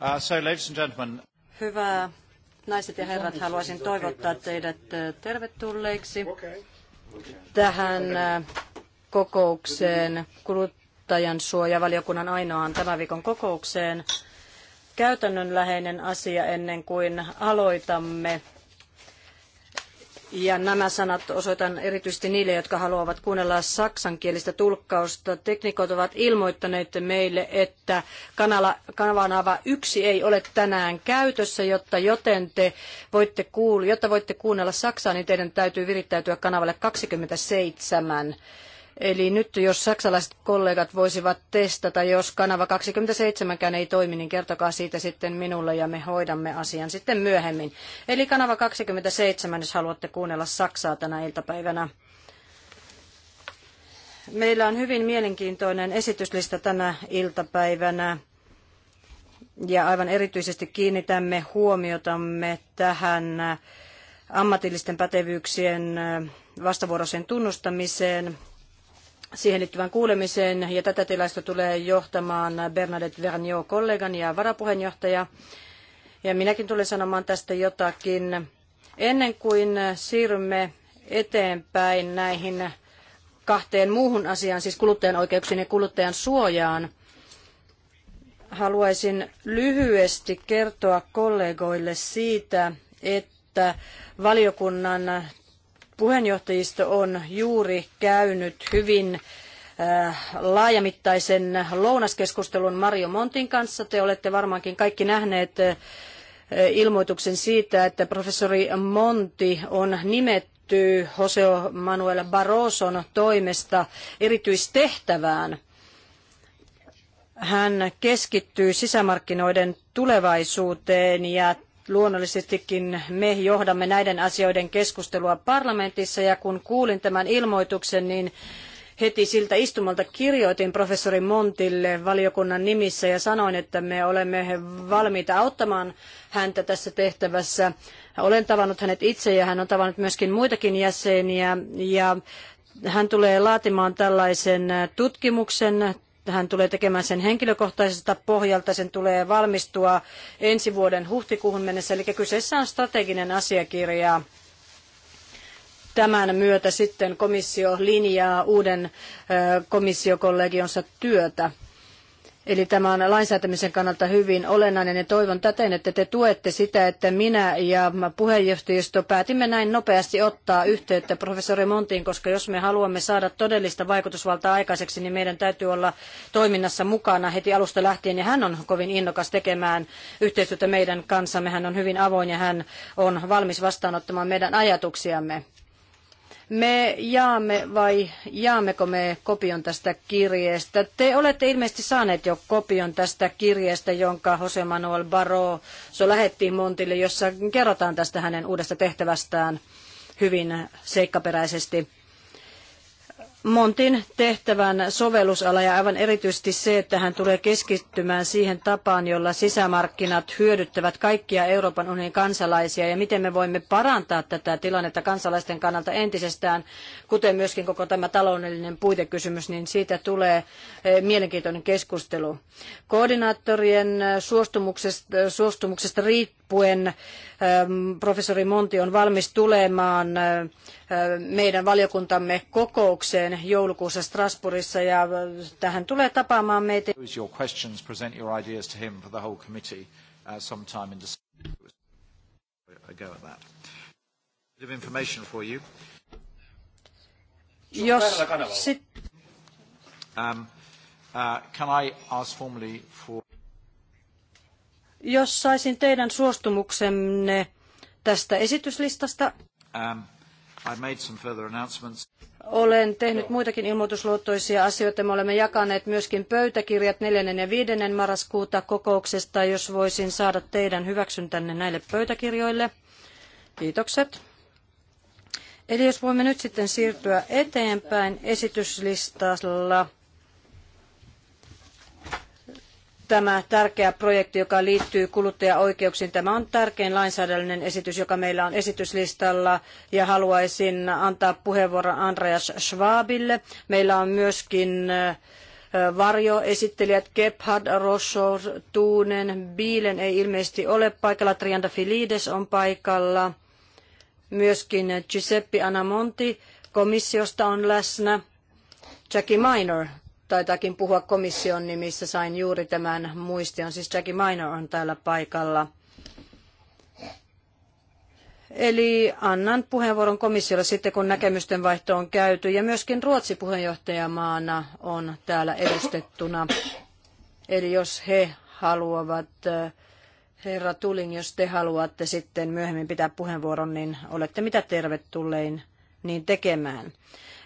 Uh, so, ladies and gentlemen. Hyvää naiset ja herrat, haluaisin toivottaa teidät uh, tervetulleiksi tähän uh, kokoukseen, kuluttajan suojavaliokunnan ainoaan tämän viikon kokoukseen. Käytännönläheinen asia ennen kuin aloitamme Ja nämä sanat osoitan erityisesti niille, jotka haluavat kuunnella saksankielistä tulkkausta. Teknikot ovat ilmoittaneet meille, että kanala, kanava yksi ei ole tänään käytössä, jotta, joten te voitte kuul- jotta voitte kuunnella saksaa, niin teidän täytyy virittäytyä kanavalle 27. Eli nyt jos saksalaiset kollegat voisivat testata, jos kanava 27 ei toimi, niin kertokaa siitä sitten minulle ja me hoidamme asian sitten myöhemmin. Eli kanava 27, jos haluatte kuunnella Saksaa tänä iltapäivänä. Meillä on hyvin mielenkiintoinen esityslista tänä iltapäivänä. Ja aivan erityisesti kiinnitämme huomiotamme tähän ammatillisten pätevyyksien vastavuoroisen tunnustamiseen siihen liittyvään kuulemiseen ja tätä tilaista tulee johtamaan Bernadette Vernio kollegani ja varapuheenjohtaja. Ja minäkin tulen sanomaan tästä jotakin. Ennen kuin siirrymme eteenpäin näihin kahteen muuhun asiaan, siis kuluttajan oikeuksiin ja kuluttajan suojaan, haluaisin lyhyesti kertoa kollegoille siitä, että valiokunnan puheenjohtajisto on juuri käynyt hyvin äh, laajamittaisen lounaskeskustelun Mario Montin kanssa. Te olette varmaankin kaikki nähneet äh, ilmoituksen siitä, että professori Monti on nimetty Jose Manuel Barroson toimesta erityistehtävään. Hän keskittyy sisämarkkinoiden tulevaisuuteen ja Luonnollisestikin me johdamme näiden asioiden keskustelua parlamentissa ja kun kuulin tämän ilmoituksen, niin heti siltä istumalta kirjoitin professori Montille valiokunnan nimissä ja sanoin, että me olemme valmiita auttamaan häntä tässä tehtävässä. Olen tavannut hänet itse ja hän on tavannut myöskin muitakin jäseniä ja hän tulee laatimaan tällaisen tutkimuksen Hän tulee tekemään sen henkilökohtaiselta pohjalta, sen tulee valmistua ensi vuoden huhtikuuhun mennessä, eli kyseessä on strateginen asiakirja. Tämän myötä sitten komissio linjaa uuden komissiokollegionsa työtä. Eli tämä on lainsäätämisen kannalta hyvin olennainen ja toivon täten, että te tuette sitä, että minä ja puheenjohtajisto päätimme näin nopeasti ottaa yhteyttä professori Montiin, koska jos me haluamme saada todellista vaikutusvaltaa aikaiseksi, niin meidän täytyy olla toiminnassa mukana heti alusta lähtien ja hän on kovin innokas tekemään yhteistyötä meidän kanssamme. Hän on hyvin avoin ja hän on valmis vastaanottamaan meidän ajatuksiamme. Me jaamme vai jaammeko me kopion tästä kirjeestä? Te olette ilmeisesti saaneet jo kopion tästä kirjeestä, jonka Jose Manuel Barroso lähetti Montille, jossa kerrotaan tästä hänen uudesta tehtävästään hyvin seikkaperäisesti. Montin tehtävän sovellusala ja aivan erityisesti se, että hän tulee keskittymään siihen tapaan, jolla sisämarkkinat hyödyttävät kaikkia Euroopan unionin kansalaisia ja miten me voimme parantaa tätä tilannetta kansalaisten kannalta entisestään, kuten myöskin koko tämä taloudellinen puitekysymys, niin siitä tulee eh, mielenkiintoinen keskustelu. Koordinaattorien eh, suostumuksesta, suostumuksesta riittää riippuen ähm, professori Monti on valmis tulemaan äh, meidän valiokuntamme kokoukseen joulukuussa Strasbourgissa ja äh, tähän tulee tapaamaan meitä. Uh, Jos sit... um, uh, can I ask formally for jos saisin teidän suostumuksenne tästä esityslistasta. Um, Olen tehnyt muitakin ilmoitusluottoisia asioita. Me olemme jakaneet myöskin pöytäkirjat 4. ja 5. marraskuuta kokouksesta, jos voisin saada teidän hyväksyntänne näille pöytäkirjoille. Kiitokset. Eli jos voimme nyt sitten siirtyä eteenpäin esityslistalla tämä tärkeä projekti, joka liittyy kuluttajaoikeuksiin. Tämä on tärkein lainsäädännöllinen esitys, joka meillä on esityslistalla ja haluaisin antaa puheenvuoron Andreas Schwabille. Meillä on myöskin varjoesittelijät Gebhard, Rosso, Tuunen, Biilen ei ilmeisesti ole paikalla, Trianda Filides on paikalla, myöskin Giuseppe Anamonti komissiosta on läsnä, Jackie Minor taitaakin puhua komission nimissä. Sain juuri tämän muistion. Siis Jackie Minor on täällä paikalla. Eli annan puheenvuoron komissiolle sitten, kun näkemysten vaihto on käyty. Ja myöskin Ruotsi puheenjohtajamaana on täällä edustettuna. Eli jos he haluavat, herra Tulin, jos te haluatte sitten myöhemmin pitää puheenvuoron, niin olette mitä tervetullein niin tekemään.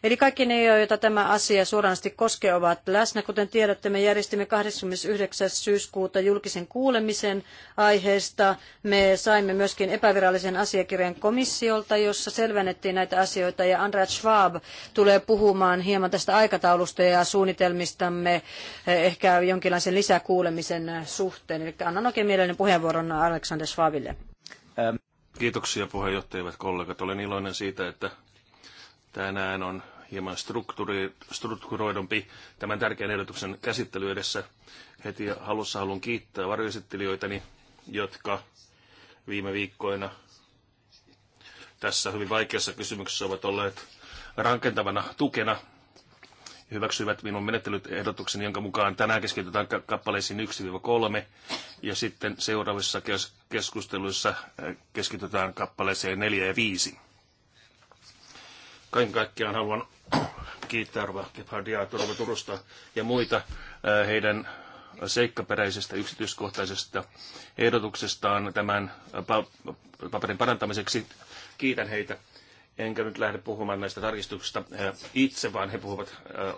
Eli kaikki ne, joita tämä asia suoranaisesti koskee, ovat läsnä. Kuten tiedätte, me järjestimme 29. syyskuuta julkisen kuulemisen aiheesta. Me saimme myöskin epävirallisen asiakirjan komissiolta, jossa selvennettiin näitä asioita. Ja Andrea Schwab tulee puhumaan hieman tästä aikataulusta ja suunnitelmistamme eh, ehkä jonkinlaisen lisäkuulemisen suhteen. Eli annan oikein mielelläni puheenvuoron Alexander Schwabille. Ähm. Kiitoksia puheenjohtajat kollegat. Olen iloinen siitä, että tänään on hieman strukturoidumpi tämän tärkeän ehdotuksen käsittely edessä. Heti halussa haluan kiittää varjoesittelijöitäni, jotka viime viikkoina tässä hyvin vaikeassa kysymyksessä ovat olleet rankentavana tukena hyväksyivät minun menettelyehdotukseni, jonka mukaan tänään keskitytään kappaleisiin 1-3 ja sitten seuraavissa kes- keskusteluissa äh, keskitytään kappaleeseen 4 ja 5. Kaiken kaikkiaan haluan kiittää Arva Gebhardia ja Turva Turusta ja muita äh, heidän seikkaperäisestä yksityiskohtaisesta ehdotuksestaan tämän äh, paperin parantamiseksi. Kiitän heitä. Enkä nyt lähde puhumaan näistä tarkistuksista äh, itse, vaan he puhuvat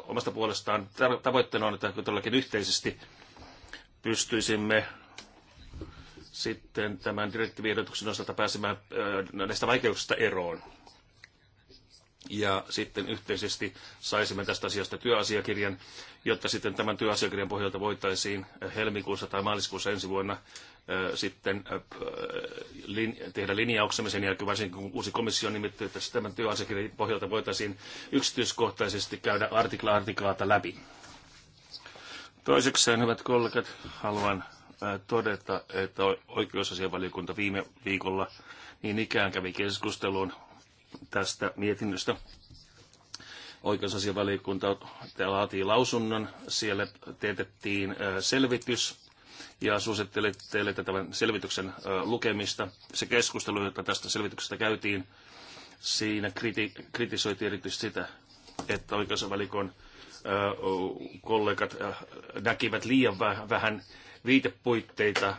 omasta puolestaan. Tavoitteena on, että todellakin yhteisesti pystyisimme sitten tämän direktiiviehdotuksen osalta pääsemään näistä vaikeuksista eroon ja sitten yhteisesti saisimme tästä asiasta työasiakirjan, jotta sitten tämän työasiakirjan pohjalta voitaisiin eh, helmikuussa tai maaliskuussa ensi vuonna eh, sitten eh, tehdä linjauksemme sen jälkeen, varsinkin kun uusi komissio on nimetty, että tämän työasiakirjan pohjalta voitaisiin yksityiskohtaisesti käydä artikla artiklaata läpi. Toisekseen, hyvät kollegat, haluan todeta, että oikeusasianvaliokunta viime viikolla niin ikään kävi keskustelun tästä mietinnöstä. Oikeusasiavaliokunta laatii lausunnon. Siellä teetettiin selvitys ja suosittelen teille tämän selvityksen lukemista. Se keskustelu, jota tästä selvityksestä käytiin, siinä kriti- kritisoitiin erityisesti sitä, että oikeusvalikon kollegat näkivät liian vähän viitepuitteita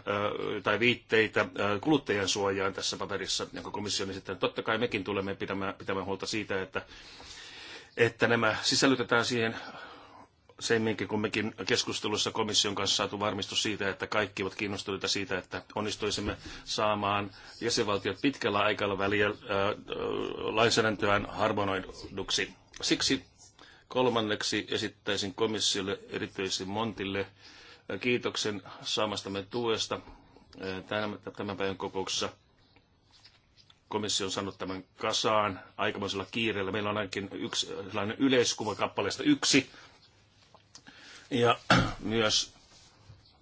tai viitteitä kuluttajan suojaan tässä paperissa, jonka komissio on esittänyt. Totta kai mekin tulemme pitämään, pitämään huolta siitä, että, että nämä sisällytetään siihen semminkin, kun mekin keskustelussa komission kanssa saatu varmistus siitä, että kaikki ovat kiinnostuneita siitä, että onnistuisimme saamaan jäsenvaltiot pitkällä aikavälillä lainsäädäntöään harmonoiduksi. Siksi kolmanneksi esittäisin komissiolle, erityisesti Montille, kiitoksen saamastamme tuesta eh, tämän päivän kokouksessa. Komissio on saanut tämän kasaan aikamoisella kiireellä. Meillä on ainakin yksi eh, sellainen yleiskuva kappaleesta yksi. Ja myös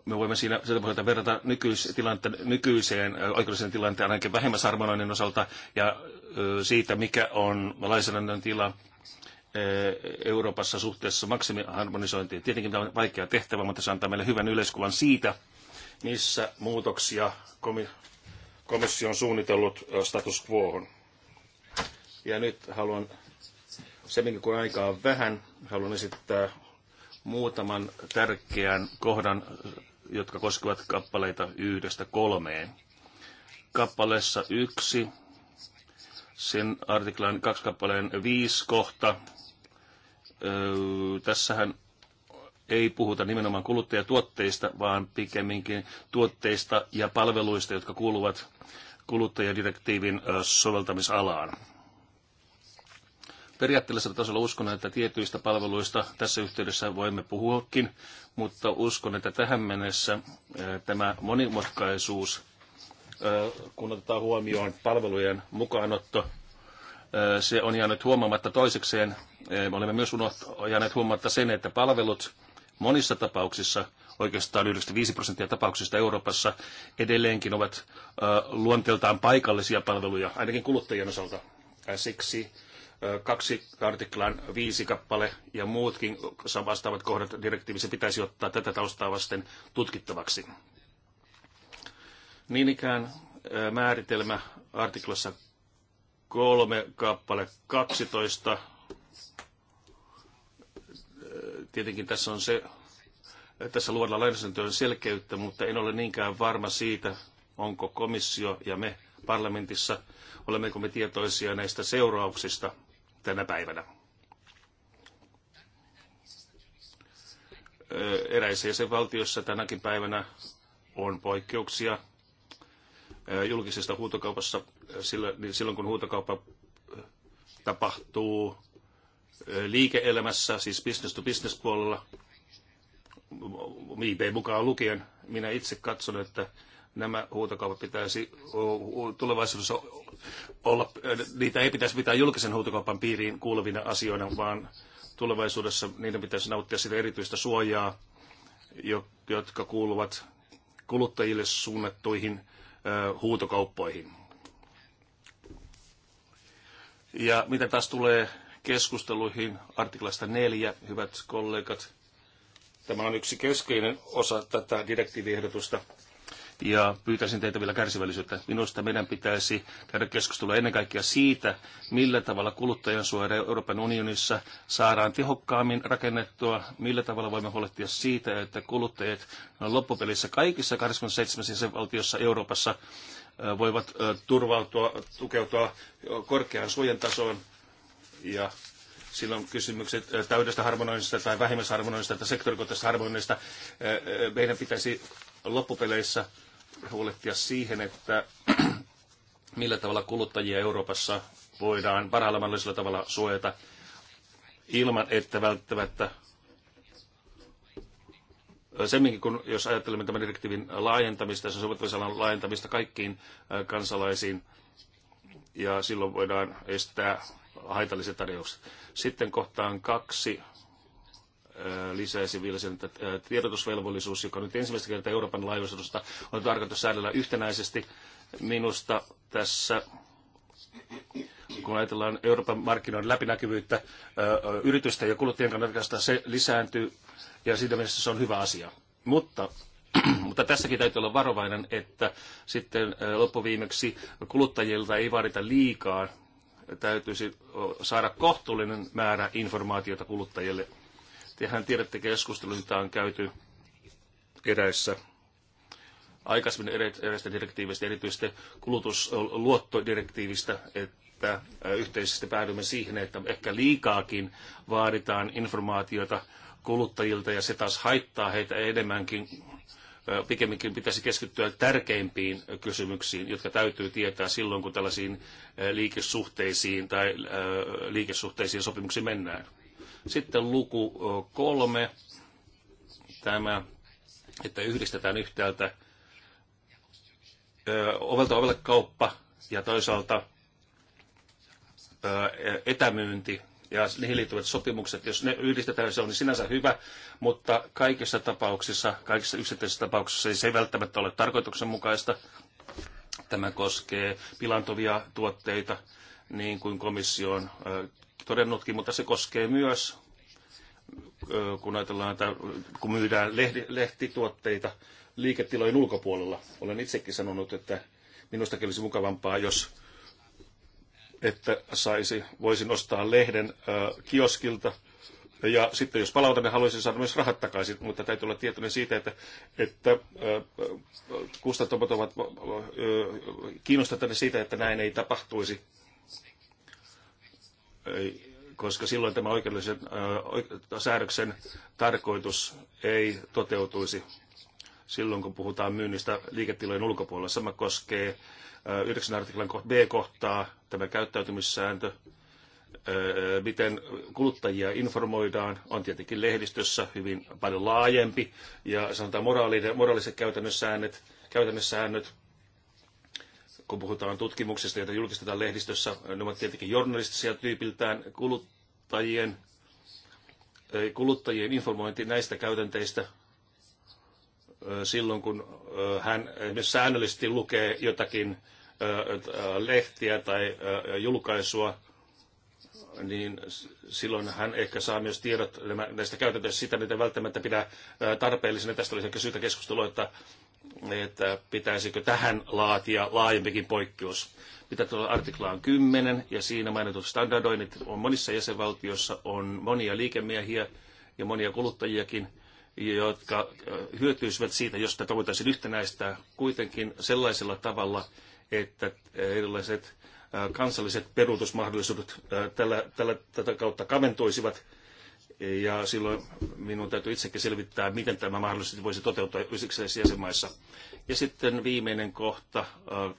me voimme siinä sitä pohjalta verrata nykyistilannetta nykyiseen eh, oikeudelliseen tilanteen ainakin vähemmäsharmonoinnin osalta ja siitä, mikä on lainsäädännön tila Eh, Euroopassa suhteessa maksimiharmonisointiin. Tietenkin tämä on vaikea tehtävä, mutta se antaa meille hyvän yleiskuvan siitä, missä muutoksia komissio on suunnitellut status quohon. Ja nyt haluan, semminkin kun aikaa on vähän, haluan esittää muutaman tärkeän kohdan, jotka koskevat kappaleita yhdestä kolmeen. Kappaleessa yksi, sen artiklan kaksi kappaleen viisi kohta, tässähän ei puhuta nimenomaan kuluttajatuotteista, vaan pikemminkin tuotteista ja palveluista, jotka kuuluvat kuluttajadirektiivin soveltamisalaan. Periaatteellisella tasolla uskon, että tietyistä palveluista tässä yhteydessä voimme puhuakin, mutta uskon, että tähän mennessä tämä monimutkaisuus, kun otetaan huomioon palvelujen mukaanotto Äh, se on jäänyt huomaamatta toisekseen. Äh, me olemme myös unoht- jääneet huomaamatta sen, että palvelut monissa tapauksissa, oikeastaan 95 prosenttia tapauksista Euroopassa, edelleenkin ovat äh, luonteeltaan paikallisia palveluja, ainakin kuluttajien osalta. Siksi kaksi artiklan viisi kappale ja muutkin vastaavat kohdat direktiivissä pitäisi ottaa tätä taustaa vasten tutkittavaksi. Niin ikään määritelmä artiklassa kolme kappale 12. Tietenkin tässä on se, tässä luodaan lainsäädäntöön selkeyttä, mutta en ole niinkään varma siitä, onko komissio ja me parlamentissa, olemmeko me tietoisia näistä seurauksista tänä päivänä. Eräissä jäsenvaltioissa tänäkin päivänä on poikkeuksia julkisesta huutokaupassa silloin, kun huutokauppa tapahtuu liike-elämässä, siis business to business puolella, IP mukaan lukien, minä itse katson, että nämä huutokaupat pitäisi tulevaisuudessa olla, niitä ei pitäisi pitää julkisen huutokaupan piiriin kuuluvina asioina, vaan tulevaisuudessa niiden pitäisi nauttia sitä erityistä suojaa, jotka kuuluvat kuluttajille suunnattuihin huutokauppoihin. Ja mitä taas tulee keskusteluihin artiklasta 4, hyvät kollegat, tämä on yksi keskeinen osa tätä direktiiviehdotusta – ja pyytäisin teitä vielä kärsivällisyyttä. Minusta meidän pitäisi käydä keskustelua ennen kaikkea siitä, millä tavalla kuluttajansuoja Euroopan unionissa saadaan tehokkaammin rakennettua, millä tavalla voimme huolehtia siitä, että kuluttajat loppupelissä kaikissa 27 jäsenvaltiossa Euroopassa voivat turvautua, tukeutua korkeaan suojan tasoon ja silloin kysymykset täydestä harmonoinnista tai vähimmäisharmonoinnista tai sektorikohtaisesta harmonoinnista. Meidän pitäisi loppupeleissä huolehtia siihen, että millä tavalla kuluttajia Euroopassa voidaan parhaalla mahdollisella tavalla suojata ilman, että välttämättä semminkin, kun jos ajattelemme tämän direktiivin laajentamista ja sen soveltamisalan laajentamista kaikkiin kansalaisiin, ja silloin voidaan estää haitalliset tarjoukset. Sitten kohtaan kaksi Äh, lisää siviilisen äh, tiedotusvelvollisuus, joka nyt ensimmäistä kertaa Euroopan laajuisuudesta on tarkoitus säädellä yhtenäisesti. Minusta tässä kun ajatellaan Euroopan markkinoiden läpinäkyvyyttä äh, yritysten ja kuluttajien kannalta, se lisääntyy ja siitä mielessä se on hyvä asia. Mutta mutta tässäkin täytyy olla varovainen, että sitten loppuviimeksi kuluttajilta ei vaadita liikaa. Täytyisi saada kohtuullinen määrä informaatiota kuluttajille Tehän tiedätte keskusteluita on käyty eräissä aikaisemmin eräistä direktiivistä, erityisesti kulutusluottodirektiivistä, että yhteisesti päädymme siihen, että ehkä liikaakin vaaditaan informaatiota kuluttajilta ja se taas haittaa heitä enemmänkin. Pikemminkin pitäisi keskittyä tärkeimpiin kysymyksiin, jotka täytyy tietää silloin, kun tällaisiin liikesuhteisiin tai liikesuhteisiin sopimuksiin mennään. Sitten luku kolme, tämä, että yhdistetään yhtäältä ovelta ovelle kauppa ja toisaalta etämyynti ja niihin liittyvät sopimukset, jos ne yhdistetään, se on niin sinänsä hyvä, mutta kaikissa tapauksissa, kaikissa yksittäisissä tapauksissa se ei välttämättä ole tarkoituksenmukaista. Tämä koskee pilantuvia tuotteita, niin kuin komissio on todennutkin, mutta se koskee myös, kun ajatellaan, että kun myydään lehti, lehtituotteita liiketilojen ulkopuolella. Olen itsekin sanonut, että minustakin olisi mukavampaa, jos että saisi, voisin ostaa lehden kioskilta, ja sitten jos palautan, niin haluaisin saada myös rahat takaisin, mutta täytyy olla tietoinen siitä, että, että kustantamot ovat kiinnostuneet siitä, että näin ei tapahtuisi koska silloin tämä oikeudellisen säädöksen tarkoitus ei toteutuisi silloin, kun puhutaan myynnistä liiketilojen ulkopuolella. Sama koskee 9 artiklan B-kohtaa, tämä käyttäytymissääntö, miten kuluttajia informoidaan, on tietenkin lehdistössä hyvin paljon laajempi, ja sanotaan moraaliset käytännössäännöt, käytännössäännöt kun puhutaan tutkimuksista, joita julkistetaan lehdistössä, ne ovat tietenkin journalistisia tyypiltään kuluttajien, kuluttajien informointi näistä käytänteistä silloin, kun hän esimerkiksi säännöllisesti lukee jotakin lehtiä tai julkaisua, niin silloin hän ehkä saa myös tiedot näistä käytäntöistä sitä, mitä välttämättä pidä tarpeellisena. Tästä olisi ehkä syytä keskustelua, että että pitäisikö tähän laatia laajempikin poikkeus. Mitä tuolla artiklaan 10 ja siinä mainitut standardoinnit on monissa jäsenvaltioissa on monia liikemiehiä ja monia kuluttajiakin, jotka äh, hyötyisivät siitä, jos tätä voitaisiin yhtenäistää kuitenkin sellaisella tavalla, että äh, erilaiset äh, kansalliset peruutusmahdollisuudet tällä, tällä, tätä kautta kaventuisivat – Ja silloin minun täytyy itsekin selvittää, miten tämä mahdollisesti voisi toteutua yksittäisissä jäsenmaissa. Ja sitten viimeinen kohta äh,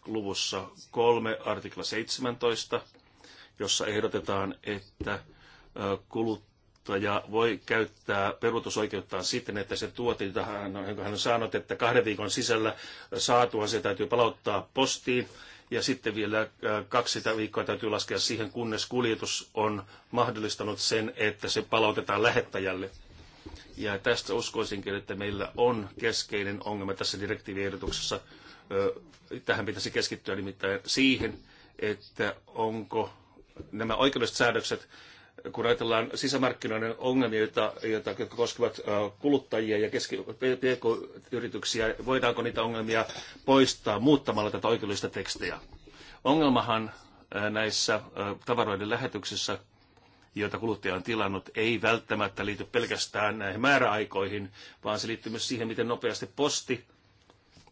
luvussa 3, artikla 17, jossa ehdotetaan, että äh, kuluttaja voi käyttää peruutusoikeuttaan siten, että se tuote, jota hän on, jonka hän on saanut, että kahden viikon sisällä äh, saatua se täytyy palauttaa postiin Ja sitten vielä äh, kaksi viikkoa täytyy laskea siihen, kunnes kuljetus on mahdollistanut sen, että se palautetaan lähettäjälle. Ja tästä uskoisinkin, että meillä on keskeinen ongelma tässä direktiiviehdotuksessa. Äh, tähän pitäisi keskittyä nimittäin siihen, että onko nämä oikeudelliset säädökset kun ajatellaan sisämarkkinoiden ongelmia, joita, joita, jotka koskevat kuluttajia ja keski- pk-yrityksiä, voidaanko niitä ongelmia poistaa muuttamalla tätä oikeudellista tekstiä? Ongelmahan näissä tavaroiden lähetyksissä, joita kuluttaja on tilannut, ei välttämättä liity pelkästään näihin määräaikoihin, vaan se liittyy myös siihen, miten nopeasti posti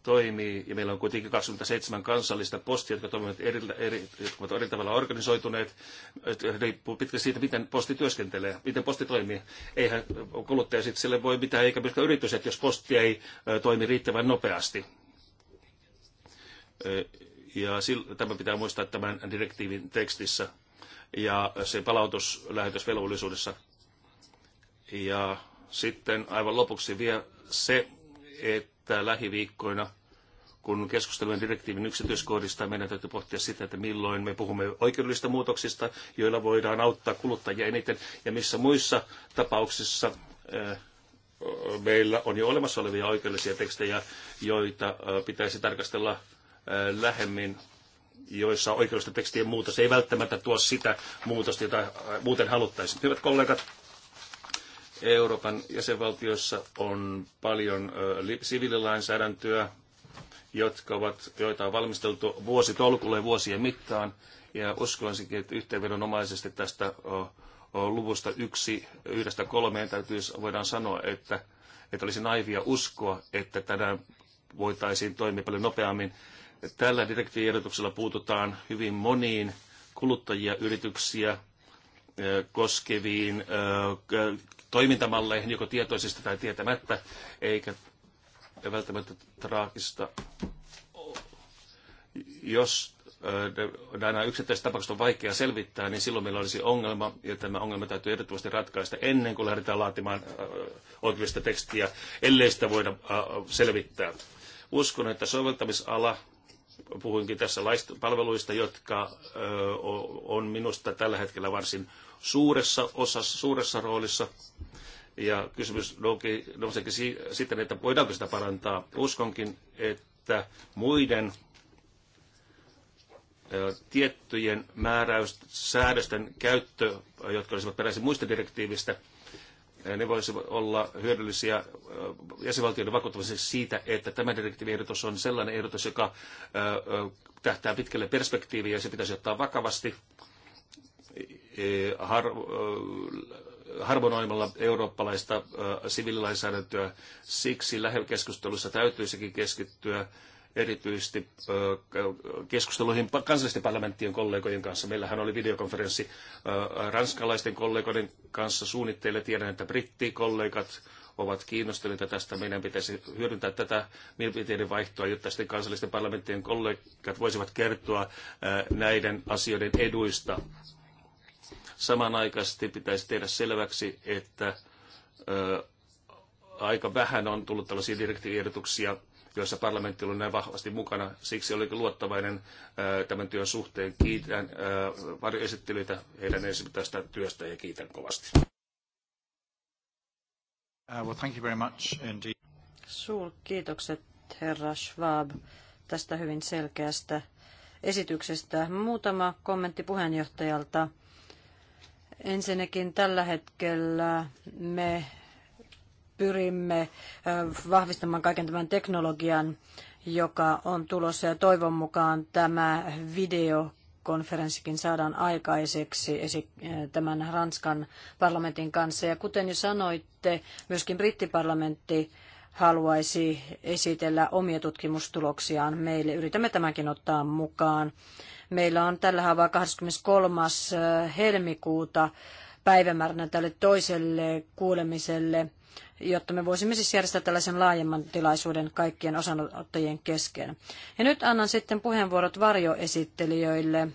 toimii, ja meillä on kuitenkin 27 kansallista postia, jotka toimivat eri, eri, jotka ovat eri tavalla organisoituneet, riippuu pitkälti siitä, miten posti työskentelee, miten posti toimii. Eihän kuluttaja sitten sille voi mitään, eikä myöskään yritykset, jos posti ei toimi riittävän nopeasti. Ja tämä pitää muistaa tämän direktiivin tekstissä ja se palautuslähetysvelvollisuudessa. Ja sitten aivan lopuksi vielä se, että lähiviikkoina – kun keskustelemme direktiivin yksityiskohdista, meidän täytyy pohtia sitä, että milloin me puhumme oikeudellisista muutoksista, joilla voidaan auttaa kuluttajia eniten, ja missä muissa tapauksissa äh, meillä on jo olemassa olevia oikeudellisia tekstejä, joita äh, pitäisi tarkastella äh, lähemmin joissa oikeudellisten tekstien muutos ei välttämättä tuo sitä muutosta, jota muuten haluttaisiin. Hyvät kollegat, Euroopan jäsenvaltioissa on paljon siviililainsäädäntöä, jotka ovat, joita on valmisteltu vuositolkulle vuosien mittaan. Ja uskoisinkin, että yhteenvedonomaisesti tästä luvusta yksi, yhdestä kolmeen täytyy, voidaan sanoa, että, että olisi naivia uskoa, että tänään voitaisiin toimia paljon nopeammin. Tällä direktiiviehdotuksella puututaan hyvin moniin kuluttajia, yrityksiä koskeviin toimintamalleihin, joko tietoisesti tai tietämättä, eikä välttämättä traagista, jos äh, nämä yksittäiset tapaukset on vaikea selvittää, niin silloin meillä olisi ongelma, ja tämä ongelma täytyy ehdottomasti ratkaista ennen kuin lähdetään laatimaan äh, oikeudellista tekstiä, ellei sitä voida äh, selvittää. Uskon, että soveltamisala, puhuinkin tässä laista, palveluista, jotka on minusta tällä hetkellä varsin suuressa osassa, suuressa roolissa, Ja kysymys nouseekin sitten, että voidaanko sitä parantaa. Uskonkin, että muiden tiettyjen määräyssäädösten käyttö, jotka olisivat peräisin muista direktiivistä, ne voisivat olla hyödyllisiä jäsenvaltioiden vakuuttamiseksi siitä, että tämä direktiiviehdotus on sellainen ehdotus, joka tähtää pitkälle perspektiiviin ja se pitäisi ottaa vakavasti. E, har- harmonoimalla eurooppalaista sivililainsäädäntöä. Siksi lähekeskustelussa täytyisikin keskittyä erityisesti keskusteluihin kansallisten parlamenttien kollegojen kanssa. Meillähän oli videokonferenssi ranskalaisten kollegoiden kanssa suunnitteille. Tiedän, että brittikollegat ovat kiinnostuneita tästä. Meidän pitäisi hyödyntää tätä mielipiteiden vaihtoa, jotta sitten kansallisten parlamenttien kollegat voisivat kertoa näiden asioiden eduista Samanaikaisesti pitäisi tehdä selväksi, että ö, aika vähän on tullut tällaisia direktiiviehdotuksia, joissa parlamentti on näin vahvasti mukana. Siksi olikin luottavainen ö, tämän työn suhteen. Kiitän varjoesittelyitä heidän ensin tästä työstä ja kiitän kovasti. Uh, well, thank you very much indeed. Suurkiitokset, herra Schwab, tästä hyvin selkeästä esityksestä. Muutama kommentti puheenjohtajalta. Ensinnäkin tällä hetkellä me pyrimme vahvistamaan kaiken tämän teknologian, joka on tulossa ja toivon mukaan tämä video konferenssikin saadaan aikaiseksi tämän Ranskan parlamentin kanssa. Ja kuten jo sanoitte, myöskin brittiparlamentti haluaisi esitellä omia tutkimustuloksiaan meille. Yritämme tämänkin ottaa mukaan. Meillä on tällä haavaa 23. helmikuuta päivämääränä tälle toiselle kuulemiselle, jotta me voisimme siis järjestää tällaisen laajemman tilaisuuden kaikkien osanottajien kesken. Ja nyt annan sitten puheenvuorot varjoesittelijöille,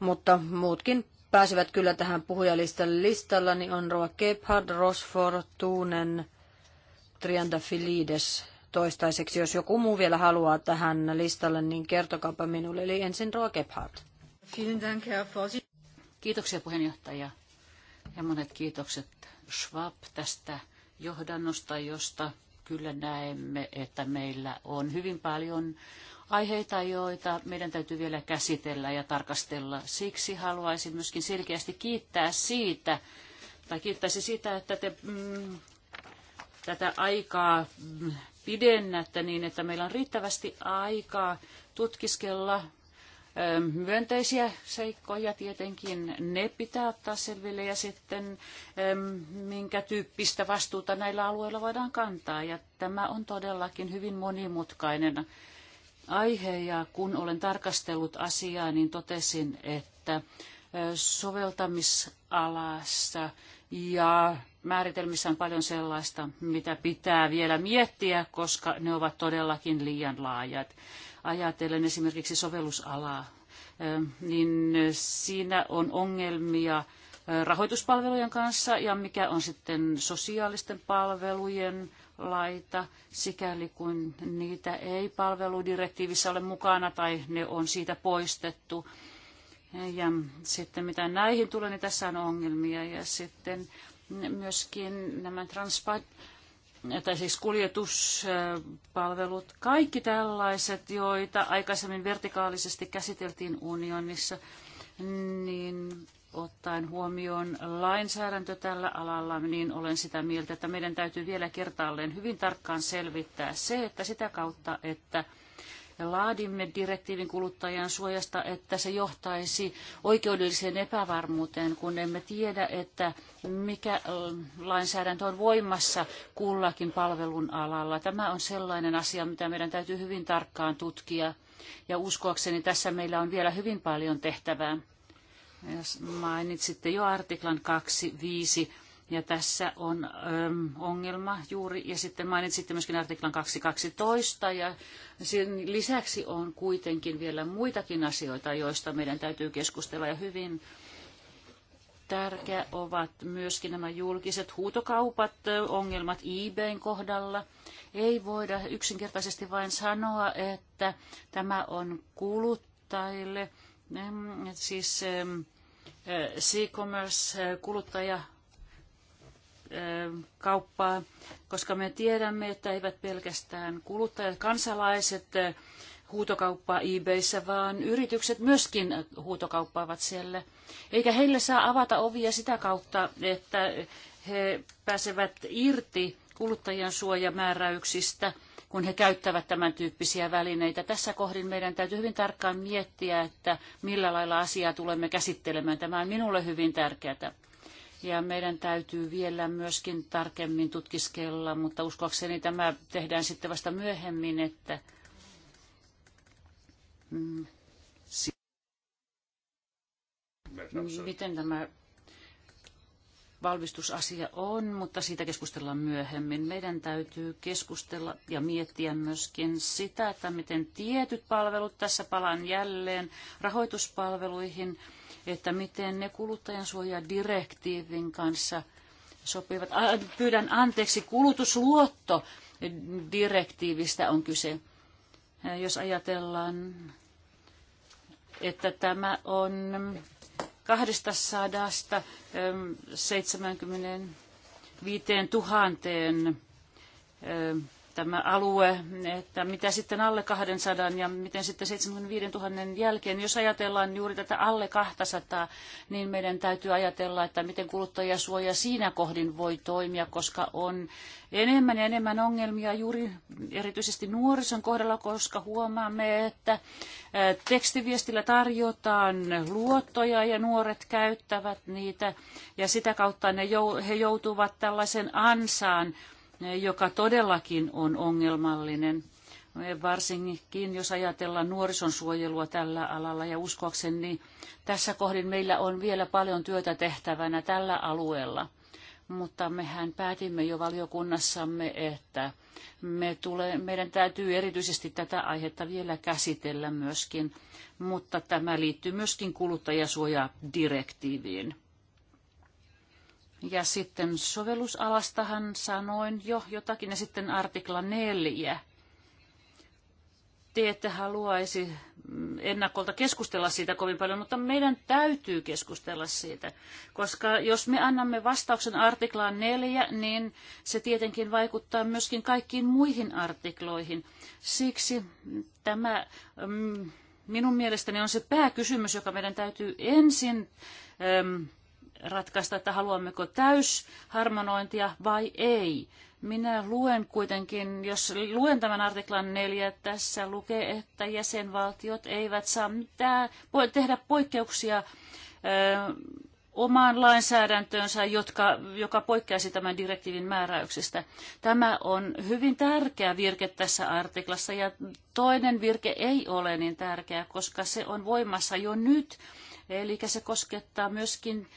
mutta muutkin pääsevät kyllä tähän puhujalistalle. Listalla niin on Roa Gebhard, Rosfor, Tuunen, Trianda Filides toistaiseksi. Jos joku muu vielä haluaa tähän listalle, niin kertokaapa minulle. Eli ensin Roa Gebhardt. Kiitoksia puheenjohtaja ja monet kiitokset Schwab tästä johdannosta, josta kyllä näemme, että meillä on hyvin paljon aiheita, joita meidän täytyy vielä käsitellä ja tarkastella. Siksi haluaisin myöskin selkeästi kiittää siitä, tai kiittäisi sitä, että te mm, tätä aikaa mm, pidennätte niin, että meillä on riittävästi aikaa tutkiskella ähm, myönteisiä seikkoja tietenkin, ne pitää ottaa selville ja sitten ähm, minkä tyyppistä vastuuta näillä alueilla voidaan kantaa. Ja tämä on todellakin hyvin monimutkainen aihe ja kun olen tarkastellut asiaa, niin totesin, että äh, soveltamisalassa ja määritelmissä on paljon sellaista, mitä pitää vielä miettiä, koska ne ovat todellakin liian laajat. Ajatellen esimerkiksi sovellusalaa, niin siinä on ongelmia rahoituspalvelujen kanssa ja mikä on sitten sosiaalisten palvelujen laita, sikäli kun niitä ei palveludirektiivissä ole mukana tai ne on siitä poistettu. Ja sitten mitä näihin tulee, niin tässä on ongelmia. Ja sitten myöskin nämä transpat, tai siis kuljetuspalvelut, kaikki tällaiset, joita aikaisemmin vertikaalisesti käsiteltiin unionissa, niin ottaen huomioon lainsäädäntö tällä alalla, niin olen sitä mieltä, että meidän täytyy vielä kertaalleen hyvin tarkkaan selvittää se, että sitä kautta, että laadimme direktiivin kuluttajan suojasta, että se johtaisi oikeudelliseen epävarmuuteen, kun emme tiedä, että mikä lainsäädäntö on voimassa kullakin palvelun alalla. Tämä on sellainen asia, mitä meidän täytyy hyvin tarkkaan tutkia. Ja uskoakseni tässä meillä on vielä hyvin paljon tehtävää. Jos mainitsitte jo artiklan 2.5 Ja tässä on äm, ongelma juuri, ja sitten mainitsitte myöskin artiklan 2.12, ja sen lisäksi on kuitenkin vielä muitakin asioita, joista meidän täytyy keskustella, ja hyvin tärkeä ovat myöskin nämä julkiset huutokaupat, ongelmat eBayn kohdalla. Ei voida yksinkertaisesti vain sanoa, että tämä on kuluttajille, mm, siis e-commerce kuluttaja Ähm, kauppaa, koska me tiedämme, että eivät pelkästään kuluttajat, kansalaiset äh, huutokauppaa eBayssä, vaan yritykset myöskin huutokauppaavat siellä. Eikä heille saa avata ovia sitä kautta, että he pääsevät irti kuluttajien suojamääräyksistä, kun he käyttävät tämän tyyppisiä välineitä. Tässä kohdin meidän täytyy hyvin tarkkaan miettiä, että millä lailla asiaa tulemme käsittelemään. Tämä on minulle hyvin tärkeää ja meidän täytyy vielä myöskin tarkemmin tutkiskella, mutta uskoakseni tämä tehdään sitten vasta myöhemmin, että mm, si- miten tämä valmistusasia on, mutta siitä keskustellaan myöhemmin. Meidän täytyy keskustella ja miettiä myöskin sitä, että miten tietyt palvelut, tässä palaan jälleen rahoituspalveluihin, että miten ne kuluttajansuojadirektiivin kanssa sopivat. Pyydän anteeksi, kulutusluotto direktiivistä on kyse. Jos ajatellaan, että tämä on 275 000 tämä alue, että mitä sitten alle 200 ja miten sitten 75 000 jälkeen. Jos ajatellaan juuri tätä alle 200, niin meidän täytyy ajatella, että miten kuluttajasuoja siinä kohdin voi toimia, koska on enemmän ja enemmän ongelmia juuri erityisesti nuorison kohdalla, koska huomaamme, että tekstiviestillä tarjotaan luottoja ja nuoret käyttävät niitä ja sitä kautta ne, he joutuvat tällaisen ansaan, joka todellakin on ongelmallinen, varsinkin jos ajatellaan nuorison suojelua tällä alalla. Ja uskoakseni tässä kohdin meillä on vielä paljon työtä tehtävänä tällä alueella. Mutta mehän päätimme jo valiokunnassamme, että me tule, meidän täytyy erityisesti tätä aihetta vielä käsitellä myöskin, mutta tämä liittyy myöskin kuluttajasuojadirektiiviin Ja sitten sovellusalastahan sanoin jo jotakin. Ja sitten artikla 4. Te ette haluaisi mm, ennakolta keskustella siitä kovin paljon, mutta meidän täytyy keskustella siitä. Koska jos me annamme vastauksen artiklaan 4, niin se tietenkin vaikuttaa myöskin kaikkiin muihin artikloihin. Siksi tämä mm, minun mielestäni on se pääkysymys, joka meidän täytyy ensin äm, mm, ratkaista, että haluammeko täysharmonointia vai ei. Minä luen kuitenkin, jos luen tämän artiklan neljä, tässä lukee, että jäsenvaltiot eivät saa mitään, voi tehdä poikkeuksia ö, omaan lainsäädäntöönsä, jotka, joka poikkeaisi tämän direktiivin määräyksistä. Tämä on hyvin tärkeä virke tässä artiklassa ja toinen virke ei ole niin tärkeä, koska se on voimassa jo nyt. Eli se koskettaa myöskin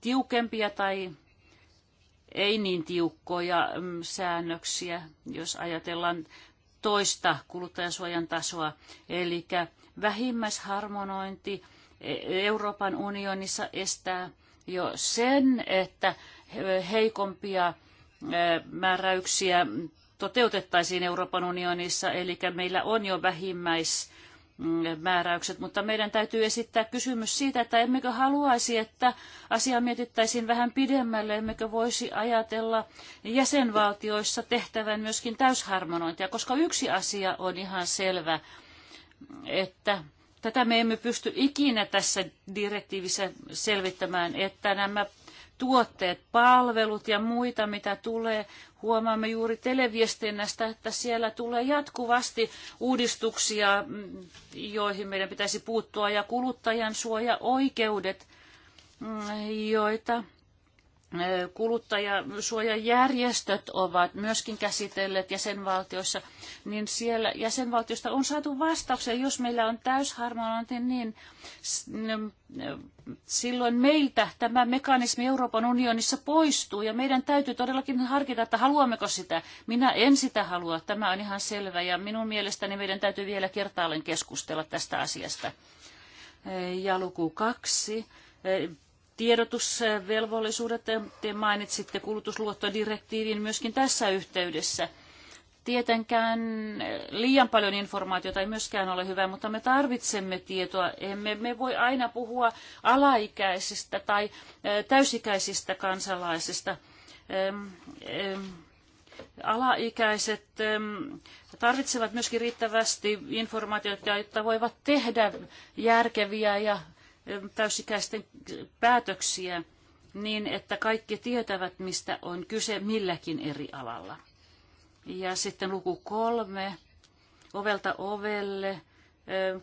tiukempia tai ei niin tiukkoja mm, säännöksiä, jos ajatellaan toista kuluttajasuojan tasoa, eli vähimmäisharmonointi e, Euroopan unionissa estää jo sen, että heikompia määräyksiä toteutettaisiin Euroopan unionissa, eli meillä on jo vähimmäis määräykset, mutta meidän täytyy esittää kysymys siitä, että emmekö haluaisi, että asia mietittäisiin vähän pidemmälle, emmekö voisi ajatella jäsenvaltioissa tehtävän myöskin täysharmonointia, koska yksi asia on ihan selvä, että tätä me emme pysty ikinä tässä direktiivissä selvittämään, että nämä tuotteet, palvelut ja muita, mitä tulee. Huomaamme juuri televiestinnästä, että siellä tulee jatkuvasti uudistuksia, mm, joihin meidän pitäisi puuttua, ja kuluttajan suoja oikeudet, mm, joita kuluttajasuojajärjestöt ovat myöskin käsitelleet jäsenvaltioissa, niin siellä jäsenvaltiosta on saatu vastauksia. Jos meillä on täysharmonointi, niin silloin meiltä tämä mekanismi Euroopan unionissa poistuu ja meidän täytyy todellakin harkita, että haluammeko sitä. Minä en sitä halua, tämä on ihan selvä ja minun mielestäni meidän täytyy vielä kertaalleen keskustella tästä asiasta. Ja luku kaksi tiedotusvelvollisuudet. Te mainitsitte kulutusluottodirektiivin myöskin tässä yhteydessä. Tietenkään liian paljon informaatiota ei myöskään ole hyvä, mutta me tarvitsemme tietoa. Emme me voi aina puhua alaikäisistä tai täysikäisistä kansalaisista. Alaikäiset tarvitsevat myöskin riittävästi informaatiota, jotta voivat tehdä järkeviä ja täysikäisten päätöksiä niin, että kaikki tietävät, mistä on kyse milläkin eri alalla. Ja sitten luku kolme, ovelta ovelle,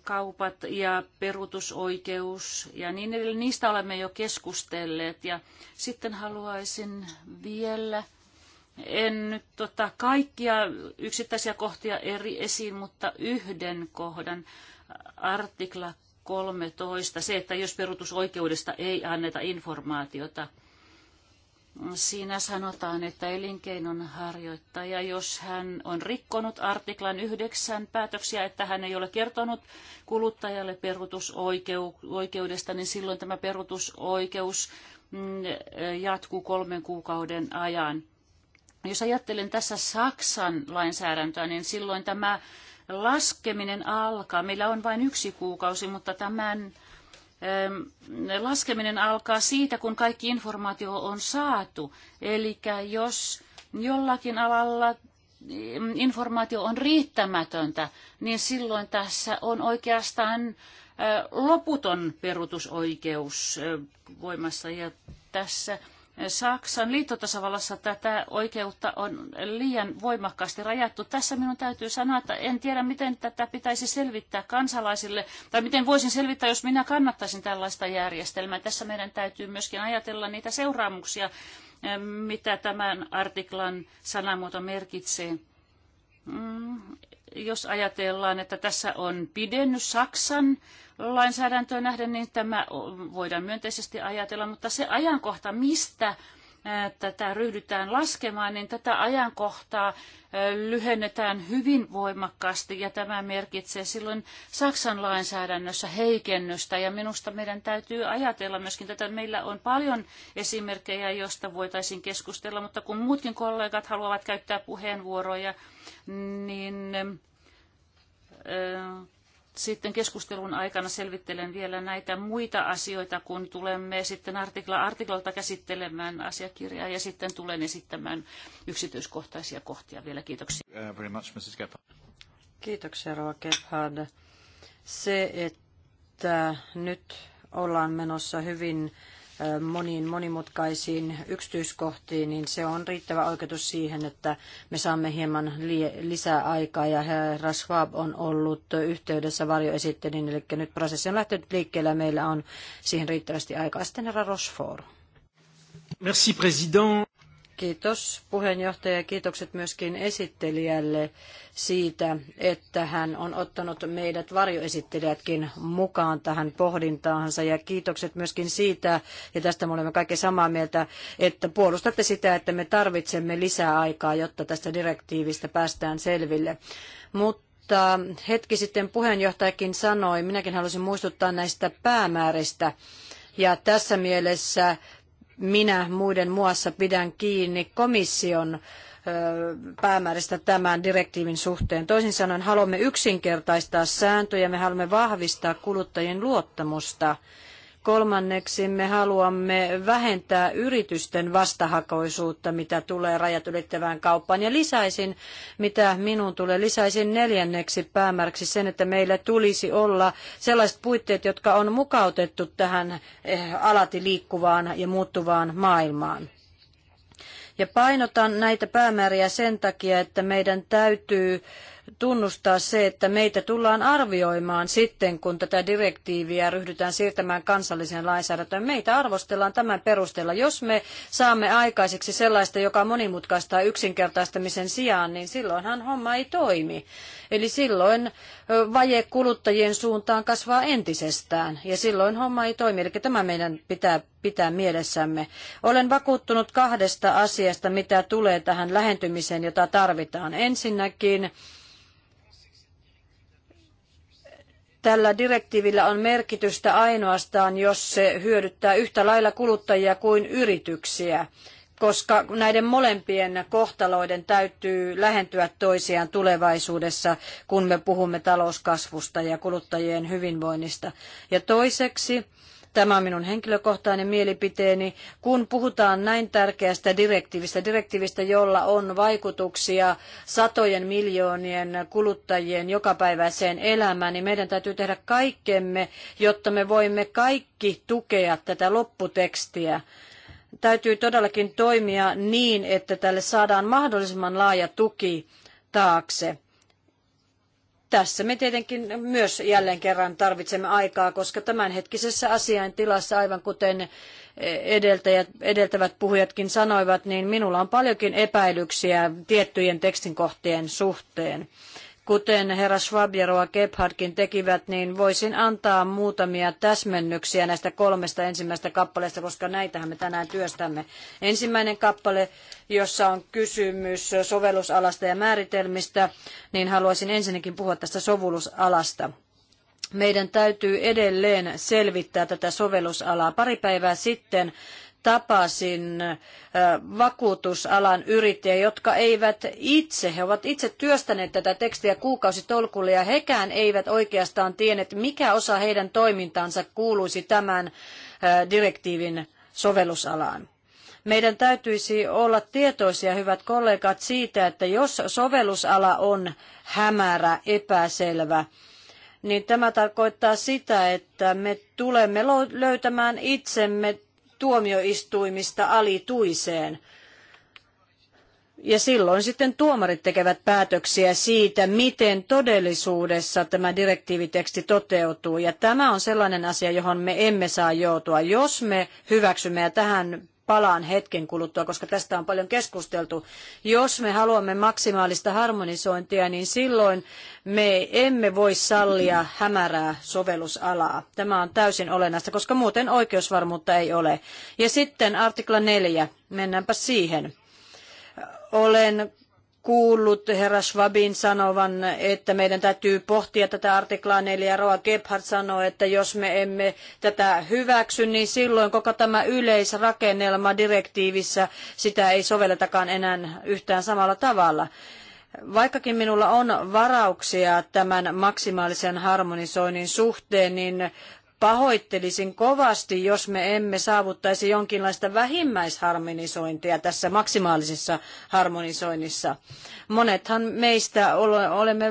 kaupat ja perutusoikeus ja niin edelleen. Niistä olemme jo keskustelleet ja sitten haluaisin vielä, en nyt tota kaikkia yksittäisiä kohtia eri esiin, mutta yhden kohdan, artikla 13. Se, että jos perutusoikeudesta ei anneta informaatiota. Siinä sanotaan, että elinkeinon harjoittaja, jos hän on rikkonut artiklan 9 päätöksiä, että hän ei ole kertonut kuluttajalle perutusoikeudesta, niin silloin tämä perutusoikeus mm, jatkuu kolmen kuukauden ajan. Jos ajattelen tässä Saksan lainsäädäntöä, niin silloin tämä laskeminen alkaa. Meillä on vain yksi kuukausi, mutta tämän laskeminen alkaa siitä, kun kaikki informaatio on saatu. Eli jos jollakin alalla informaatio on riittämätöntä, niin silloin tässä on oikeastaan loputon perutusoikeus voimassa. Ja tässä Saksan liittotasavallassa tätä oikeutta on liian voimakkaasti rajattu. Tässä minun täytyy sanoa, että en tiedä, miten tätä pitäisi selvittää kansalaisille, tai miten voisin selvittää, jos minä kannattaisin tällaista järjestelmää. Tässä meidän täytyy myöskin ajatella niitä seuraamuksia, eh, mitä tämän artiklan sanamuoto merkitsee. Mm, jos ajatellaan, että tässä on pidennys Saksan lainsäädäntöön nähden, niin tämä voidaan myönteisesti ajatella, mutta se ajankohta, mistä Äh, tätä ryhdytään laskemaan, niin tätä ajankohtaa äh, lyhennetään hyvin voimakkaasti ja tämä merkitsee silloin Saksan lainsäädännössä heikennystä ja minusta meidän täytyy ajatella myöskin tätä. Meillä on paljon esimerkkejä, joista voitaisiin keskustella, mutta kun muutkin kollegat haluavat käyttää puheenvuoroja, niin äh, sitten keskustelun aikana selvittelen vielä näitä muita asioita, kun tulemme sitten artikla, artiklalta käsittelemään asiakirjaa ja sitten tulen esittämään yksityiskohtaisia kohtia vielä. Kiitoksia. Uh, very much, Mrs. Gebhardt. Kiitoksia, Rova Gebhard. Se, että nyt ollaan menossa hyvin Äh, moniin monimutkaisiin yksityiskohtiin, niin se on riittävä oikeutus siihen, että me saamme hieman lisää aikaa. Ja herra Schwab on ollut yhteydessä varjoesittelin, eli nyt prosessi on lähtenyt liikkeelle ja meillä on siihen riittävästi aikaa. Sitten herra Rochefort. Merci, president. Kiitos puheenjohtaja kiitokset myöskin esittelijälle siitä, että hän on ottanut meidät varjoesittelijätkin mukaan tähän pohdintaansa ja kiitokset myöskin siitä, ja tästä me olemme kaikki samaa mieltä, että puolustatte sitä, että me tarvitsemme lisää aikaa, jotta tästä direktiivistä päästään selville. Mutta mutta hetki sitten puheenjohtajakin sanoi, minäkin halusin muistuttaa näistä päämääristä. Ja tässä mielessä minä muiden muassa pidän kiinni komission päämääristä tämän direktiivin suhteen. Toisin sanoen haluamme yksinkertaistaa sääntöjä, me haluamme vahvistaa kuluttajien luottamusta Kolmanneksi me haluamme vähentää yritysten vastahakoisuutta, mitä tulee rajat ylittävään kauppaan. Ja lisäisin, mitä minun tulee, lisäisin neljänneksi päämärksi sen, että meillä tulisi olla sellaiset puitteet, jotka on mukautettu tähän eh, alati liikkuvaan ja muuttuvaan maailmaan. Ja painotan näitä päämääriä sen takia, että meidän täytyy tunnustaa se, että meitä tullaan arvioimaan sitten, kun tätä direktiiviä ryhdytään siirtämään kansalliseen lainsäädäntöön. Meitä arvostellaan tämän perusteella. Jos me saamme aikaiseksi sellaista, joka monimutkaistaa yksinkertaistamisen sijaan, niin silloinhan homma ei toimi. Eli silloin vaje kuluttajien suuntaan kasvaa entisestään ja silloin homma ei toimi. Eli tämä meidän pitää pitää mielessämme. Olen vakuuttunut kahdesta asiasta, mitä tulee tähän lähentymiseen, jota tarvitaan. Ensinnäkin Tällä direktiivillä on merkitystä ainoastaan, jos se hyödyttää yhtä lailla kuluttajia kuin yrityksiä, koska näiden molempien kohtaloiden täytyy lähentyä toisiaan tulevaisuudessa, kun me puhumme talouskasvusta ja kuluttajien hyvinvoinnista. Ja toiseksi, Tämä on minun henkilökohtainen mielipiteeni. Kun puhutaan näin tärkeästä direktiivistä, direktiivistä, jolla on vaikutuksia satojen miljoonien kuluttajien jokapäiväiseen elämään, niin meidän täytyy tehdä kaikkemme, jotta me voimme kaikki tukea tätä lopputekstiä täytyy todellakin toimia niin, että tälle saadaan mahdollisimman laaja tuki taakse tässä me tietenkin myös jälleen kerran tarvitsemme aikaa, koska tämänhetkisessä asiaintilassa, aivan kuten edeltäjät, edeltävät puhujatkin sanoivat, niin minulla on paljonkin epäilyksiä tiettyjen tekstin kohtien suhteen kuten herra Schwab ja Roa Gebhardkin tekivät, niin voisin antaa muutamia täsmennyksiä näistä kolmesta ensimmäistä kappaleesta, koska näitähän me tänään työstämme. Ensimmäinen kappale, jossa on kysymys sovellusalasta ja määritelmistä, niin haluaisin ensinnäkin puhua tästä sovellusalasta. Meidän täytyy edelleen selvittää tätä sovellusalaa. Pari päivää sitten tapasin vakuutusalan yrittäjiä, jotka eivät itse, he ovat itse työstäneet tätä tekstiä kuukausitolkulle ja hekään eivät oikeastaan tienneet, mikä osa heidän toimintansa kuuluisi tämän direktiivin sovellusalaan. Meidän täytyisi olla tietoisia, hyvät kollegat, siitä, että jos sovellusala on hämärä, epäselvä, niin tämä tarkoittaa sitä, että me tulemme löytämään itsemme tuomioistuimista alituiseen. Ja silloin sitten tuomarit tekevät päätöksiä siitä, miten todellisuudessa tämä direktiiviteksti toteutuu. Ja tämä on sellainen asia, johon me emme saa joutua. Jos me hyväksymme, ja tähän palaan hetken kuluttua, koska tästä on paljon keskusteltu. Jos me haluamme maksimaalista harmonisointia, niin silloin me emme voi sallia hämärää sovellusalaa. Tämä on täysin olennaista, koska muuten oikeusvarmuutta ei ole. Ja sitten artikla 4, mennäänpä siihen. Olen kuullut herra Schwabin sanovan, että meidän täytyy pohtia tätä artiklaa 4. Roa Gebhardt sanoi, että jos me emme tätä hyväksy, niin silloin koko tämä yleisrakennelma direktiivissä sitä ei sovelletakaan enää yhtään samalla tavalla. Vaikkakin minulla on varauksia tämän maksimaalisen harmonisoinnin suhteen, niin pahoittelisin kovasti, jos me emme saavuttaisi jonkinlaista vähimmäisharmonisointia tässä maksimaalisessa harmonisoinnissa. Monethan meistä olemme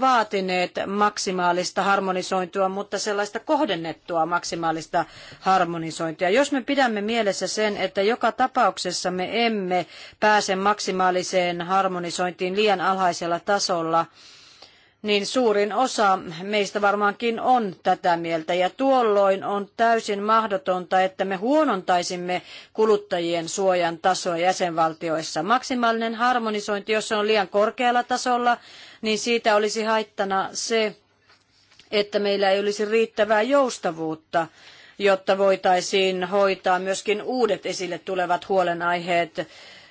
vaatineet maksimaalista harmonisointua, mutta sellaista kohdennettua maksimaalista harmonisointia. Jos me pidämme mielessä sen, että joka tapauksessa me emme pääse maksimaaliseen harmonisointiin liian alhaisella tasolla, niin suurin osa meistä varmaankin on tätä mieltä. Ja tuolloin on täysin mahdotonta, että me huonontaisimme kuluttajien suojan tasoa jäsenvaltioissa. Maksimaalinen harmonisointi, jos se on liian korkealla tasolla, niin siitä olisi haittana se, että meillä ei olisi riittävää joustavuutta jotta voitaisiin hoitaa myöskin uudet esille tulevat huolenaiheet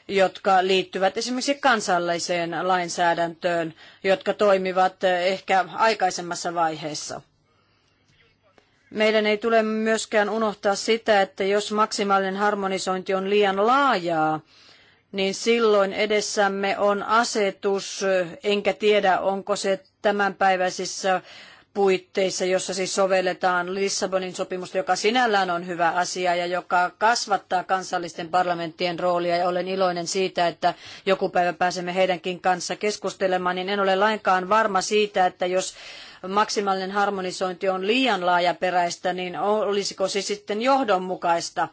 jotka liittyvät esimerkiksi kansalliseen lainsäädäntöön, jotka toimivat eh, ehkä aikaisemmassa vaiheessa. Meidän ei tule myöskään unohtaa sitä, että jos maksimaalinen harmonisointi on liian laajaa, niin silloin edessämme on asetus, eh, enkä tiedä onko se tämänpäiväisissä puitteissa, jossa siis sovelletaan Lissabonin sopimusta, joka sinällään on hyvä asia ja joka kasvattaa kansallisten parlamenttien roolia. Ja olen iloinen siitä, että joku päivä pääsemme heidänkin kanssa keskustelemaan, niin en ole lainkaan varma siitä, että jos maksimaalinen harmonisointi on liian laajaperäistä, niin olisiko se sitten johdonmukaista.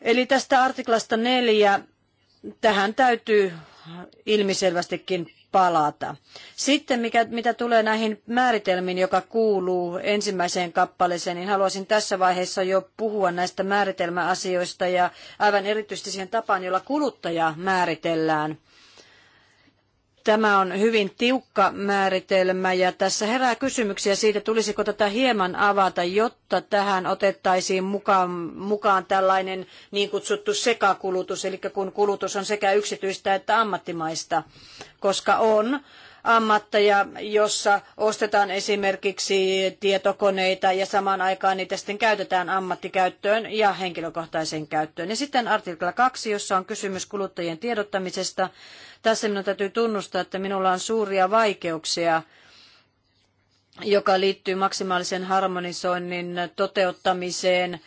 Eli tästä artiklasta neljä, tähän täytyy ilmiselvästikin palata. Sitten mikä, mitä tulee näihin määritelmiin, joka kuuluu ensimmäiseen kappaleeseen, niin haluaisin tässä vaiheessa jo puhua näistä määritelmäasioista ja aivan erityisesti siihen tapaan, jolla kuluttaja määritellään – Tämä on hyvin tiukka määritelmä ja tässä herää kysymyksiä siitä, tulisiko tätä hieman avata, jotta tähän otettaisiin mukaan, mukaan tällainen niin kutsuttu sekakulutus, eli kun kulutus on sekä yksityistä että ammattimaista, koska on ammatteja, jossa ostetaan esimerkiksi tietokoneita ja samaan aikaan niitä sitten käytetään ammattikäyttöön ja henkilökohtaiseen käyttöön. Ja sitten artikla 2, jossa on kysymys kuluttajien tiedottamisesta. Tässä minun täytyy tunnustaa, että minulla on suuria vaikeuksia joka liittyy maksimaalisen harmonisoinnin toteuttamiseen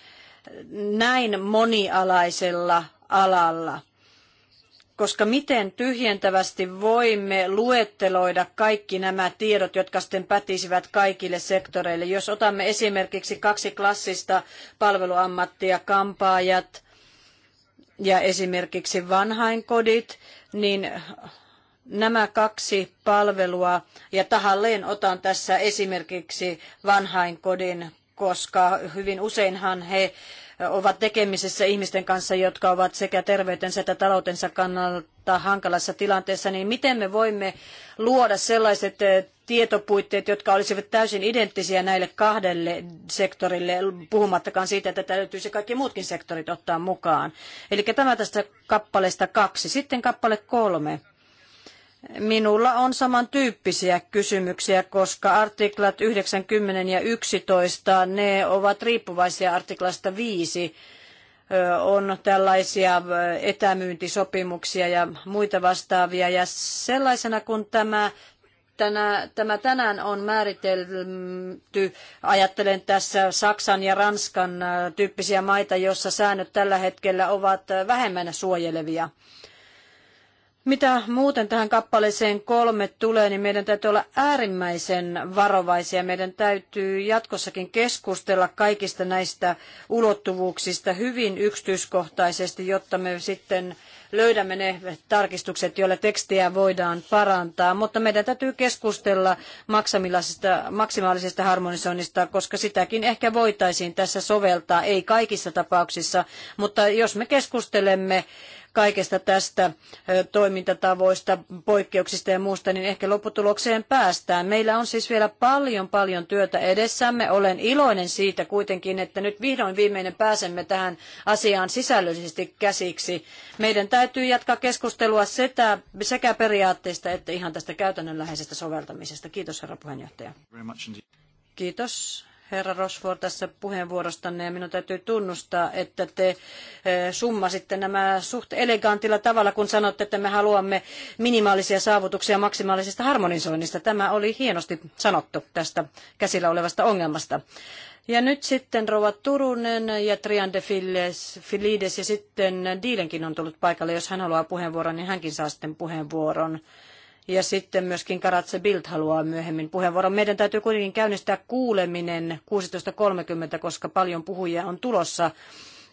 näin monialaisella alalla koska miten tyhjentävästi voimme luetteloida kaikki nämä tiedot, jotka sitten pätisivät kaikille sektoreille. Jos otamme esimerkiksi kaksi klassista palveluammattia, kampaajat ja esimerkiksi vanhainkodit, niin nämä kaksi palvelua, ja tahalleen otan tässä esimerkiksi vanhainkodin, koska hyvin useinhan he ovat tekemisissä ihmisten kanssa, jotka ovat sekä terveytensä että taloutensa kannalta hankalassa tilanteessa, niin miten me voimme luoda sellaiset eh, tietopuitteet, jotka olisivat täysin identtisiä näille kahdelle sektorille, puhumattakaan siitä, että täytyisi kaikki muutkin sektorit ottaa mukaan. Eli tämä tästä kappaleesta kaksi. Sitten kappale kolme Minulla on samantyyppisiä kysymyksiä, koska artiklat 90 ja 11, ne ovat riippuvaisia artiklasta 5. On tällaisia etämyyntisopimuksia ja muita vastaavia. Ja sellaisena kuin tämä tänä, tämä tänään on määritelty, ajattelen tässä Saksan ja Ranskan tyyppisiä maita, joissa säännöt tällä hetkellä ovat vähemmän suojelevia. Mitä muuten tähän kappaleeseen kolme tulee, niin meidän täytyy olla äärimmäisen varovaisia. Meidän täytyy jatkossakin keskustella kaikista näistä ulottuvuuksista hyvin yksityiskohtaisesti, jotta me sitten löydämme ne tarkistukset, joilla tekstiä voidaan parantaa. Mutta meidän täytyy keskustella maksimaalisesta harmonisoinnista, koska sitäkin ehkä voitaisiin tässä soveltaa, ei kaikissa tapauksissa. Mutta jos me keskustelemme kaikesta tästä toimintatavoista, poikkeuksista ja muusta, niin ehkä lopputulokseen päästään. Meillä on siis vielä paljon paljon työtä edessämme. Olen iloinen siitä kuitenkin, että nyt vihdoin viimeinen pääsemme tähän asiaan sisällöllisesti käsiksi. Meidän täytyy jatkaa keskustelua sitä, sekä periaatteista että ihan tästä käytännönläheisestä soveltamisesta. Kiitos herra puheenjohtaja. Kiitos herra Rosvor tässä puheenvuorostanne ja minun täytyy tunnustaa, että te eh, summasitte nämä suht elegantilla tavalla, kun sanotte, että me haluamme minimaalisia saavutuksia maksimaalisesta harmonisoinnista. Tämä oli hienosti sanottu tästä käsillä olevasta ongelmasta. Ja nyt sitten Rova Turunen ja Triande Filides ja sitten Diilenkin on tullut paikalle. Jos hän haluaa puheenvuoron, niin hänkin saa sitten puheenvuoron. Ja sitten myöskin Karatse Bild haluaa myöhemmin puheenvuoron. Meidän täytyy kuitenkin käynnistää kuuleminen 16.30, koska paljon puhujia on tulossa.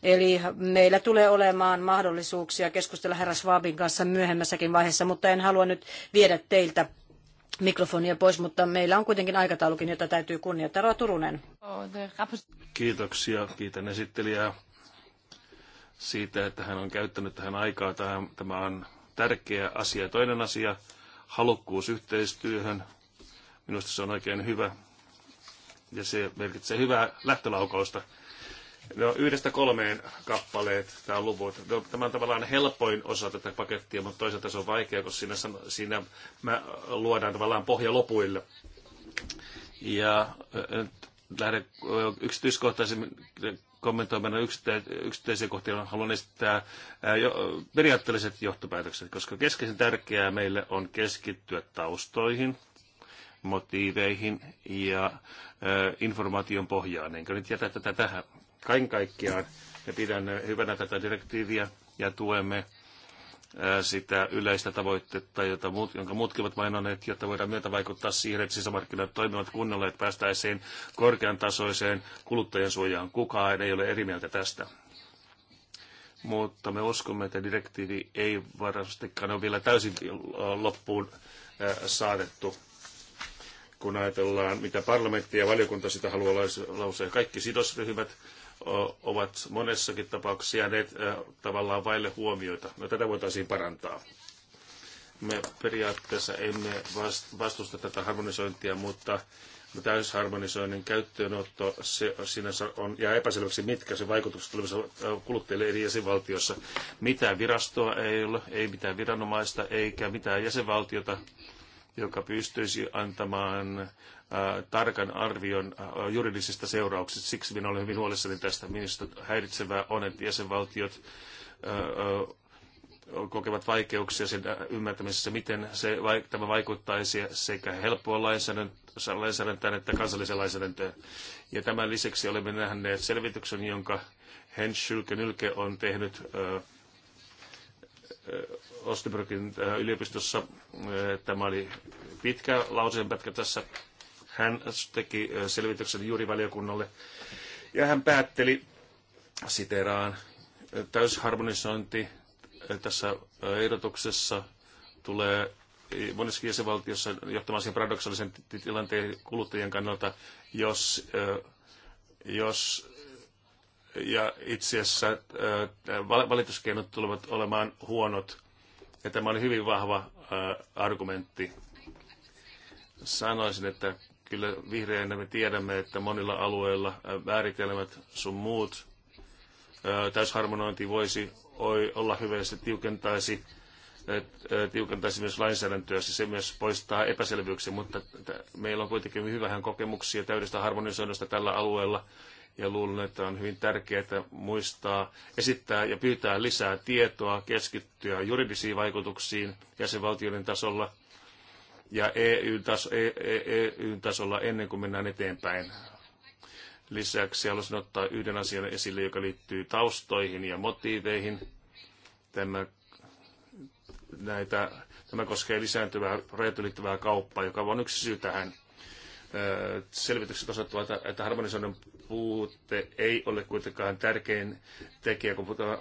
Eli meillä tulee olemaan mahdollisuuksia keskustella herra Schwabin kanssa myöhemmässäkin vaiheessa, mutta en halua nyt viedä teiltä mikrofonia pois, mutta meillä on kuitenkin aikataulukin, jota täytyy kunnioittaa. Roa Turunen. Kiitoksia. Kiitän esittelijää siitä, että hän on käyttänyt tähän aikaa. Tämä on tärkeä asia. Toinen asia, halukkuus yhteistyöhön. Minusta se on oikein hyvä ja se merkitsee hyvää lähtölaukausta. No, yhdestä kolmeen kappaleet tämä luvut. No, tämä on tavallaan helpoin osa tätä pakettia, mutta toisaalta se on vaikea, koska siinä, siinä mä luodaan tavallaan pohja lopuille. Ja nyt lähden yksityiskohtaisemmin kommentoimena yksittäisiä kohtia haluan esittää jo, periaatteelliset johtopäätökset, koska keskeisen tärkeää meille on keskittyä taustoihin, motiiveihin ja informaation pohjaan. Enkä nyt jätä tätä tähän. Kaiken kaikkiaan me pidän hyvänä tätä direktiiviä ja tuemme sitä yleistä tavoitetta, jota muut, jonka muutkin ovat mainonneet, jotta voidaan myötä vaikuttaa siihen, että sisämarkkinat toimivat kunnolla, että päästäisiin korkean tasoiseen kuluttajan suojaan. Kukaan ei ole eri mieltä tästä. Mutta me uskomme, että direktiivi ei varmastikaan ole vielä täysin loppuun saatettu kun ajatellaan, mitä parlamentti ja valiokunta sitä haluaa lausua, kaikki sidosryhmät, ovat monessakin tapauksessa jääneet tavallaan vaille huomiota. No, tätä voitaisiin parantaa. Me periaatteessa emme vastusta tätä harmonisointia, mutta täysharmonisoinnin käyttöönotto, se, siinä on, jää epäselväksi, mitkä se vaikutukset tulevat kuluttajille eri jäsenvaltiossa. Mitään virastoa ei ole, ei mitään viranomaista, eikä mitään jäsenvaltiota, joka pystyisi antamaan Äh, tarkan arvion äh, juridisista seurauksista. Siksi minä olen hyvin huolissani tästä. Minusta häiritsevää on, että jäsenvaltiot äh, kokevat vaikeuksia sen ymmärtämisessä, miten se, tämä vaikuttaisi sekä helppoa lainsäädäntöön että kansalliseen lainsäädäntöön. Ja tämän lisäksi olemme nähneet selvityksen, jonka Hens Schülke Nylke on tehnyt Ostenbergin yliopistossa. Tämä oli pitkä lauseenpätkä tässä Hän teki selvityksen juurivaliokunnalle ja hän päätteli, siteraan, täysharmonisointi tässä ehdotuksessa tulee monessa jäsenvaltiossa johtamaan siihen paradoksaalisen tilanteen kuluttajien kannalta, jos, jos ja itse asiassa valituskeinot tulevat olemaan huonot. Ja tämä oli hyvin vahva argumentti. Sanoisin, että Kyllä vihreänä me tiedämme, että monilla alueilla määritelmät äh, sun muut äh, täysharmonointi voisi olla hyvä, jos se tiukentaisi, äh, tiukentaisi myös lainsäädäntöä, siis se myös poistaa epäselvyyksiä, mutta meillä on kuitenkin hyvin vähän kokemuksia täydestä harmonisoinnista tällä alueella, ja luulen, että on hyvin tärkeää muistaa esittää ja pyytää lisää tietoa, keskittyä juridisiin vaikutuksiin jäsenvaltioiden tasolla – ja EU-tasolla e, e, e ennen kuin mennään eteenpäin. Lisäksi haluaisin ottaa yhden asian esille, joka liittyy taustoihin ja motiiveihin. Tämä, näitä, tämä koskee lisääntyvää rajat ylittävää kauppaa, joka on yksi syy tähän. Selvitykset osoittavat, että harmonisoinnin puute ei ole kuitenkaan tärkein tekijä, kun puhutaan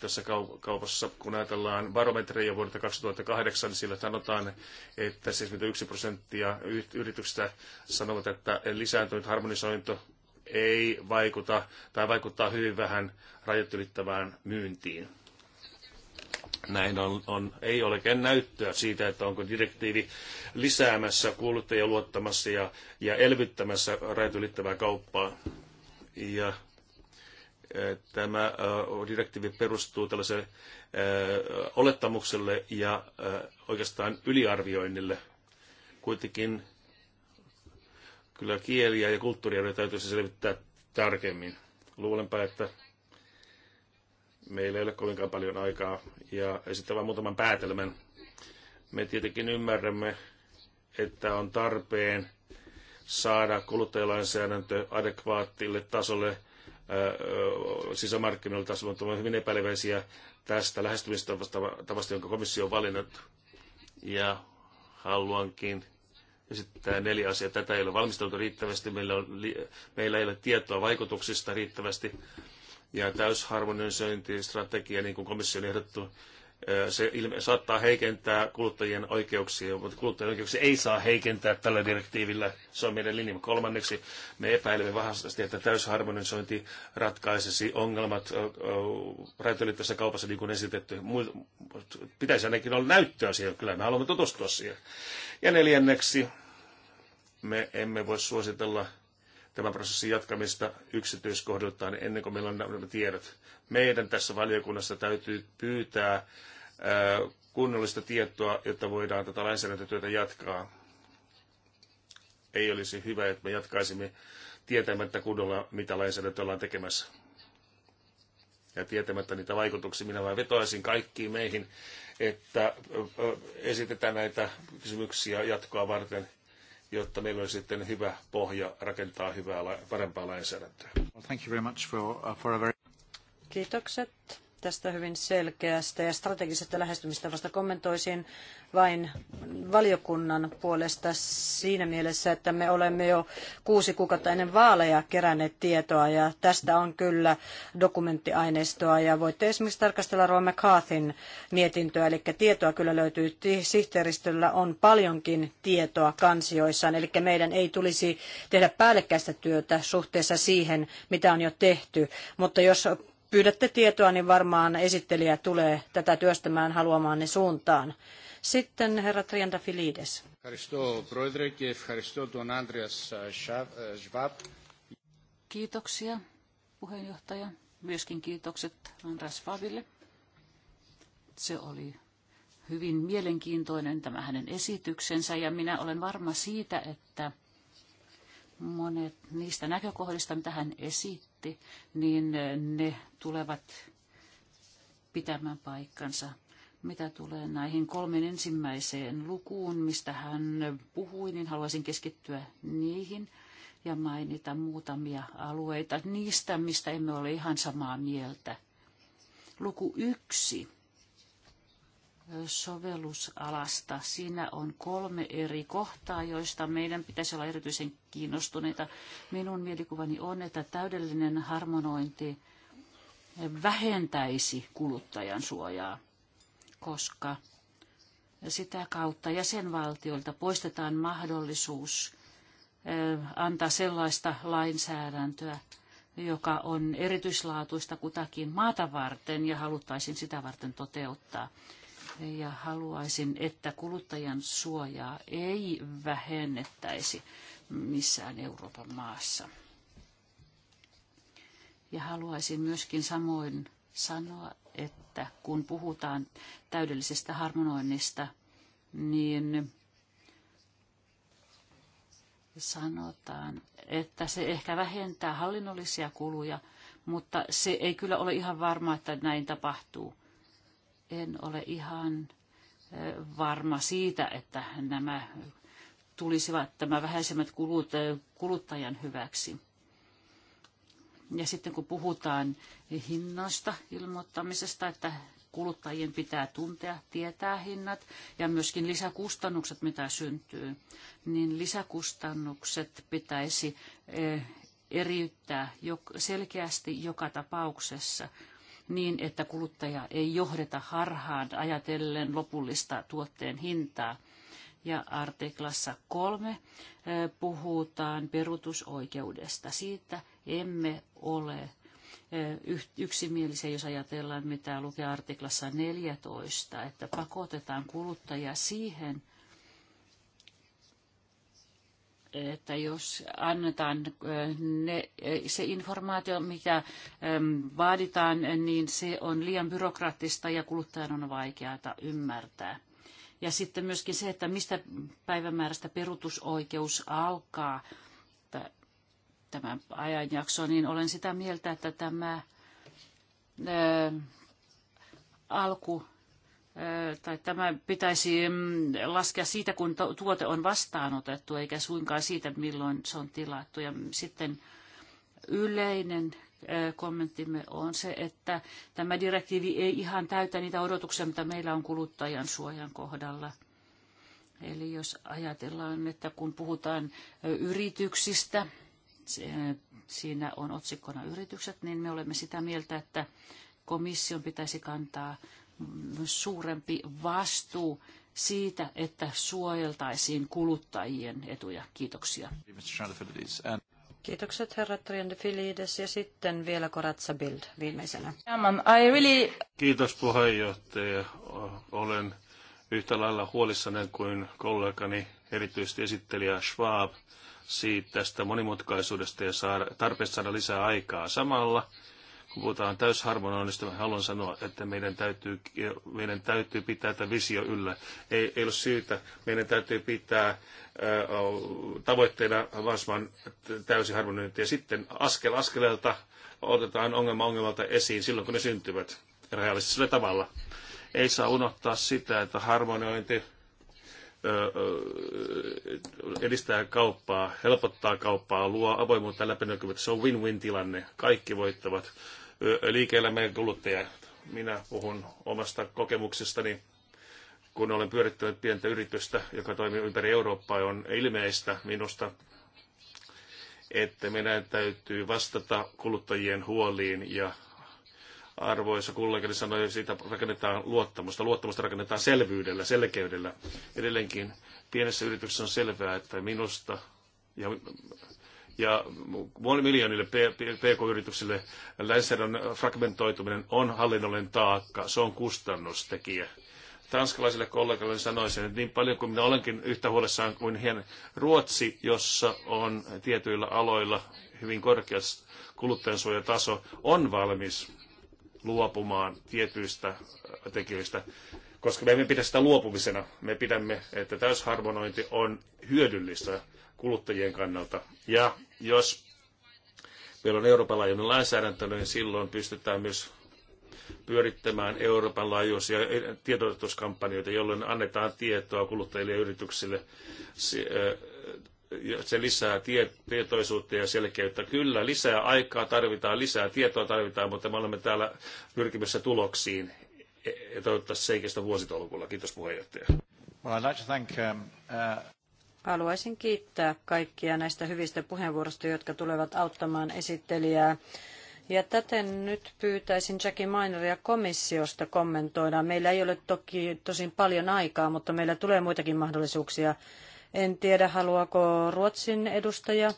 tässä kaupassa. Kun ajatellaan barometreja vuodelta 2008, niin sillä sanotaan, että 71 prosenttia yrityksistä sanovat, että lisääntynyt harmonisointo ei vaikuta tai vaikuttaa hyvin vähän rajat ylittävään myyntiin. Näin on, on, ei olekaan näyttöä siitä, että onko direktiivi lisäämässä kuluttajia luottamassa ja, ja elvyttämässä rajat ylittävää kauppaa. Ja eh, tämä eh, direktiivi perustuu tällaiselle eh, olettamukselle ja oikeastaan yliarvioinnille. Kuitenkin kyllä kieliä ja kulttuuria täytyisi selvittää tarkemmin. Luulenpa, että meillä ei ole kovinkaan paljon aikaa ja esittää vain muutaman päätelmän. Me tietenkin ymmärrämme, että on tarpeen saada kuluttajalainsäädäntö adekvaattille tasolle sisämarkkinoilla tasolla, mutta olemme hyvin epäileväisiä tästä lähestymistavasta, jonka komissio on valinnut. Ja haluankin esittää neljä asiaa. Tätä ei ole valmisteltu riittävästi, meillä, on, meillä ei ole tietoa vaikutuksista riittävästi. Ja täysharmonisointistrategia, niin kuin komissio on ehdottu, se ilme, saattaa heikentää kuluttajien oikeuksia, mutta kuluttajien oikeuksia ei saa heikentää tällä direktiivillä. Se on meidän linjamme. Kolmanneksi me epäilemme vahvasti, että täysharmonisointi ratkaisisi ongelmat rajoittelyttäessä kaupassa, niin kuin esitetty. Pitäisi ainakin olla näyttöä siihen, kyllä me haluamme tutustua siihen. Ja neljänneksi me emme voi suositella tämän prosessin jatkamista yksityiskohdiltaan ennen kuin meillä on nämä tiedot. Meidän tässä valiokunnassa täytyy pyytää kunnollista tietoa, jotta voidaan tätä lainsäädäntötyötä jatkaa. Ei olisi hyvä, että me jatkaisimme tietämättä kunnolla, mitä lainsäädäntöä ollaan tekemässä. Ja tietämättä niitä vaikutuksia, minä vain vetoaisin kaikkiin meihin, että esitetään näitä kysymyksiä jatkoa varten jotta meillä on sitten hyvä pohja rakentaa hyvää, parempaa lainsäädäntöä. Well, thank you very much for, uh, for a very... Kiitokset tästä hyvin selkeästä ja strategisesta lähestymistavasta. Kommentoisin vain valiokunnan puolesta siinä mielessä, että me olemme jo kuusi kuukautta ennen vaaleja keränneet tietoa ja tästä on kyllä dokumenttiaineistoa ja voitte esimerkiksi tarkastella Roy McCarthyn mietintöä, eli tietoa kyllä löytyy. Sihteeristöllä on paljonkin tietoa kansioissaan, eli meidän ei tulisi tehdä päällekkäistä työtä suhteessa siihen, mitä on jo tehty, mutta jos pyydätte tietoa, niin varmaan esittelijä tulee tätä työstämään haluamaanne suuntaan. Sitten herra Trianta Filides. Kiitoksia puheenjohtaja. Myöskin kiitokset Andras Schwabille. Se oli hyvin mielenkiintoinen tämä hänen esityksensä ja minä olen varma siitä, että monet niistä näkökohdista, mitä hän esitti, asti, niin eh, ne tulevat pitämään paikkansa. Mitä tulee näihin kolmen ensimmäiseen lukuun, mistä hän puhui, niin haluaisin keskittyä niihin ja mainita muutamia alueita niistä, mistä emme ole ihan samaa mieltä. Luku yksi sovellusalasta. Siinä on kolme eri kohtaa, joista meidän pitäisi olla erityisen kiinnostuneita. Minun mielikuvani on, että täydellinen harmonointi vähentäisi kuluttajan suojaa, koska sitä kautta jäsenvaltioilta poistetaan mahdollisuus antaa sellaista lainsäädäntöä, joka on erityislaatuista kutakin maata varten ja haluttaisiin sitä varten toteuttaa ja haluaisin, että kuluttajan suojaa ei vähennettäisi missään Euroopan maassa. Ja haluaisin myöskin samoin sanoa, että kun puhutaan täydellisestä harmonoinnista, niin sanotaan, että se ehkä vähentää hallinnollisia kuluja, mutta se ei kyllä ole ihan varma, että näin tapahtuu en ole ihan varma siitä, että nämä tulisivat tämä vähäisemmät kulut kuluttajan hyväksi. Ja sitten kun puhutaan hinnoista ilmoittamisesta, että kuluttajien pitää tuntea, tietää hinnat ja myöskin lisäkustannukset, mitä syntyy, niin lisäkustannukset pitäisi eriyttää selkeästi joka tapauksessa – niin, että kuluttaja ei johdeta harhaan ajatellen lopullista tuotteen hintaa. Ja artiklassa kolme puhutaan perutusoikeudesta. Siitä emme ole yksimielisiä, jos ajatellaan, mitä lukee artiklassa 14, että pakotetaan kuluttaja siihen, että jos annetaan eh, ne, eh, se informaatio, mitä vaaditaan, eh, niin se on liian byrokraattista ja kuluttajan on vaikeaa ymmärtää. Ja sitten myöskin se, että mistä päivämäärästä perutusoikeus alkaa tämä ajanjakso, niin olen sitä mieltä, että tämä alku tai tämä pitäisi mm, laskea siitä, kun tuote on vastaanotettu, eikä suinkaan siitä, milloin se on tilattu. Ja sitten yleinen kommenttimme on se, että tämä direktiivi ei ihan täytä niitä odotuksia, mitä meillä on kuluttajan suojan kohdalla. Eli jos ajatellaan, että kun puhutaan yrityksistä, siinä on otsikkona yritykset, niin me olemme sitä mieltä, että komission pitäisi kantaa suurempi vastuu siitä, että suojeltaisiin kuluttajien etuja. Kiitoksia. Kiitokset herra Triandafilides ja sitten vielä Koratsa Bild viimeisenä. Kiitos puheenjohtaja. Olen yhtä lailla huolissani kuin kollegani, erityisesti esittelijä Schwab, siitä tästä monimutkaisuudesta ja saada, tarpeesta saada lisää aikaa. Samalla kun puhutaan täysharmonoinnista, haluan sanoa, että meidän täytyy, meidän täytyy pitää tätä visio yllä. Ei, ei ole syytä. Meidän täytyy pitää ää, tavoitteena mahdollisimman täysiharmonointi. Ja sitten askel askeleelta otetaan ongelma ongelmalta esiin silloin, kun ne syntyvät realistisella tavalla. Ei saa unohtaa sitä, että harmonointi edistää kauppaa, helpottaa kauppaa, luo avoimuutta ja läpinäkyvyyttä. Se on win-win tilanne. Kaikki voittavat liike-elämä ja kuluttajat. Minä puhun omasta kokemuksestani, kun olen pyörittänyt pientä yritystä, joka toimii ympäri Eurooppaa, on ilmeistä minusta, että meidän täytyy vastata kuluttajien huoliin ja arvoisa kollegani sanoi, että siitä rakennetaan luottamusta. Luottamusta rakennetaan selvyydellä, selkeydellä. Edelleenkin pienessä yrityksessä on selvää, että minusta ja ja miljoonille pk-yrityksille lainsäädännön fragmentoituminen on hallinnollinen taakka, se on kustannustekijä. Tanskalaisille kollegalle sanoisin, että niin paljon kuin minä olenkin yhtä huolissaan kuin hien Ruotsi, jossa on tietyillä aloilla hyvin korkea kuluttajansuojataso, on valmis luopumaan tietyistä tekijöistä koska me emme pidä sitä luopumisena. Me pidämme, että täysharmonointi on hyödyllistä kuluttajien kannalta ja Jos meillä on Euroopan laajuinen lainsäädäntö, niin silloin pystytään myös pyörittämään Euroopan laajuisia tiedotuskampanjoita, jolloin annetaan tietoa kuluttajille ja yrityksille. Se lisää tie, tietoisuutta ja selkeyttä. Kyllä, lisää aikaa tarvitaan, lisää tietoa tarvitaan, mutta me olemme täällä pyrkimässä tuloksiin. Ja e, e, toivottavasti se ei kestä vuositolkulla. Kiitos puheenjohtaja. Well, I'd like to thank, um, uh... Haluaisin kiittää kaikkia näistä hyvistä puheenvuoroista, jotka tulevat auttamaan esittelijää. Ja täten nyt pyytäisin Jackie Mineria komissiosta kommentoidaan. Meillä ei ole toki tosin paljon aikaa, mutta meillä tulee muitakin mahdollisuuksia. En tiedä, haluaako Ruotsin edustaja.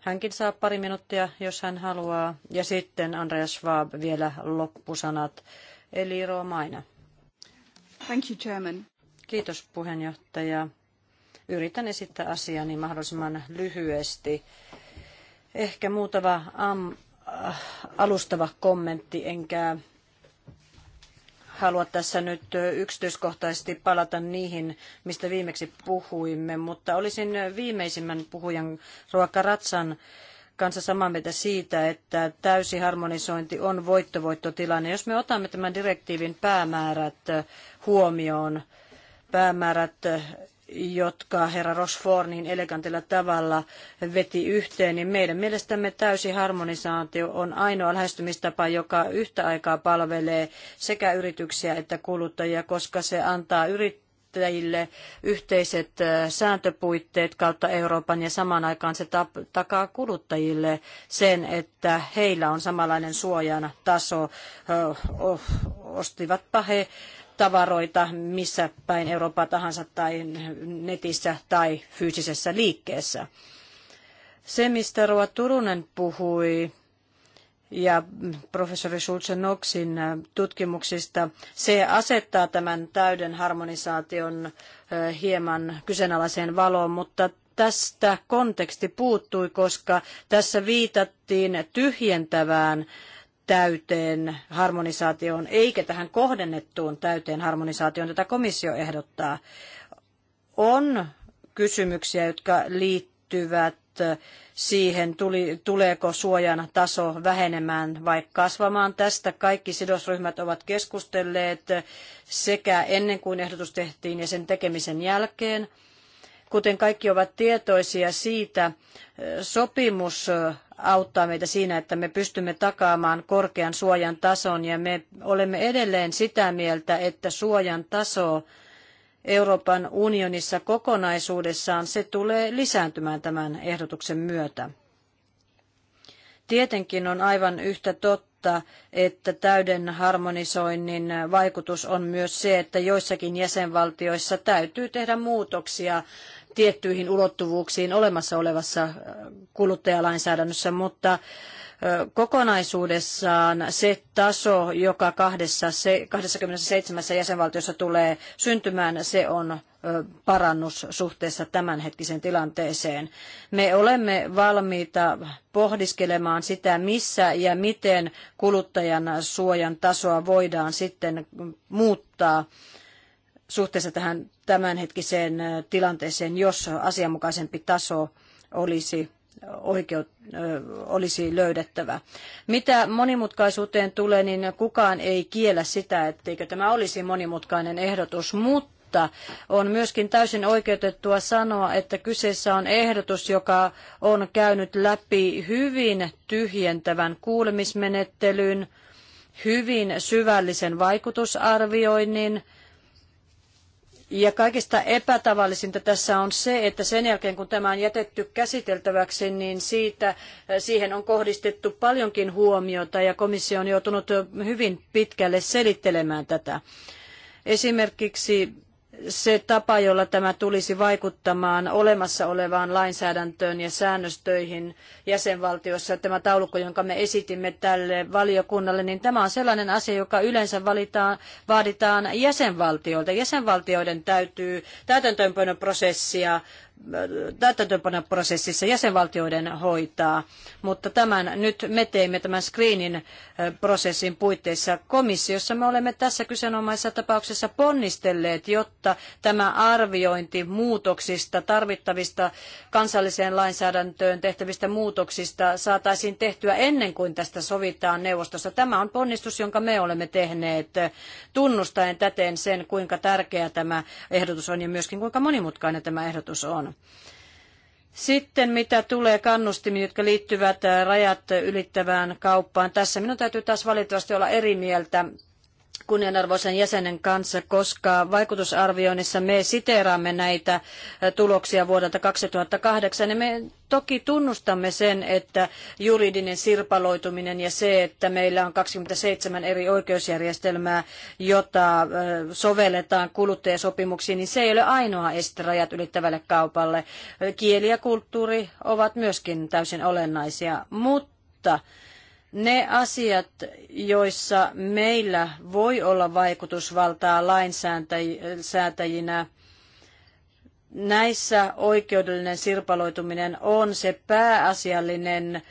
Hänkin saa pari minuuttia, jos hän haluaa. Ja sitten Andreas Schwab vielä loppusanat. Eli Roomaina. Thank you, Chairman. Kiitos puheenjohtaja. Yritän esittää asiani mahdollisimman lyhyesti. Ehkä muutama am, äh, alustava kommentti, enkä halua tässä nyt yksityiskohtaisesti palata niihin, mistä viimeksi puhuimme, mutta olisin viimeisimmän puhujan Ruokka Ratsan kanssa samaa mieltä siitä, että täysi harmonisointi on voittovoittotilanne. Jos me otamme tämän direktiivin päämäärät huomioon, päämäärät jotka herra Rochefort niin elegantilla tavalla veti yhteen, niin meidän mielestämme täysi harmonisaatio on ainoa lähestymistapa, joka yhtä aikaa palvelee sekä yrityksiä että kuluttajia, koska se antaa yrittäjille yrittäjille yhteiset sääntöpuitteet kautta Euroopan ja samaan aikaan se takaa kuluttajille sen, että heillä on samanlainen suojan taso, ostivatpa he tavaroita missä päin Eurooppaa tahansa tai netissä tai fyysisessä liikkeessä. Se, mistä Roa Turunen puhui, ja professori Schulze Knoxin äh, tutkimuksista. Se asettaa tämän täyden harmonisaation äh, hieman kyseenalaiseen valoon, mutta tästä konteksti puuttui, koska tässä viitattiin tyhjentävään täyteen harmonisaatioon, eikä tähän kohdennettuun täyteen harmonisaatioon, tätä komissio ehdottaa. On kysymyksiä, jotka liittyvät siihen, tuli, tuleeko suojan taso vähenemään vai kasvamaan. Tästä kaikki sidosryhmät ovat keskustelleet sekä ennen kuin ehdotus tehtiin ja sen tekemisen jälkeen. Kuten kaikki ovat tietoisia siitä, sopimus auttaa meitä siinä, että me pystymme takaamaan korkean suojan tason ja me olemme edelleen sitä mieltä, että suojan taso Euroopan unionissa kokonaisuudessaan se tulee lisääntymään tämän ehdotuksen myötä. Tietenkin on aivan yhtä totta, että täyden harmonisoinnin vaikutus on myös se, että joissakin jäsenvaltioissa täytyy tehdä muutoksia tiettyihin ulottuvuuksiin olemassa olevassa kuluttajalainsäädännössä, mutta kokonaisuudessaan se taso, joka 27 jäsenvaltiossa tulee syntymään, se on parannus suhteessa tämänhetkiseen tilanteeseen. Me olemme valmiita pohdiskelemaan sitä, missä ja miten kuluttajan suojan tasoa voidaan sitten muuttaa suhteessa tähän tämänhetkiseen tilanteeseen, jos asianmukaisempi taso olisi oikeut, olisi löydettävä. Mitä monimutkaisuuteen tulee, niin kukaan ei kiellä sitä, etteikö tämä olisi monimutkainen ehdotus, mutta mutta on myöskin täysin oikeutettua sanoa, että kyseessä on ehdotus, joka on käynyt läpi hyvin tyhjentävän kuulemismenettelyn, hyvin syvällisen vaikutusarvioinnin, Ja kaikista epätavallisinta tässä on se, että sen jälkeen kun tämä on jätetty käsiteltäväksi, niin siitä, äh, siihen on kohdistettu paljonkin huomiota ja komissio on joutunut hyvin pitkälle selittelemään tätä. Esimerkiksi se tapa, jolla tämä tulisi vaikuttamaan olemassa olevaan lainsäädäntöön ja säännöstöihin jäsenvaltioissa, tämä taulukko, jonka me esitimme tälle valiokunnalle, niin tämä on sellainen asia, joka yleensä valitaan, vaaditaan jäsenvaltioilta. Jäsenvaltioiden täytyy täytäntöönpanoprosessia täytäntöönpanoprosessissa jäsenvaltioiden hoitaa, mutta tämän nyt me teimme tämän screenin prosessin puitteissa komissiossa. Me olemme tässä kyseenomaisessa tapauksessa ponnistelleet, jotta tämä arviointi muutoksista, tarvittavista kansalliseen lainsäädäntöön tehtävistä muutoksista saataisiin tehtyä ennen kuin tästä sovitaan neuvostossa. Tämä on ponnistus, jonka me olemme tehneet tunnustaen täten sen, kuinka tärkeä tämä ehdotus on ja myöskin kuinka monimutkainen tämä ehdotus on. Sitten mitä tulee kannustimiin, jotka liittyvät rajat ylittävään kauppaan. Tässä minun täytyy taas valitettavasti olla eri mieltä kunnianarvoisen jäsenen kanssa, koska vaikutusarvioinnissa me siteeraamme näitä tuloksia vuodelta 2008. Ja me toki tunnustamme sen, että juridinen sirpaloituminen ja se, että meillä on 27 eri oikeusjärjestelmää, jota sovelletaan kuluttajasopimuksiin, niin se ei ole ainoa este rajat ylittävälle kaupalle. Kieli ja kulttuuri ovat myöskin täysin olennaisia, mutta Ne asiat, joissa meillä voi olla vaikutusvaltaa lainsäätäjinä, näissä oikeudellinen sirpaloituminen on se pääasiallinen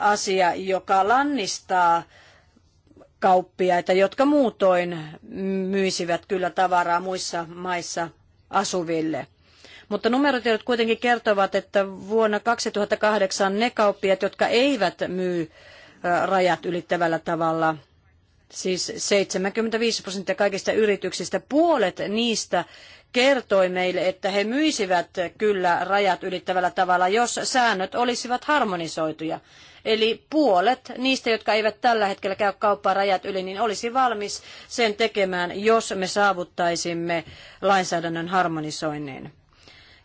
asia, joka lannistaa kauppiaita, jotka muutoin myisivät kyllä tavaraa muissa maissa asuville. Mutta numerotiedot kuitenkin kertovat, että vuonna 2008 ne kauppiat, jotka eivät myy rajat ylittävällä tavalla. Siis 75 prosenttia kaikista yrityksistä, puolet niistä kertoi meille, että he myisivät kyllä rajat ylittävällä tavalla, jos säännöt olisivat harmonisoituja. Eli puolet niistä, jotka eivät tällä hetkellä käy kauppaa rajat yli, niin olisi valmis sen tekemään, jos me saavuttaisimme lainsäädännön harmonisoinnin.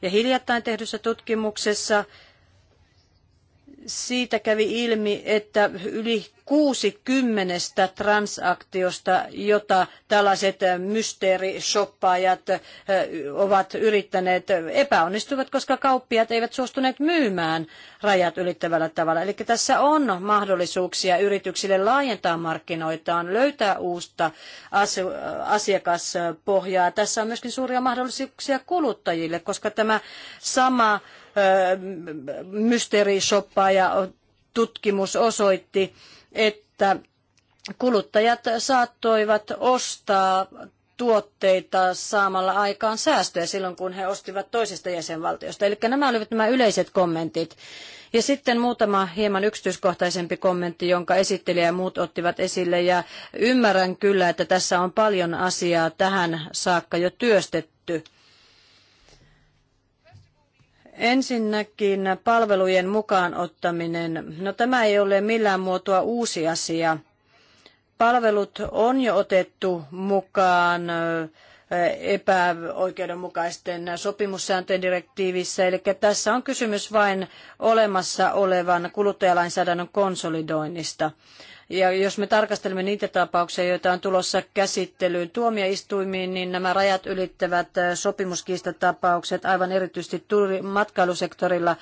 Ja hiljattain tehdyssä tutkimuksessa siitä kävi ilmi, että yli 60 transaktiosta, jota tällaiset mysteerishoppaajat ovat yrittäneet, epäonnistuivat, koska kauppiat eivät suostuneet myymään rajat ylittävällä tavalla. Eli tässä on mahdollisuuksia yrityksille laajentaa markkinoitaan, löytää uusta asiakaspohjaa. Tässä on myöskin suuria mahdollisuuksia kuluttajille, koska tämä sama mysteerishoppaa ja tutkimus osoitti, että kuluttajat saattoivat ostaa tuotteita saamalla aikaan säästöjä silloin, kun he ostivat toisesta jäsenvaltiosta. Eli nämä olivat nämä yleiset kommentit. Ja sitten muutama hieman yksityiskohtaisempi kommentti, jonka esittelijä ja muut ottivat esille. Ja ymmärrän kyllä, että tässä on paljon asiaa tähän saakka jo työstetty Ensinnäkin palvelujen mukaan ottaminen. No tämä ei ole millään muotoa uusi asia. Palvelut on jo otettu mukaan epäoikeudenmukaisten sopimussääntöjen direktiivissä. Eli tässä on kysymys vain olemassa olevan kuluttajalainsäädännön konsolidoinnista. Ja jos me tarkastelemme niitä tapauksia, joita on tulossa käsittelyyn tuomioistuimiin, niin nämä rajat ylittävät äh, sopimuskiistatapaukset aivan erityisesti matkailusektorilla, äh,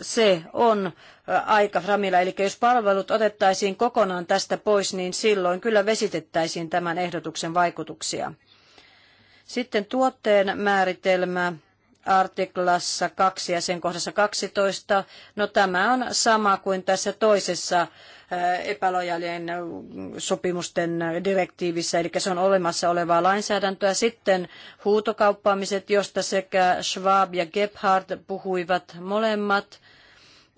se on äh, aika framilla. Eli jos palvelut otettaisiin kokonaan tästä pois, niin silloin kyllä vesitettäisiin tämän ehdotuksen vaikutuksia. Sitten tuotteen määritelmä artiklassa 2 ja sen kohdassa 12. No tämä on sama kuin tässä toisessa eh, epälojaalien eh, sopimusten direktiivissä, eli se on olemassa olevaa lainsäädäntöä. Sitten huutokauppaamiset, josta sekä Schwab ja Gebhard puhuivat molemmat.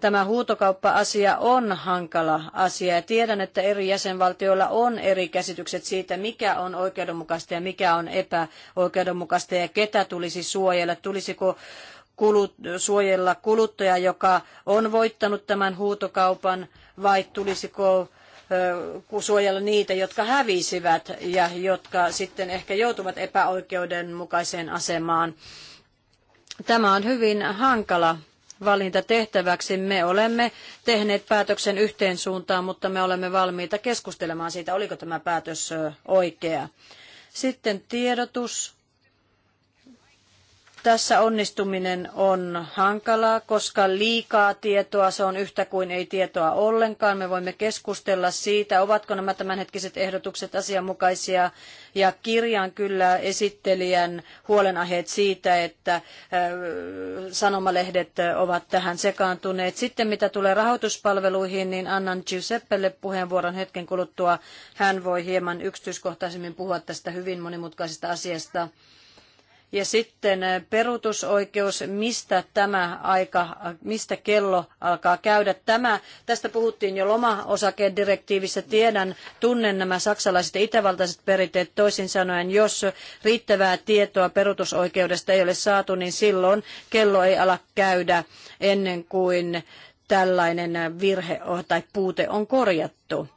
Tämä huutokauppa-asia on hankala asia ja tiedän, että eri jäsenvaltioilla on eri käsitykset siitä, mikä on oikeudenmukaista ja mikä on epäoikeudenmukaista ja ketä tulisi suojella. Tulisiko kulut, suojella kuluttaja, joka on voittanut tämän huutokaupan vai tulisiko suojella niitä, jotka hävisivät ja jotka sitten ehkä joutuvat epäoikeudenmukaiseen asemaan. Tämä on hyvin hankala valinta tehtäväksi. Me olemme tehneet päätöksen yhteen suuntaan, mutta me olemme valmiita keskustelemaan siitä, oliko tämä päätös oikea. Sitten tiedotus. Tässä onnistuminen on hankalaa, koska liikaa tietoa, se on yhtä kuin ei tietoa ollenkaan. Me voimme keskustella siitä, ovatko nämä tämänhetkiset ehdotukset asianmukaisia. Ja kirjaan kyllä esittelijän huolenaiheet siitä, että äh, sanomalehdet ovat tähän sekaantuneet. Sitten mitä tulee rahoituspalveluihin, niin annan Giuseppelle puheenvuoron hetken kuluttua. Hän voi hieman yksityiskohtaisemmin puhua tästä hyvin monimutkaisesta asiasta. Ja sitten eh, peruutusoikeus, mistä tämä aika, mistä kello alkaa käydä. Tämä, tästä puhuttiin jo lomaosakedirektiivissä. Tiedän, tunnen nämä saksalaiset ja itävaltaiset perinteet. Toisin sanoen, jos riittävää tietoa peruutusoikeudesta ei ole saatu, niin silloin kello ei ala käydä ennen kuin tällainen virhe tai puute on korjattu.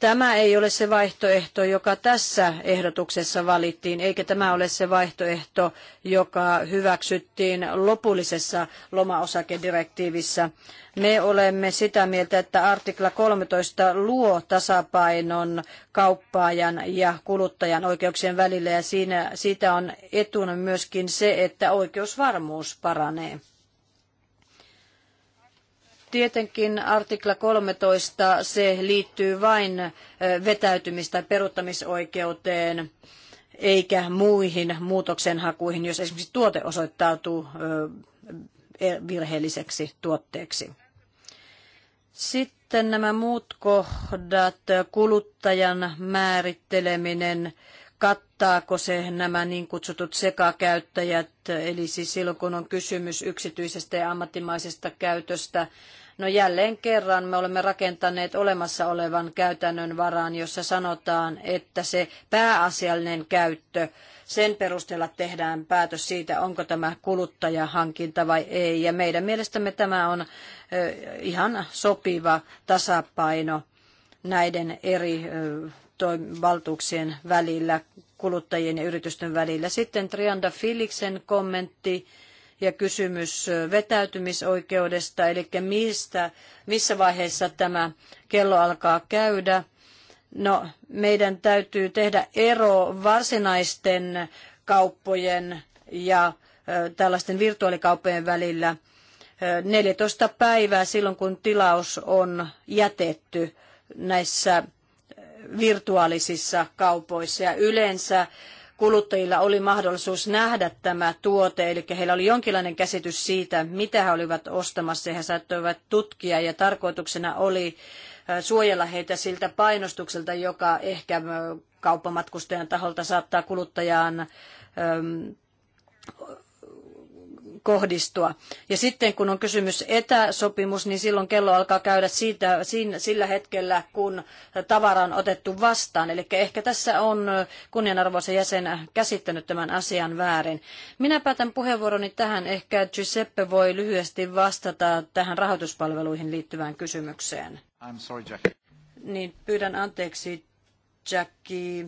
Tämä ei ole se vaihtoehto, joka tässä ehdotuksessa valittiin, eikä tämä ole se vaihtoehto, joka hyväksyttiin lopullisessa lomaosakedirektiivissä. Me olemme sitä mieltä, että artikla 13 luo tasapainon kauppaajan ja kuluttajan oikeuksien välillä ja siinä, siitä on etuna myöskin se, että oikeusvarmuus paranee. Tietenkin artikla 13, se liittyy vain vetäytymis- tai peruuttamisoikeuteen eikä muihin muutoksenhakuihin, jos esimerkiksi tuote osoittautuu e, virheelliseksi tuotteeksi. Sitten nämä muut kohdat, kuluttajan määritteleminen, kattaako se nämä niin kutsutut sekakäyttäjät, eli siis silloin kun on kysymys yksityisestä ja ammattimaisesta käytöstä, No jälleen kerran me olemme rakentaneet olemassa olevan käytännön varaan, jossa sanotaan, että se pääasiallinen käyttö, sen perusteella tehdään päätös siitä, onko tämä kuluttajahankinta vai ei. Ja meidän mielestämme tämä on ihan sopiva tasapaino näiden eri valtuuksien välillä, kuluttajien ja yritysten välillä. Sitten Trianda Filiksen kommentti ja kysymys vetäytymisoikeudesta, eli mistä, missä vaiheessa tämä kello alkaa käydä. No, meidän täytyy tehdä ero varsinaisten kauppojen ja tällaisten virtuaalikauppojen välillä 14 päivää silloin, kun tilaus on jätetty näissä virtuaalisissa kaupoissa. Ja yleensä kuluttajilla oli mahdollisuus nähdä tämä tuote, eli heillä oli jonkinlainen käsitys siitä, mitä he olivat ostamassa, ja he saattoivat tutkia, ja tarkoituksena oli äh, suojella heitä siltä painostukselta, joka ehkä äh, kauppamatkustajan taholta saattaa kuluttajaan ähm, kohdistua. Ja sitten kun on kysymys etäsopimus, niin silloin kello alkaa käydä siitä, siinä, sillä hetkellä, kun tavara on otettu vastaan. Eli ehkä tässä on kunnianarvoisen jäsen käsittänyt tämän asian väärin. Minä päätän puheenvuoroni tähän. Ehkä Giuseppe voi lyhyesti vastata tähän rahoituspalveluihin liittyvään kysymykseen. I'm sorry, Jackie. Niin, pyydän anteeksi, Jackie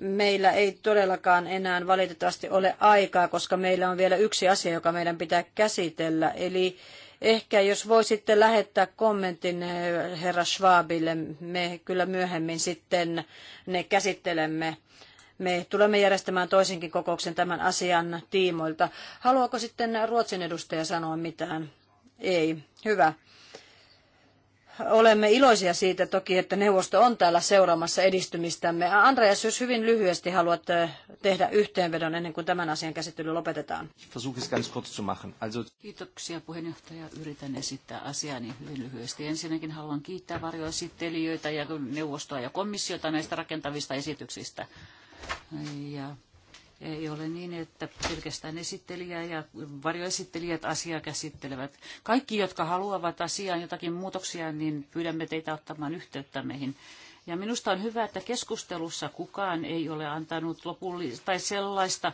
meillä ei todellakaan enää valitettavasti ole aikaa, koska meillä on vielä yksi asia, joka meidän pitää käsitellä. Eli ehkä jos voisitte lähettää kommentin eh, herra Schwabille, me kyllä myöhemmin sitten ne käsittelemme. Me tulemme järjestämään toisenkin kokouksen tämän asian tiimoilta. Haluaako sitten Ruotsin edustaja sanoa mitään? Ei. Hyvä olemme iloisia siitä toki, että neuvosto on täällä seuraamassa edistymistämme. Andreas, jos hyvin lyhyesti haluat tehdä yhteenvedon ennen kuin tämän asian käsittely lopetetaan. Kiitoksia puheenjohtaja. Yritän esittää asiani hyvin lyhyesti. Ensinnäkin haluan kiittää varjoesittelijöitä ja neuvostoa ja komissiota näistä rakentavista esityksistä. Ja Ei ole niin, että pelkästään esittelijä ja varjoesittelijät asiaa käsittelevät. Kaikki, jotka haluavat asiaan jotakin muutoksia, niin pyydämme teitä ottamaan yhteyttä meihin. Ja minusta on hyvä, että keskustelussa kukaan ei ole antanut lopullista tai sellaista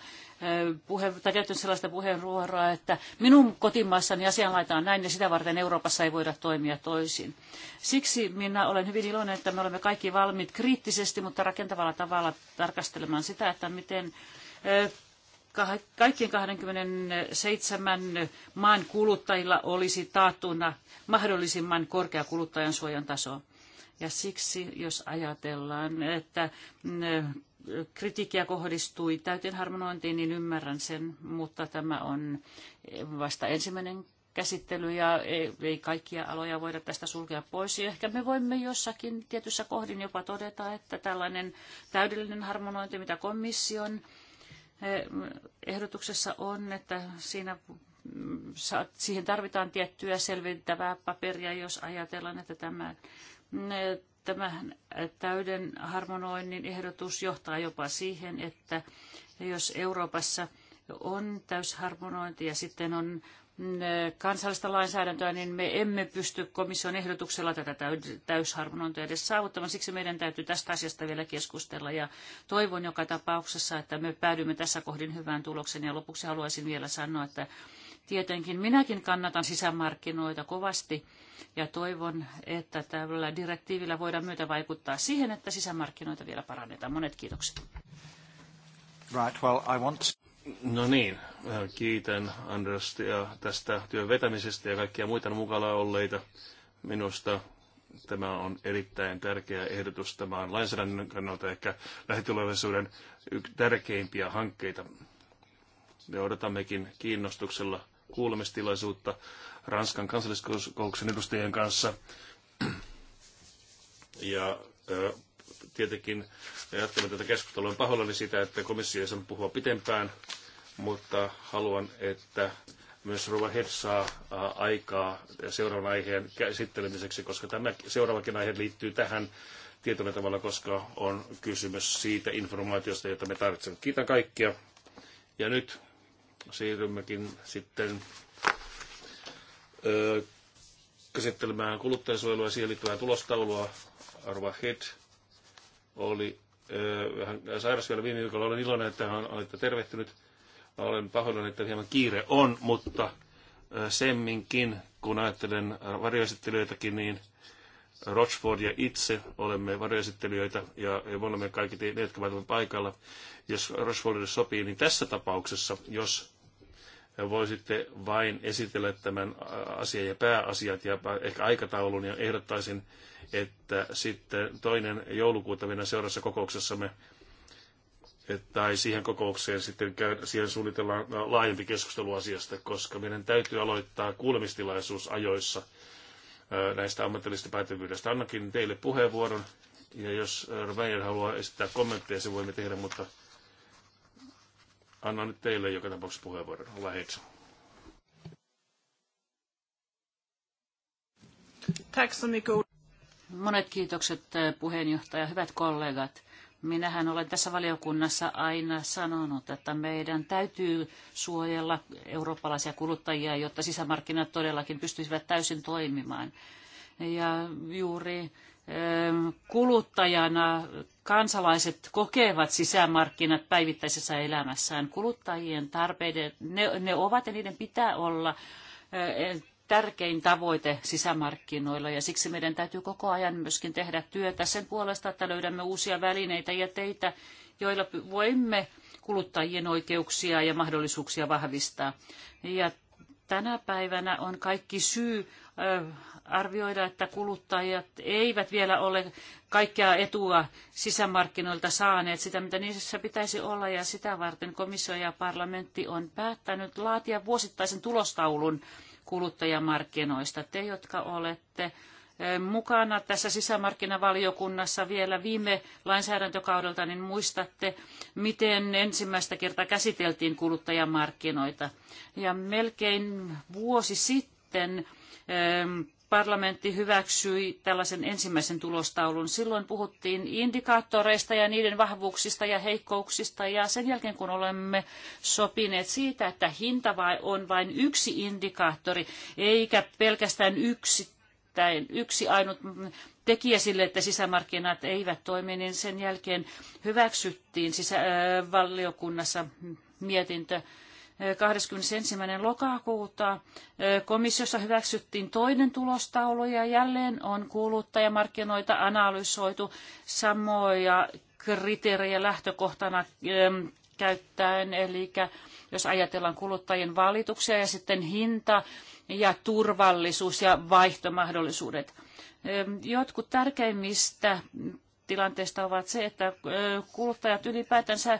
puhe, tai käyttänyt sellaista puheenvuoroa, että minun kotimaassani asian laitaan näin ja sitä varten Euroopassa ei voida toimia toisin. Siksi minä olen hyvin iloinen, että me olemme kaikki valmiit kriittisesti, mutta rakentavalla tavalla tarkastelemaan sitä, että miten Eh, kaikkien 27 maan kuluttajilla olisi taattuna mahdollisimman korkea kuluttajan suojan taso. Ja siksi, jos ajatellaan, että mm, eh, kritiikkiä kohdistui täyteen harmonointiin, niin ymmärrän sen, mutta tämä on vasta ensimmäinen käsittely ja ei kaikkia aloja voida tästä sulkea pois. Ja ehkä me voimme jossakin tietyssä kohdin jopa todeta, että tällainen täydellinen harmonointi, mitä komission ehdotuksessa on, että siinä siihen tarvitaan tiettyä selventävää paperia, jos ajatellaan, että tämä, tämä täyden harmonoinnin ehdotus johtaa jopa siihen, että jos Euroopassa on täysharmonointi ja sitten on kansallista lainsäädäntöä, niin me emme pysty komission ehdotuksella tätä täysharmonointia edes saavuttamaan. Siksi meidän täytyy tästä asiasta vielä keskustella ja toivon joka tapauksessa, että me päädymme tässä kohdin hyvään tulokseen. Ja lopuksi haluaisin vielä sanoa, että tietenkin minäkin kannatan sisämarkkinoita kovasti ja toivon, että tällä direktiivillä voidaan myötä vaikuttaa siihen, että sisämarkkinoita vielä parannetaan. Monet kiitokset. Right, well, I want... No niin, äh, kiitän Androstia tästä työn vetämisestä ja kaikkia muita mukana olleita. Minusta tämä on erittäin tärkeä ehdotus. Tämä on lainsäädännön kannalta ehkä lähitulevaisuuden tärkeimpiä hankkeita. Me odotammekin kiinnostuksella kuulemistilaisuutta Ranskan kansalliskokouksen edustajien kanssa. Ja tietenkin jatkamme tätä keskustelua. On pahoillani sitä, että komissio ei saanut puhua pitempään, mutta haluan, että myös Rova Head saa aikaa seuraavan aiheen käsittelemiseksi, koska tämä seuraavakin aihe liittyy tähän tietyllä tavalla, koska on kysymys siitä informaatiosta, jota me tarvitsemme. Kiitän kaikkia. Ja nyt siirrymmekin sitten öö, käsittelemään kuluttajansuojelua ja siihen liittyvää tulostaulua. Arva Head oli, äh, hän sairasi vielä viime viikolla, olen iloinen, että hän olette tervehtynyt. Olen pahoillani, että hieman kiire on, mutta äh, semminkin, kun ajattelen varjoesittelijöitäkin, niin Rochford ja itse olemme varjoesittelijöitä ja, ja me olemme kaikki ne, jotka ovat paikalla. Jos Rochfordille sopii, niin tässä tapauksessa, jos voisitte vain esitellä tämän asian ja pääasiat ja ehkä aikataulun ja ehdottaisin, että sitten toinen joulukuuta minä seuraavassa kokouksessamme tai siihen kokoukseen sitten käy, siihen suunnitellaan laajempi keskustelu asiasta, koska meidän täytyy aloittaa kuulemistilaisuus ajoissa näistä ammatillisista pätevyydestä. Annakin teille puheenvuoron ja jos Meyer haluaa esittää kommentteja, se voimme tehdä, mutta Annan nyt teille joka tapauksessa puheenvuoron. Olla heitä. Monet kiitokset eh, puheenjohtaja, hyvät kollegat. Minähän olen tässä valiokunnassa aina sanonut, että meidän täytyy suojella eurooppalaisia kuluttajia, jotta sisämarkkinat todellakin pystyisivät täysin toimimaan. Ja juuri kuluttajana kansalaiset kokevat sisämarkkinat päivittäisessä elämässään. Kuluttajien tarpeiden, ne, ne ovat ja niiden pitää olla e, tärkein tavoite sisämarkkinoilla ja siksi meidän täytyy koko ajan myöskin tehdä työtä sen puolesta, että löydämme uusia välineitä ja teitä, joilla voimme kuluttajien oikeuksia ja mahdollisuuksia vahvistaa. Ja tänä päivänä on kaikki syy arvioida, että kuluttajat eivät vielä ole kaikkea etua sisämarkkinoilta saaneet, sitä mitä niissä pitäisi olla, ja sitä varten komissio ja parlamentti on päättänyt laatia vuosittaisen tulostaulun kuluttajamarkkinoista. Te, jotka olette e, mukana tässä sisämarkkinavaliokunnassa vielä viime lainsäädäntökaudelta, niin muistatte, miten ensimmäistä kertaa käsiteltiin kuluttajamarkkinoita. Ja melkein vuosi sitten sitten parlamentti hyväksyi tällaisen ensimmäisen tulostaulun. Silloin puhuttiin indikaattoreista ja niiden vahvuuksista ja heikkouksista ja sen jälkeen kun olemme sopineet siitä, että hinta vai on vain yksi indikaattori eikä pelkästään yksittäin, yksi ainut tekijä sille, että sisämarkkinat eivät toimi, niin sen jälkeen hyväksyttiin sisä, äh, valiokunnassa mietintö 21. lokakuuta komissiossa hyväksyttiin toinen tulostaulu ja jälleen on kuluttajamarkkinoita analysoitu samoja kriteerejä lähtökohtana käyttäen, eli jos ajatellaan kuluttajien valituksia ja sitten hinta ja turvallisuus ja vaihtomahdollisuudet. Jotkut tärkeimmistä tilanteista ovat se, että kuluttajat ylipäätänsä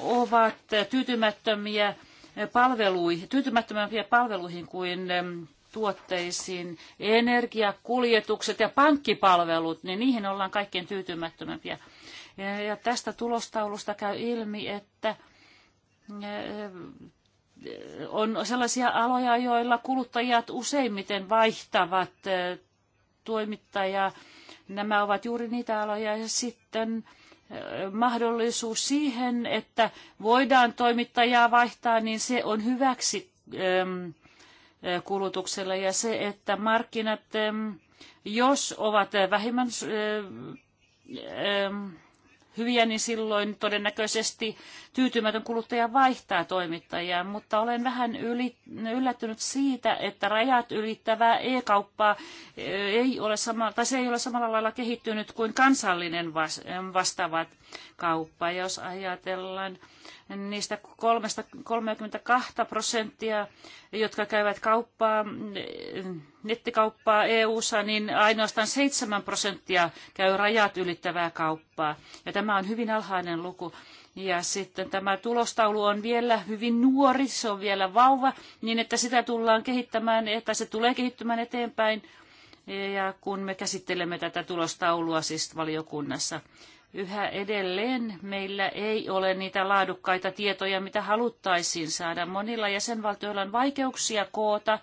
ovat tyytymättömiä palveluihin, tyytymättömämpiä palveluihin kuin tuotteisiin, energia, kuljetukset ja pankkipalvelut, niin niihin ollaan kaikkein tyytymättömämpiä. Ja tästä tulostaulusta käy ilmi, että on sellaisia aloja, joilla kuluttajat useimmiten vaihtavat toimittajaa. Nämä ovat juuri niitä aloja ja sitten mahdollisuus siihen, että voidaan toimittajaa vaihtaa, niin se on hyväksi ähm, äh, kulutukselle ja se, että markkinat, ähm, jos ovat vähemmän äh, ähm, hyviä, niin silloin todennäköisesti tyytymätön kuluttaja vaihtaa toimittajaa, mutta olen vähän yli, yllättynyt siitä, että rajat ylittävää e-kauppaa e, ei ole sama, tai se ei ole samalla lailla kehittynyt kuin kansallinen vas, vastaavat kauppa. Jos ajatellaan niistä 32 prosenttia, jotka käyvät kauppaa, nettikauppaa EU-ssa, niin ainoastaan 7 prosenttia käy rajat ylittävää kauppaa. Ja tämä on hyvin alhainen luku. Ja sitten tämä tulostaulu on vielä hyvin nuori, se on vielä vauva, niin että sitä tullaan kehittämään, että se tulee kehittymään eteenpäin. Ja kun me käsittelemme tätä tulostaulua siis valiokunnassa, yhä edelleen meillä ei ole niitä laadukkaita tietoja, mitä haluttaisiin saada. Monilla jäsenvaltioilla on vaikeuksia koota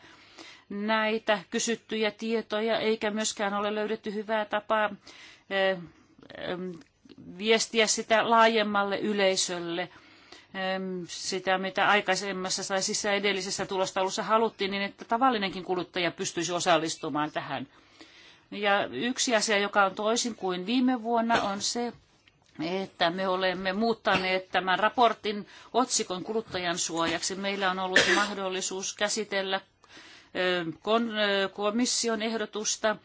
näitä kysyttyjä tietoja, eikä myöskään ole löydetty hyvää tapaa eh, viestiä sitä laajemmalle yleisölle sitä, mitä aikaisemmassa tai siis edellisessä tulostaulussa haluttiin, niin että tavallinenkin kuluttaja pystyisi osallistumaan tähän Ja yksi asia, joka on toisin kuin viime vuonna, on se, että me olemme muuttaneet tämän raportin otsikon kuluttajan suojaksi. Meillä on ollut mahdollisuus käsitellä komission ehdotusta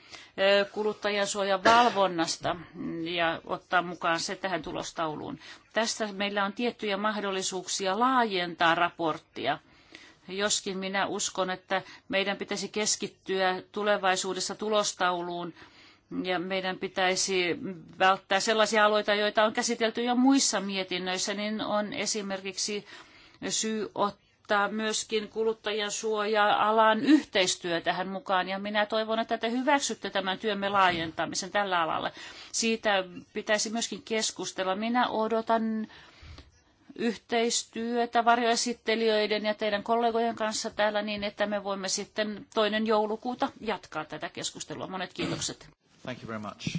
kuluttajansuojan valvonnasta ja ottaa mukaan se tähän tulostauluun. Tässä meillä on tiettyjä mahdollisuuksia laajentaa raporttia joskin minä uskon, että meidän pitäisi keskittyä tulevaisuudessa tulostauluun ja meidän pitäisi välttää sellaisia aloita, joita on käsitelty jo muissa mietinnöissä, niin on esimerkiksi syy ottaa myöskin kuluttajan suoja-alan yhteistyö tähän mukaan. Ja minä toivon, että te hyväksytte tämän työmme laajentamisen tällä alalla. Siitä pitäisi myöskin keskustella. Minä odotan yhteistyötä varjoesittelijöiden ja teidän kollegojen kanssa täällä niin, että me voimme sitten toinen joulukuuta jatkaa tätä keskustelua. Monet kiitokset. Thank you very much.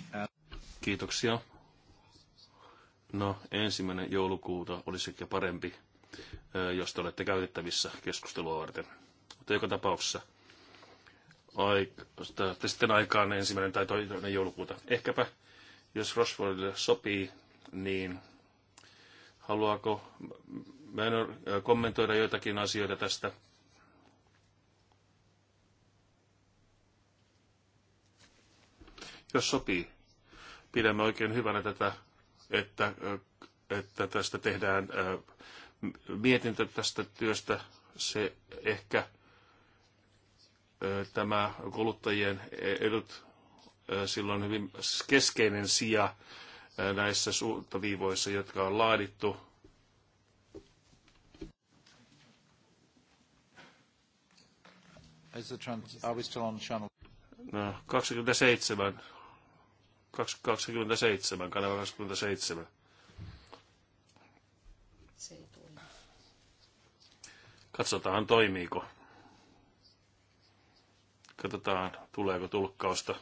Kiitoksia. No, ensimmäinen joulukuuta olisi ehkä parempi, jos te olette käytettävissä keskustelua varten. Mutta joka tapauksessa aik- sitten aikaan ensimmäinen tai toinen joulukuuta. Ehkäpä, jos Roswellille sopii, niin Haluaako Benor kommentoida jotakin asioita tästä? Jos sopii, pidämme oikein hyvänä tätä, että, että tästä tehdään mietintö tästä työstä. Se ehkä tämä kuluttajien edut silloin hyvin keskeinen sija näissä suuntaviivoissa, jotka on laadittu. Are we still on channel? No, 27. 27, kanava 27. Se ei toimi. Katsotaan toimiiko. Katsotaan tuleeko tulkkausta.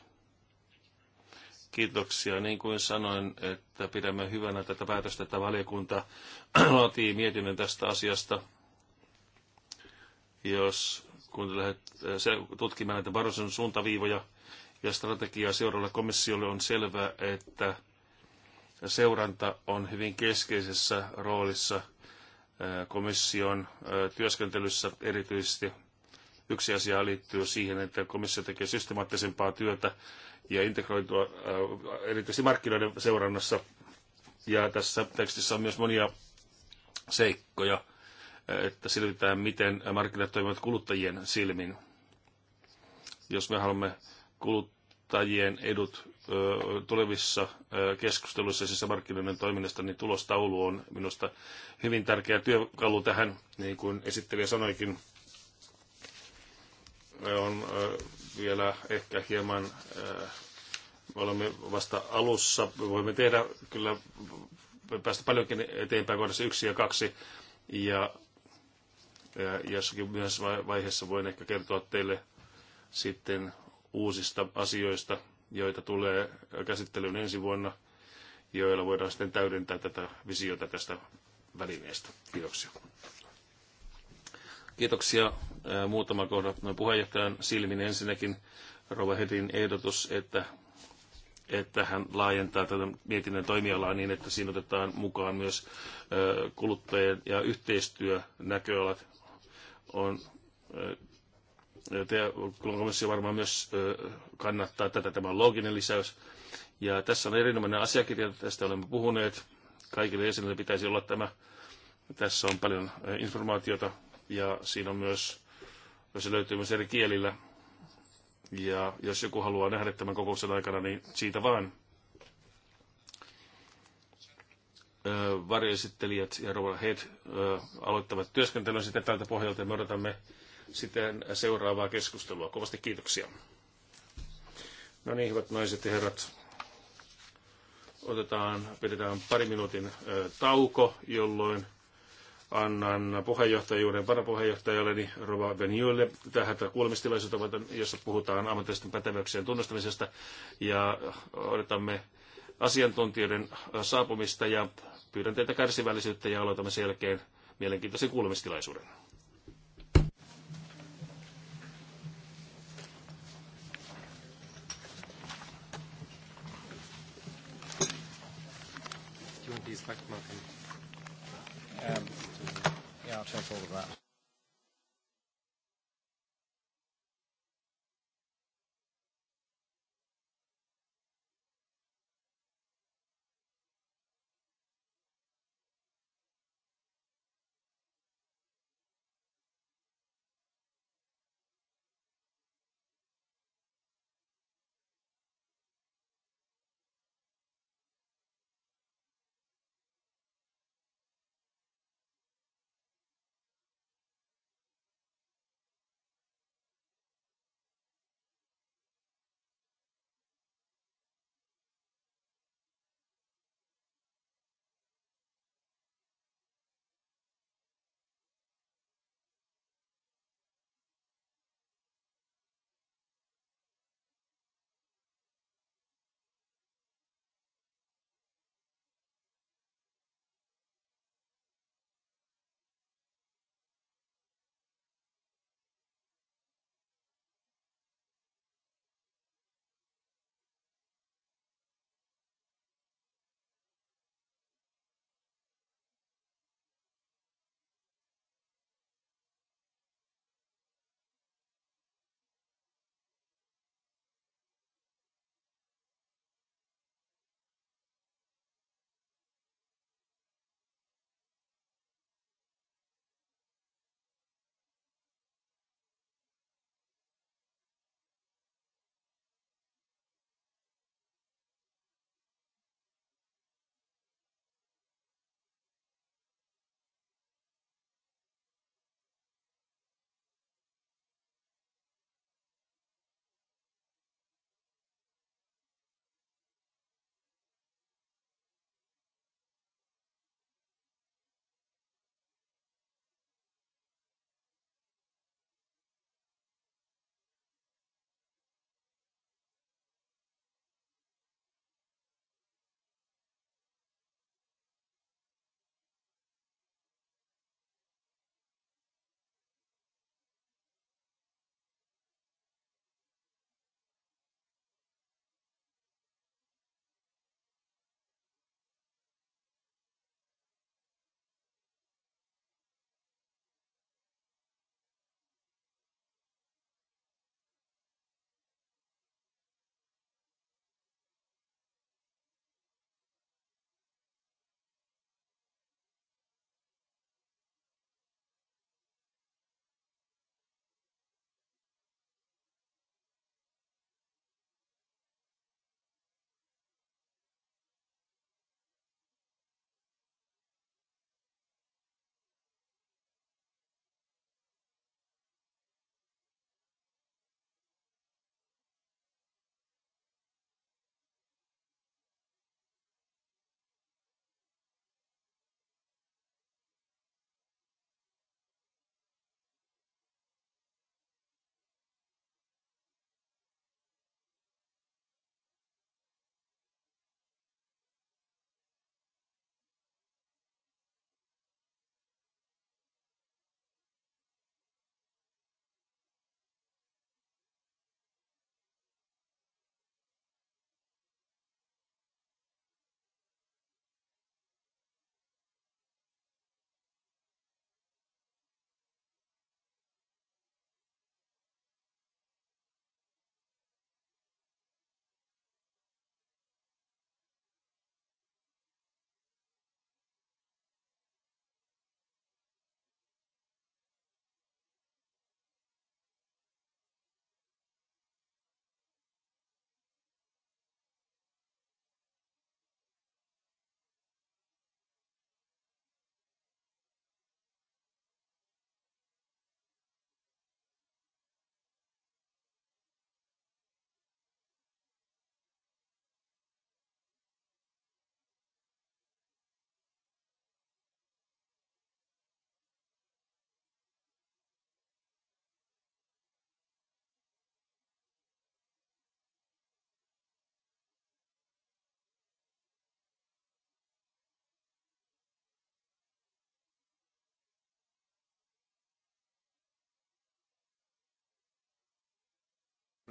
Kiitoksia. Niin kuin sanoin, että pidämme hyvänä tätä päätöstä, että valiokunta laatii mietinnön tästä asiasta. Jos kun lähdet tutkimaan näitä Barroson suuntaviivoja ja strategiaa seuraavalle komissiolle, on selvää, että seuranta on hyvin keskeisessä roolissa komission työskentelyssä erityisesti Yksi asia liittyy siihen, että komissio tekee systemaattisempaa työtä ja integroitua äh, erityisesti markkinoiden seurannassa. Ja tässä tekstissä on myös monia seikkoja, äh, että selvitetään, miten markkinat toimivat kuluttajien silmin. Jos me haluamme kuluttajien edut äh, tulevissa keskusteluissa sisämarkkinoiden toiminnasta, niin tulostaulu on minusta hyvin tärkeä työkalu tähän, niin kuin esittelijä sanoikin on vielä ehkä hieman, me olemme vasta alussa, me voimme tehdä kyllä päästä paljonkin eteenpäin kohdassa yksi ja kaksi, ja, ja jossakin myöhäisessä vaiheessa voin ehkä kertoa teille sitten uusista asioista, joita tulee käsittelyyn ensi vuonna, joilla voidaan sitten täydentää tätä visiota tästä välineestä. Kiitoksia. Kiitoksia. Muutama kohda puheenjohtajan silmin. Ensinnäkin Rova Hedin ehdotus, että, että hän laajentaa tätä mietinnön toimialaa niin, että siinä otetaan mukaan myös kuluttajien ja yhteistyönäköalat on komissio varmaan myös kannattaa tätä. Tämä on looginen lisäys. Ja tässä on erinomainen asiakirja, tästä olemme puhuneet. Kaikille jäsenille pitäisi olla tämä. Tässä on paljon informaatiota ja siinä on myös, se löytyy myös eri kielillä. Ja jos joku haluaa nähdä tämän kokouksen aikana, niin siitä vaan. Varjoesittelijät ja Robert Head aloittavat työskentelyn sitten tältä pohjalta ja me odotamme sitten seuraavaa keskustelua. Kovasti kiitoksia. No niin, hyvät naiset ja herrat. Otetaan, pidetään pari minuutin tauko, jolloin annan puheenjohtajuuden varapuheenjohtajalleni Rova Benjulle tähän kuulemistilaisuuteen, jossa puhutaan ammatillisten pätevyyksien tunnustamisesta ja odotamme asiantuntijoiden saapumista ja pyydän teiltä kärsivällisyyttä ja aloitamme sen jälkeen mielenkiintoisen kuulemistilaisuuden. Back, Martin yeah, I'll check all of that.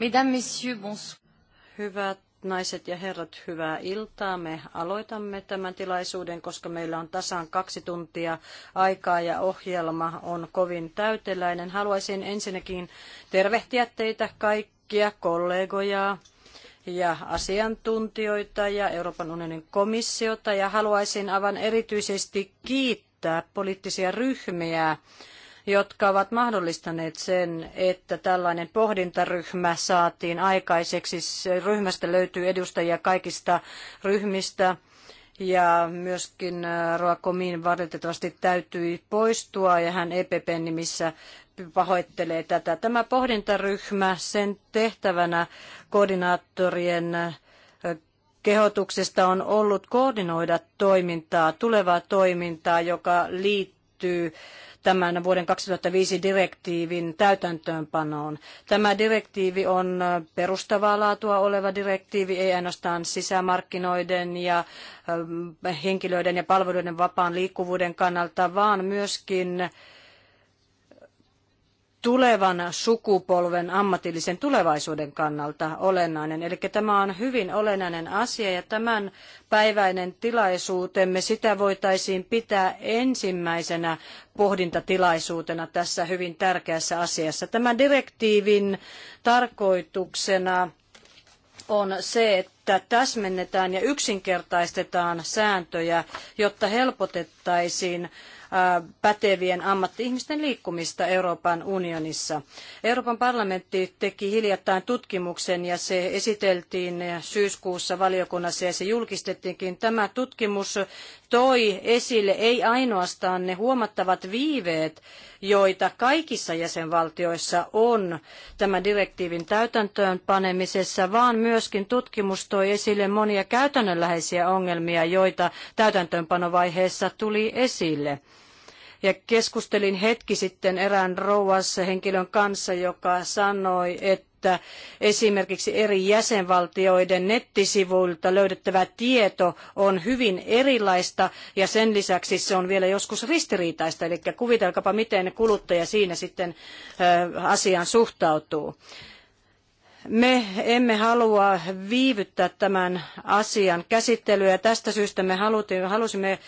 Mesdames, messieurs, bonsoir. Hyvät naiset ja herrat, hyvää iltaa. Me aloitamme tämän tilaisuuden, koska meillä on tasan kaksi tuntia aikaa ja ohjelma on kovin täyteläinen. Haluaisin ensinnäkin tervehtiä teitä kaikkia kollegoja ja asiantuntijoita ja Euroopan unionin komissiota ja haluaisin aivan erityisesti kiittää poliittisia ryhmiä jotka ovat mahdollistaneet sen, että tällainen pohdintaryhmä saatiin aikaiseksi. Ryhmästä löytyy edustajia kaikista ryhmistä. Ja myöskin äh, Roa Komin valitettavasti täytyi poistua ja hän EPPn nimissä pahoittelee tätä. Tämä pohdintaryhmä, sen tehtävänä koordinaattorien äh, kehotuksesta on ollut koordinoida toimintaa, tulevaa toimintaa, joka liittyy liittyy tämän vuoden 2005 direktiivin täytäntöönpanoon. Tämä direktiivi on perustavaa laatua oleva direktiivi, ei ainoastaan sisämarkkinoiden ja henkilöiden ja palveluiden vapaan liikkuvuuden kannalta, vaan myöskin tulevan sukupolven ammatillisen tulevaisuuden kannalta olennainen. Eli tämä on hyvin olennainen asia ja tämän päiväinen tilaisuutemme, sitä voitaisiin pitää ensimmäisenä pohdintatilaisuutena tässä hyvin tärkeässä asiassa. Tämän direktiivin tarkoituksena on se, että täsmennetään ja yksinkertaistetaan sääntöjä, jotta helpotettaisiin Äh, pätevien ammatti-ihmisten liikkumista Euroopan unionissa. Euroopan parlamentti teki hiljattain tutkimuksen ja se esiteltiin syyskuussa valiokunnassa ja se julkistettiinkin. Tämä tutkimus toi esille ei ainoastaan ne huomattavat viiveet, joita kaikissa jäsenvaltioissa on tämän direktiivin täytäntöön panemisessa, vaan myöskin tutkimus toi esille monia käytännönläheisiä ongelmia, joita täytäntöönpanovaiheessa tuli esille. Ja keskustelin hetki sitten erään rouvassa henkilön kanssa, joka sanoi, että esimerkiksi eri jäsenvaltioiden nettisivuilta löydettävä tieto on hyvin erilaista ja sen lisäksi se on vielä joskus ristiriitaista. Eli kuvitelkapa, miten kuluttaja siinä sitten asiaan suhtautuu. Me emme halua viivyttää tämän asian käsittelyä ja tästä syystä me halusimme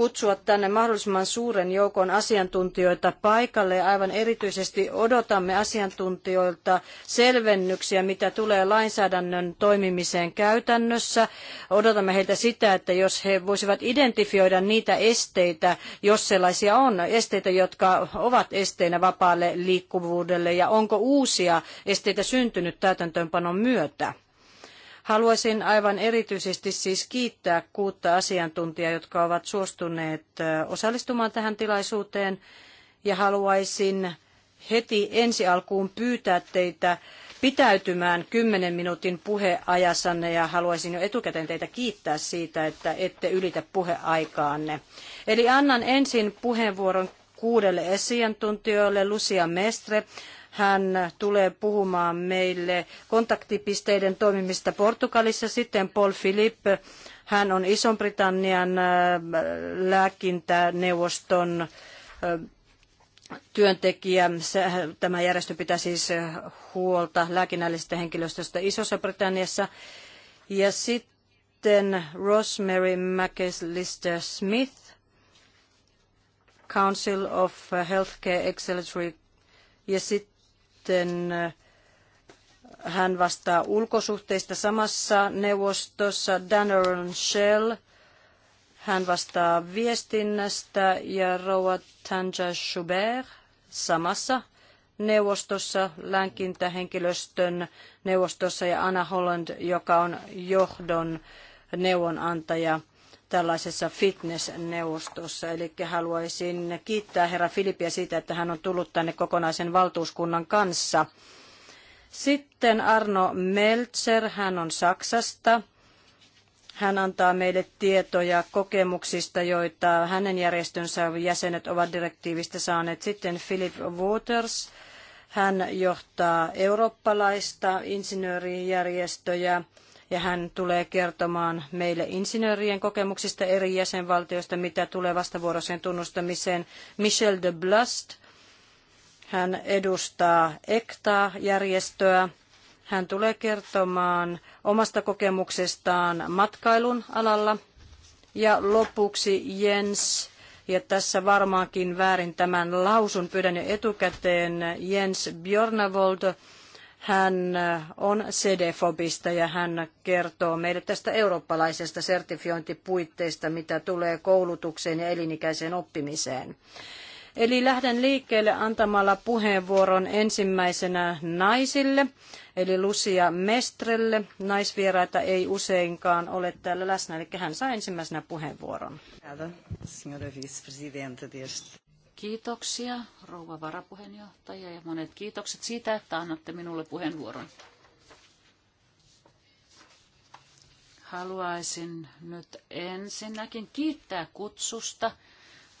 kutsua tänne mahdollisimman suuren joukon asiantuntijoita paikalle. Aivan erityisesti odotamme asiantuntijoilta selvennyksiä, mitä tulee lainsäädännön toimimiseen käytännössä. Odotamme heiltä sitä, että jos he voisivat identifioida niitä esteitä, jos sellaisia on, esteitä, jotka ovat esteinä vapaalle liikkuvuudelle ja onko uusia esteitä syntynyt täytäntöönpanon myötä. Haluaisin aivan erityisesti siis kiittää kuutta asiantuntijaa, jotka ovat suostuneet osallistumaan tähän tilaisuuteen. Ja haluaisin heti ensi alkuun pyytää teitä pitäytymään kymmenen minuutin puheajassanne ja haluaisin jo etukäteen teitä kiittää siitä, että ette ylitä puheaikaanne. Eli annan ensin puheenvuoron kuudelle asiantuntijoille. Lucia Mestre, Hän tulee puhumaan meille kontaktipisteiden toimimista Portugalissa. Sitten Paul Philippe, hän on Ison-Britannian äh, lääkintäneuvoston äh, työntekijä. Äh, tämä järjestö pitää siis huolta lääkinnällisestä henkilöstöstä Isossa-Britanniassa. Ja sitten Rosemary McAllister Smith, Council of Healthcare Excellency, ja sitten sitten eh, hän vastaa ulkosuhteista samassa neuvostossa, Daneron Shell, hän vastaa viestinnästä ja Rouva Tanja Schubert samassa neuvostossa, länkintähenkilöstön neuvostossa ja Anna Holland, joka on johdon neuvonantaja tällaisessa fitness-neuvostossa. Eli haluaisin kiittää herra Filippiä siitä, että hän on tullut tänne kokonaisen valtuuskunnan kanssa. Sitten Arno Meltzer, hän on Saksasta. Hän antaa meille tietoja kokemuksista, joita hänen järjestönsä jäsenet ovat direktiivistä saaneet. Sitten Philip Waters, hän johtaa eurooppalaista insinöörijärjestöjä ja hän tulee kertomaan meille insinöörien kokemuksista eri jäsenvaltioista, mitä tulee vastavuoroiseen tunnustamiseen. Michel de Blast, hän edustaa ECTA-järjestöä. Hän tulee kertomaan omasta kokemuksestaan matkailun alalla. Ja lopuksi Jens, ja tässä varmaankin väärin tämän lausun, pyydän jo etukäteen, Jens Bjornavold, Hän äh, on CDFobista ja hän kertoo meille tästä eurooppalaisesta sertifiointipuitteista, mitä tulee koulutukseen ja elinikäiseen oppimiseen. Eli lähden liikkeelle antamalla puheenvuoron ensimmäisenä naisille, eli Lucia Mestrelle. Naisvieraita ei useinkaan ole täällä läsnä, eli hän saa ensimmäisenä puheenvuoron. Kiitoksia, rouva varapuheenjohtaja, ja monet kiitokset siitä, että annatte minulle puheenvuoron. Haluaisin nyt ensinnäkin kiittää kutsusta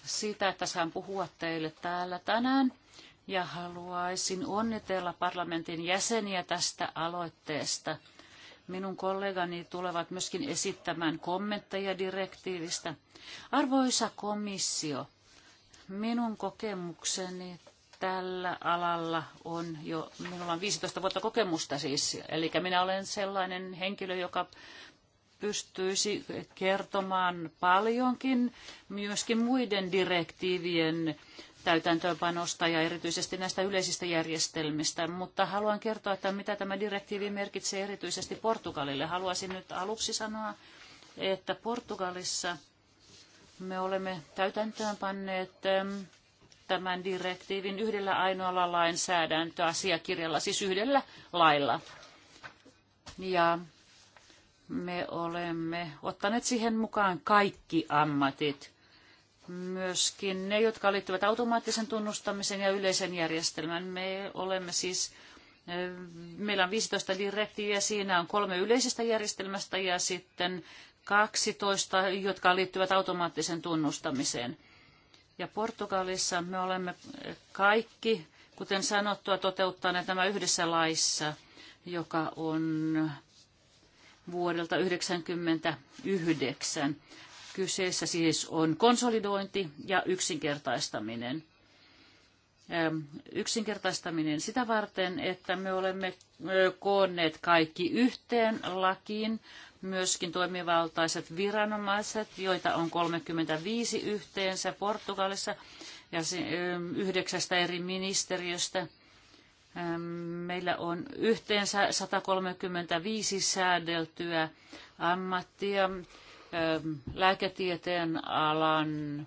siitä, että saan puhua teille täällä tänään. Ja haluaisin onnitella parlamentin jäseniä tästä aloitteesta. Minun kollegani tulevat myöskin esittämään kommentteja direktiivistä. Arvoisa komissio, Minun kokemukseni tällä alalla on jo, minulla on 15 vuotta kokemusta siis, eli minä olen sellainen henkilö, joka pystyisi kertomaan paljonkin myöskin muiden direktiivien täytäntöönpanosta ja erityisesti näistä yleisistä järjestelmistä, mutta haluan kertoa, että mitä tämä direktiivi merkitsee erityisesti Portugalille. Haluaisin nyt aluksi sanoa, että Portugalissa – Me olemme täytäntöön panneet ähm, tämän direktiivin yhdellä ainoalla lainsäädäntöasiakirjalla, siis yhdellä lailla. Ja me olemme ottaneet siihen mukaan kaikki ammatit, myöskin ne, jotka liittyvät automaattisen tunnustamisen ja yleisen järjestelmän. Me olemme siis, äh, meillä on 15 direktiiviä, siinä on kolme yleisestä järjestelmästä ja sitten 12, jotka liittyvät automaattisen tunnustamiseen. Ja Portugalissa me olemme kaikki, kuten sanottua, toteuttaneet nämä yhdessä laissa, joka on vuodelta 1999. Kyseessä siis on konsolidointi ja yksinkertaistaminen. Yksinkertaistaminen sitä varten, että me olemme koonneet kaikki yhteen lakiin myöskin toimivaltaiset viranomaiset, joita on 35 yhteensä Portugalissa ja yhdeksästä eri ministeriöstä. Meillä on yhteensä 135 säädeltyä ammattia lääketieteen alan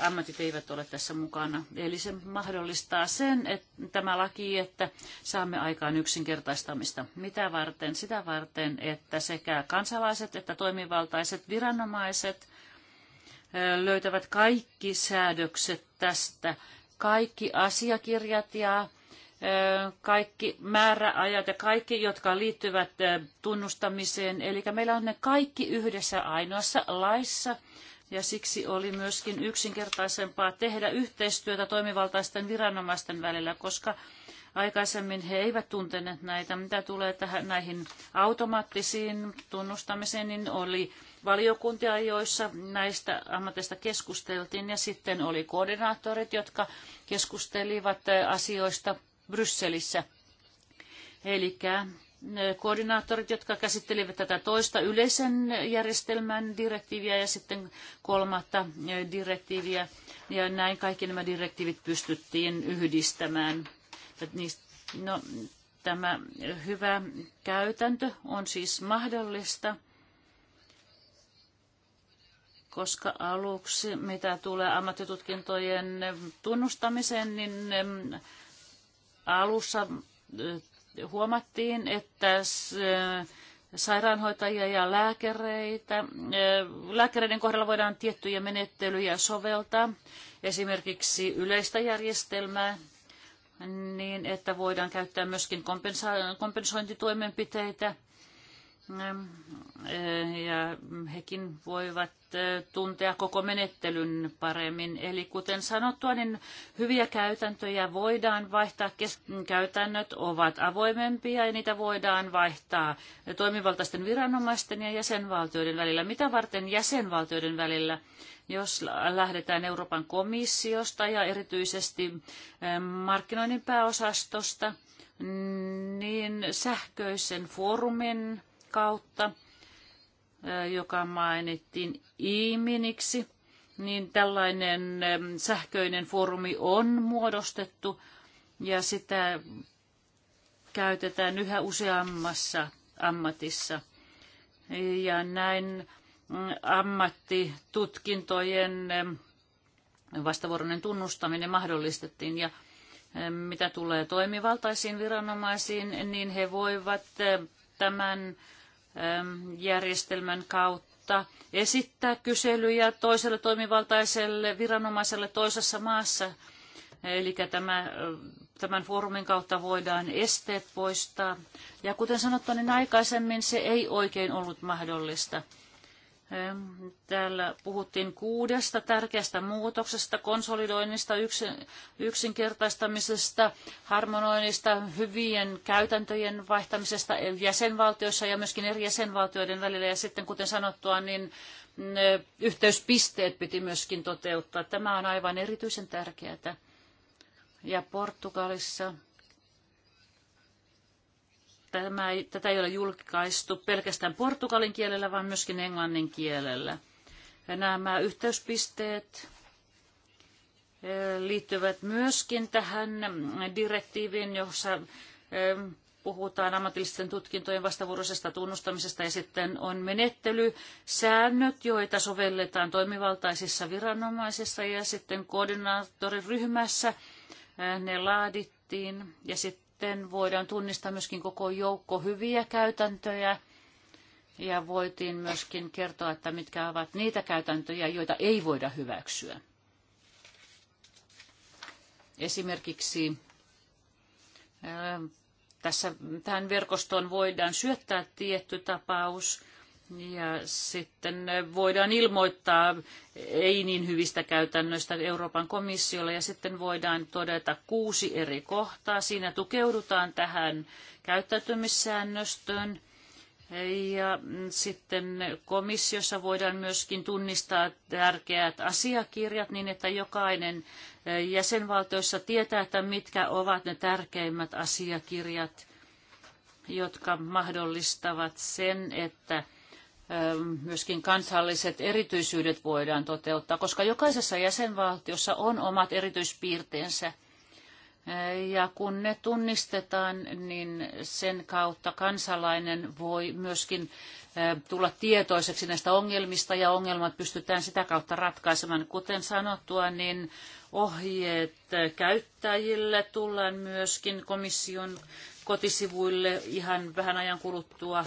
ammatit eivät ole tässä mukana. Eli se mahdollistaa sen, että tämä laki, että saamme aikaan yksinkertaistamista. Mitä varten? Sitä varten, että sekä kansalaiset että toimivaltaiset viranomaiset löytävät kaikki säädökset tästä, kaikki asiakirjat ja kaikki määräajat ja kaikki, jotka liittyvät tunnustamiseen. Eli meillä on ne kaikki yhdessä ainoassa laissa, ja siksi oli myöskin yksinkertaisempaa tehdä yhteistyötä toimivaltaisten viranomaisten välillä, koska aikaisemmin he eivät tunteneet näitä. Mitä tulee tähän, näihin automaattisiin tunnustamiseen, niin oli valiokuntia, joissa näistä ammateista keskusteltiin ja sitten oli koordinaattorit, jotka keskustelivat asioista Brysselissä. Eli koordinaattorit, jotka käsittelivät tätä toista yleisen järjestelmän direktiiviä ja sitten kolmatta e, direktiiviä. Ja näin kaikki nämä direktiivit pystyttiin yhdistämään. No, tämä hyvä käytäntö on siis mahdollista, koska aluksi, mitä tulee ammattitutkintojen tunnustamiseen, niin alussa e, huomattiin, että äh, sairaanhoitajia ja lääkäreitä. Äh, lääkäreiden kohdalla voidaan tiettyjä menettelyjä soveltaa, esimerkiksi yleistä järjestelmää, niin että voidaan käyttää myöskin kompensa- kompensointitoimenpiteitä. Äh, ja hekin voivat Eh, tuntea koko menettelyn paremmin. Eli kuten sanottua, niin hyviä käytäntöjä voidaan vaihtaa, käytännöt ovat avoimempia ja niitä voidaan vaihtaa toimivaltaisten viranomaisten ja jäsenvaltioiden välillä. Mitä varten jäsenvaltioiden välillä? jos lähdetään Euroopan komissiosta ja erityisesti eh, markkinoinnin pääosastosta, niin sähköisen foorumin kautta – joka mainittiin Iminiksi, niin tällainen sähköinen foorumi on muodostettu ja sitä käytetään yhä useammassa ammatissa. Ja näin mm, ammattitutkintojen vastavuoroinen tunnustaminen mahdollistettiin ja mitä tulee toimivaltaisiin viranomaisiin, niin he voivat tämän järjestelmän kautta esittää kyselyjä toiselle toimivaltaiselle viranomaiselle toisessa maassa. Eli tämä, äh, tämän foorumin kautta voidaan esteet poistaa. Ja kuten sanottu, niin aikaisemmin se ei oikein ollut mahdollista. Täällä puhuttiin kuudesta tärkeästä muutoksesta, konsolidoinnista, yksinkertaistamisesta, harmonoinnista, hyvien käytäntöjen vaihtamisesta jäsenvaltioissa ja myöskin eri jäsenvaltioiden välillä. Ja sitten kuten sanottua, niin yhteyspisteet piti myöskin toteuttaa. Tämä on aivan erityisen tärkeää. Ja Portugalissa Tämä ei, tätä ei ole julkaistu pelkästään portugalin kielellä, vaan myöskin englannin kielellä. Ja nämä yhteyspisteet eh, liittyvät myöskin tähän direktiiviin, jossa eh, puhutaan ammatillisten tutkintojen vastavuoroisesta tunnustamisesta ja sitten on menettelysäännöt, joita sovelletaan toimivaltaisissa viranomaisissa ja sitten koordinaattoriryhmässä eh, ne laadittiin ja sitten sitten voidaan tunnistaa myöskin koko joukko hyviä käytäntöjä ja voitiin myöskin kertoa, että mitkä ovat niitä käytäntöjä, joita ei voida hyväksyä. Esimerkiksi tässä, tähän verkostoon voidaan syöttää tietty tapaus – Ja sitten eh, voidaan ilmoittaa eh, ei niin hyvistä käytännöistä Euroopan komissiolle ja sitten voidaan todeta kuusi eri kohtaa. Siinä tukeudutaan tähän käyttäytymissäännöstöön. Ja sitten komissiossa voidaan myöskin tunnistaa tärkeät asiakirjat niin, että jokainen eh, jäsenvaltioissa tietää, että mitkä ovat ne tärkeimmät asiakirjat, jotka mahdollistavat sen, että myöskin kansalliset erityisyydet voidaan toteuttaa, koska jokaisessa jäsenvaltiossa on omat erityispiirteensä. Ja kun ne tunnistetaan, niin sen kautta kansalainen voi myöskin tulla tietoiseksi näistä ongelmista ja ongelmat pystytään sitä kautta ratkaisemaan. Kuten sanottua, niin ohjeet käyttäjille tullaan myöskin komission kotisivuille ihan vähän ajan kuluttua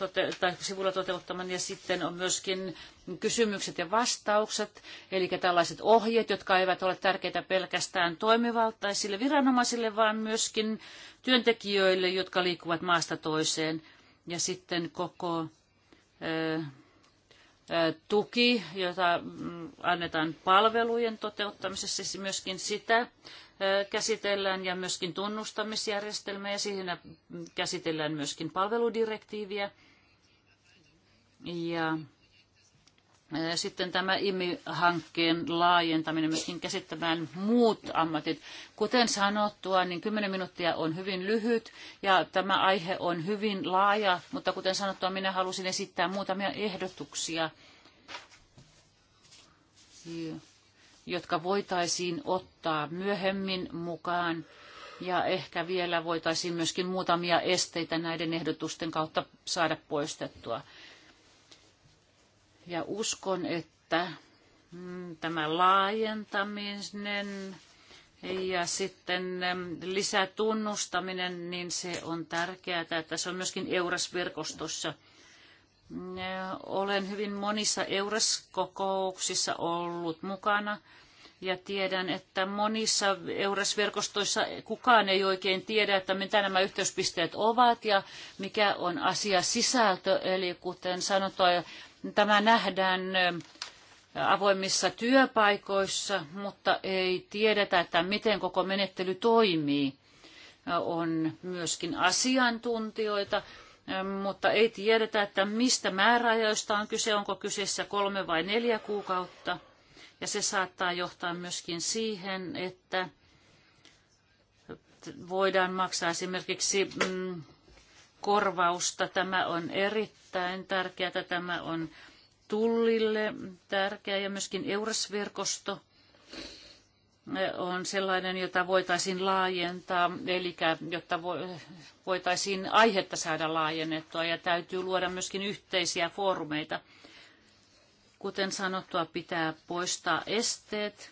tote- tai sivulla toteuttaman ja sitten on myöskin kysymykset ja vastaukset, eli tällaiset ohjeet, jotka eivät ole tärkeitä pelkästään toimivaltaisille viranomaisille, vaan myöskin työntekijöille, jotka liikkuvat maasta toiseen. Ja sitten koko ö, tuki, jota mm, annetaan palvelujen toteuttamisessa, myöskin sitä käsitellään ja myöskin tunnustamisjärjestelmää ja siinä käsitellään myöskin palveludirektiiviä. Ja sitten tämä IMI-hankkeen laajentaminen myöskin käsittämään muut ammatit. Kuten sanottua, niin 10 minuuttia on hyvin lyhyt ja tämä aihe on hyvin laaja, mutta kuten sanottua, minä halusin esittää muutamia ehdotuksia, jotka voitaisiin ottaa myöhemmin mukaan. Ja ehkä vielä voitaisiin myöskin muutamia esteitä näiden ehdotusten kautta saada poistettua. Ja uskon, että mm, tämä laajentaminen ja sitten mm, lisätunnustaminen, niin se on tärkeää, että se on myöskin EURES-verkostossa. Olen hyvin monissa EURES-kokouksissa ollut mukana ja tiedän, että monissa EURES-verkostoissa kukaan ei oikein tiedä, että mitä nämä yhteyspisteet ovat ja mikä on asia sisältö. Eli kuten sanottua, Tämä nähdään avoimissa työpaikoissa, mutta ei tiedetä, että miten koko menettely toimii. On myöskin asiantuntijoita, mutta ei tiedetä, että mistä määräajoista on kyse, onko kyseessä kolme vai neljä kuukautta. Ja se saattaa johtaa myöskin siihen, että voidaan maksaa esimerkiksi mm, korvausta. Tämä on erittäin tärkeää. Tämä on tullille tärkeä ja myöskin Eurosverkosto on sellainen, jota voitaisiin laajentaa, eli jotta voitaisiin aihetta saada laajennettua ja täytyy luoda myöskin yhteisiä foorumeita. Kuten sanottua, pitää poistaa esteet.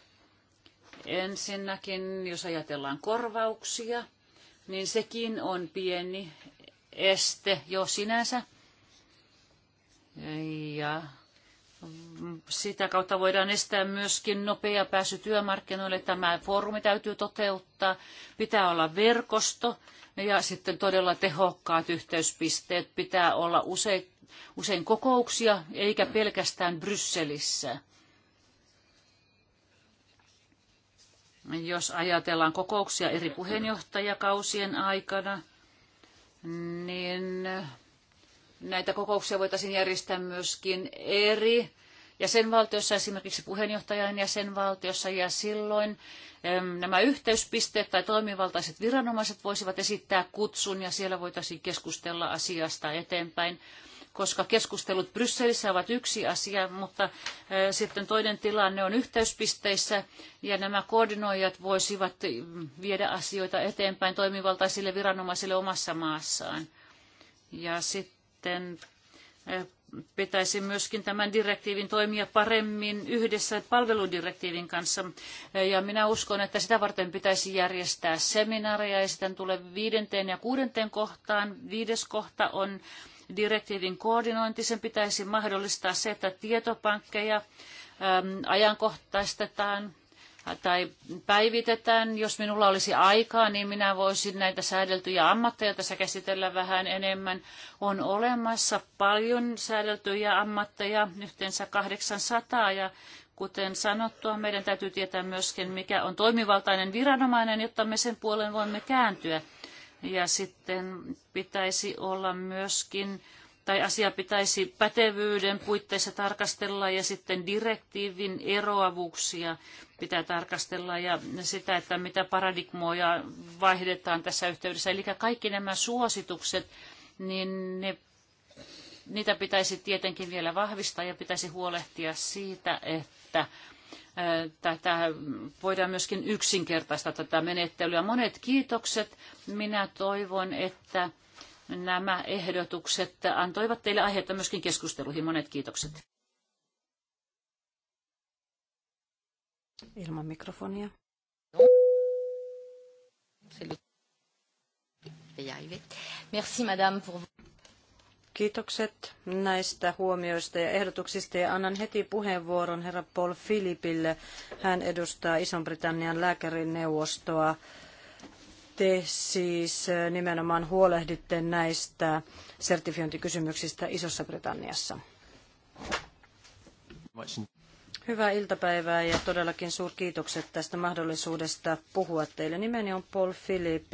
Ensinnäkin, jos ajatellaan korvauksia, niin sekin on pieni este jo sinänsä. Ja sitä kautta voidaan estää myöskin nopea pääsy työmarkkinoille. Tämä foorumi täytyy toteuttaa. Pitää olla verkosto ja sitten todella tehokkaat yhteyspisteet. Pitää olla usein, usein kokouksia, eikä pelkästään Brysselissä. Jos ajatellaan kokouksia eri puheenjohtajakausien aikana – niin näitä kokouksia voitaisiin järjestää myöskin eri jäsenvaltiossa, esimerkiksi puheenjohtajan jäsenvaltiossa, ja silloin nämä yhteyspisteet tai toimivaltaiset viranomaiset voisivat esittää kutsun, ja siellä voitaisiin keskustella asiasta eteenpäin koska keskustelut Brysselissä ovat yksi asia, mutta sitten toinen tilanne on yhteyspisteissä ja nämä koordinoijat voisivat viedä asioita eteenpäin toimivaltaisille viranomaisille omassa maassaan. Ja sitten pitäisi myöskin tämän direktiivin toimia paremmin yhdessä palveludirektiivin kanssa. Ja minä uskon, että sitä varten pitäisi järjestää seminaareja ja sitten tulee viidenteen ja kuudenteen kohtaan. Viides kohta on direktiivin koordinointi, sen pitäisi mahdollistaa se, että tietopankkeja ajankohtaistetaan tai päivitetään. Jos minulla olisi aikaa, niin minä voisin näitä säädeltyjä ammatteja tässä käsitellä vähän enemmän. On olemassa paljon säädeltyjä ammatteja, yhteensä 800, ja kuten sanottua, meidän täytyy tietää myöskin, mikä on toimivaltainen viranomainen, jotta me sen puolen voimme kääntyä ja sitten pitäisi olla myöskin tai asia pitäisi pätevyyden puitteissa tarkastella ja sitten direktiivin eroavuuksia pitää tarkastella ja sitä, että mitä paradigmoja vaihdetaan tässä yhteydessä. Eli kaikki nämä suositukset, niin ne, niitä pitäisi tietenkin vielä vahvistaa ja pitäisi huolehtia siitä, että tätä, voidaan myöskin yksinkertaistaa tätä menettelyä. Monet kiitokset. Minä toivon, että nämä ehdotukset antoivat teille aihetta myöskin keskusteluihin. Monet kiitokset. Ilman mikrofonia. Merci madame pour Kiitokset näistä huomioista ja ehdotuksista ja annan heti puheenvuoron herra Paul Philipille. Hän edustaa Ison-Britannian lääkärineuvostoa. Te siis eh, nimenomaan huolehditte näistä sertifiointikysymyksistä Isossa-Britanniassa. Hyvää iltapäivää ja todellakin suurkiitokset tästä mahdollisuudesta puhua teille. Nimeni on Paul Philip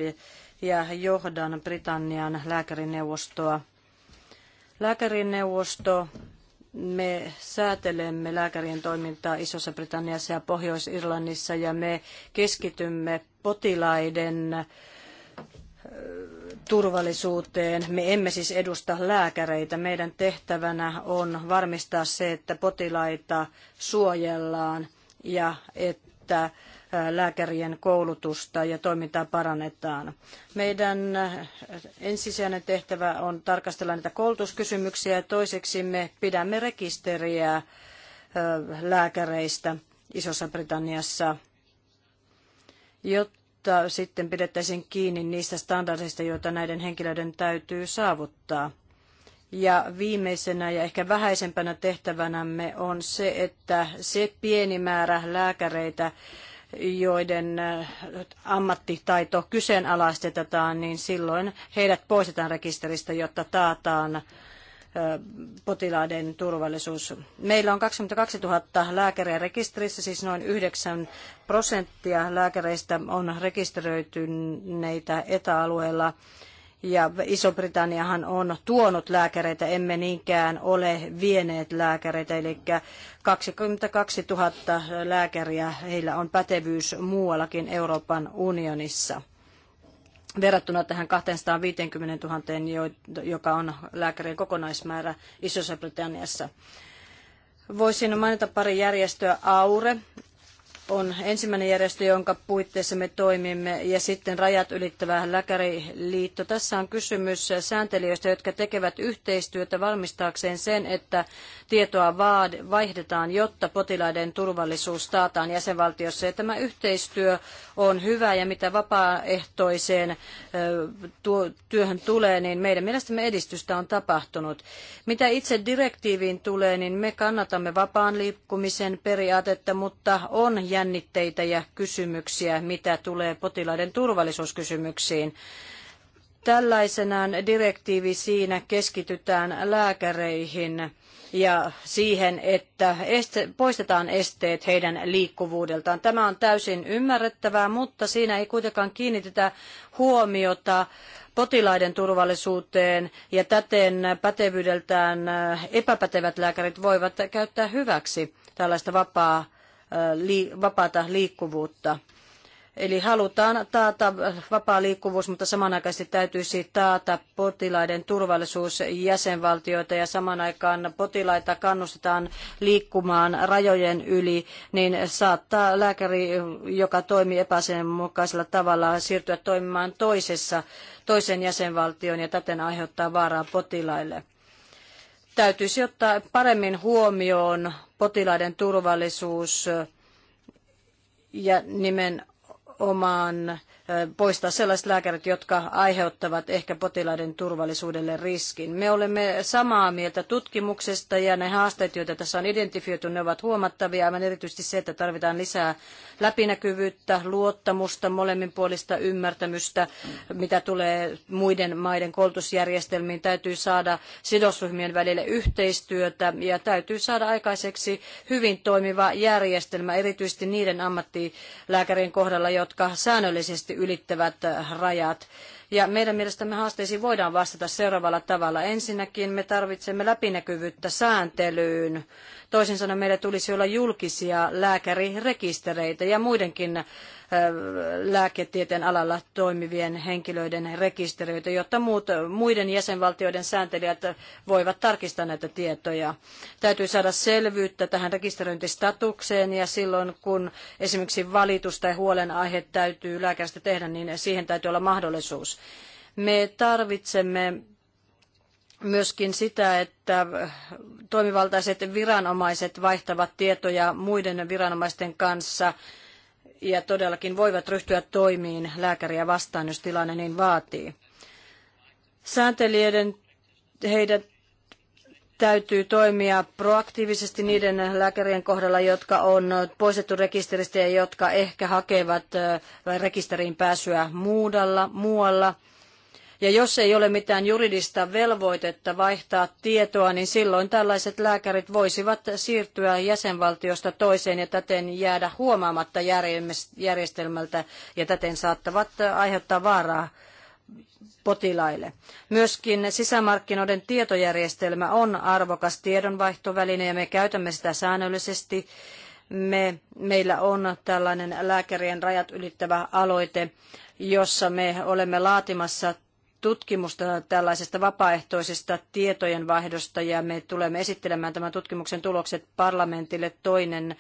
ja johdan Britannian lääkärineuvostoa. Lääkärineuvosto, me säätelemme lääkärien toimintaa Isossa Britanniassa ja Pohjois-Irlannissa ja me keskitymme potilaiden turvallisuuteen. Me emme siis edusta lääkäreitä. Meidän tehtävänä on varmistaa se, että potilaita suojellaan ja että lääkärien koulutusta ja toimintaa parannetaan. Meidän ensisijainen tehtävä on tarkastella näitä koulutuskysymyksiä ja toiseksi me pidämme rekisteriä lääkäreistä Isossa Britanniassa, jotta sitten pidettäisiin kiinni niistä standardeista, joita näiden henkilöiden täytyy saavuttaa. Ja viimeisenä ja ehkä vähäisempänä tehtävänämme on se, että se pieni määrä lääkäreitä, joiden äh, ammattitaito kyseenalaistetaan, niin silloin heidät poistetaan rekisteristä, jotta taataan äh, potilaiden turvallisuus. Meillä on 22 000 lääkäriä rekisterissä, siis noin 9 prosenttia lääkäreistä on rekisteröityneitä etäalueella. alueella Ja Iso-Britanniahan on tuonut lääkäreitä, emme niinkään ole vieneet lääkäreitä, eli 22 000 lääkäriä, heillä on pätevyys muuallakin Euroopan unionissa verrattuna tähän 250 000, joka on lääkärien kokonaismäärä Isossa-Britanniassa. Voisin mainita pari järjestöä, AURE, on ensimmäinen järjestö, jonka puitteissa me toimimme, ja sitten rajat ylittävä lääkäriliitto. Tässä on kysymys sääntelijöistä, jotka tekevät yhteistyötä valmistaakseen sen, että tietoa vaihdetaan, jotta potilaiden turvallisuus taataan jäsenvaltiossa. Ja tämä yhteistyö on hyvä, ja mitä vapaaehtoiseen työhön tulee, niin meidän mielestämme edistystä on tapahtunut. Mitä itse direktiiviin tulee, niin me kannatamme vapaan liikkumisen periaatetta, mutta on jännitteitä ja kysymyksiä, mitä tulee potilaiden turvallisuuskysymyksiin. Tällaisenaan direktiivi siinä keskitytään lääkäreihin ja siihen, että este, poistetaan esteet heidän liikkuvuudeltaan. Tämä on täysin ymmärrettävää, mutta siinä ei kuitenkaan kiinnitetä huomiota potilaiden turvallisuuteen ja täten pätevyydeltään epäpätevät lääkärit voivat käyttää hyväksi tällaista vapaa vapaata liikkuvuutta. Eli halutaan taata vapaa liikkuvuus, mutta samanaikaisesti täytyisi taata potilaiden turvallisuus jäsenvaltioita ja saman aikaan potilaita kannustetaan liikkumaan rajojen yli, niin saattaa lääkäri, joka toimii epäsenmukaisella tavalla, siirtyä toimimaan toisessa, toisen jäsenvaltion ja täten aiheuttaa vaaraa potilaille täytyisi ottaa paremmin huomioon potilaiden turvallisuus ja nimenomaan poistaa sellaiset lääkärit, jotka aiheuttavat ehkä potilaiden turvallisuudelle riskin. Me olemme samaa mieltä tutkimuksesta ja ne haasteet, joita tässä on identifioitu, ne ovat huomattavia. Aivan erityisesti se, että tarvitaan lisää läpinäkyvyyttä, luottamusta, molemminpuolista ymmärtämystä, mitä tulee muiden maiden koulutusjärjestelmiin. Täytyy saada sidosryhmien välille yhteistyötä ja täytyy saada aikaiseksi hyvin toimiva järjestelmä, erityisesti niiden ammattilääkärien kohdalla, jotka säännöllisesti selvästi ylittävät äh, rajat. Ja meidän mielestämme haasteisiin voidaan vastata seuraavalla tavalla. Ensinnäkin me tarvitsemme läpinäkyvyyttä sääntelyyn Toisin sanoen meillä tulisi olla julkisia lääkärirekistereitä ja muidenkin lääketieteen alalla toimivien henkilöiden rekisteröitä, jotta muut, muiden jäsenvaltioiden sääntelijät voivat tarkistaa näitä tietoja. Täytyy saada selvyyttä tähän rekisteröintistatukseen ja silloin kun esimerkiksi valitus tai huolenaihe täytyy lääkäristä tehdä, niin siihen täytyy olla mahdollisuus. Me tarvitsemme myöskin sitä, että toimivaltaiset viranomaiset vaihtavat tietoja muiden viranomaisten kanssa ja todellakin voivat ryhtyä toimiin lääkäriä vastaan, jos tilanne niin vaatii. Sääntelijöiden heidän täytyy toimia proaktiivisesti niiden lääkärien kohdalla, jotka on poistettu rekisteristä ja jotka ehkä hakevat äh, rekisteriin pääsyä muudalla, muualla. Ja jos ei ole mitään juridista velvoitetta vaihtaa tietoa, niin silloin tällaiset lääkärit voisivat siirtyä jäsenvaltiosta toiseen ja täten jäädä huomaamatta järjestelmältä ja täten saattavat aiheuttaa vaaraa potilaille. Myöskin sisämarkkinoiden tietojärjestelmä on arvokas tiedonvaihtoväline ja me käytämme sitä säännöllisesti. Me, meillä on tällainen lääkärien rajat ylittävä aloite, jossa me olemme laatimassa tutkimusta tällaisesta vapaaehtoisesta tietojenvaihdosta ja me tulemme esittelemään tämän tutkimuksen tulokset parlamentille toinen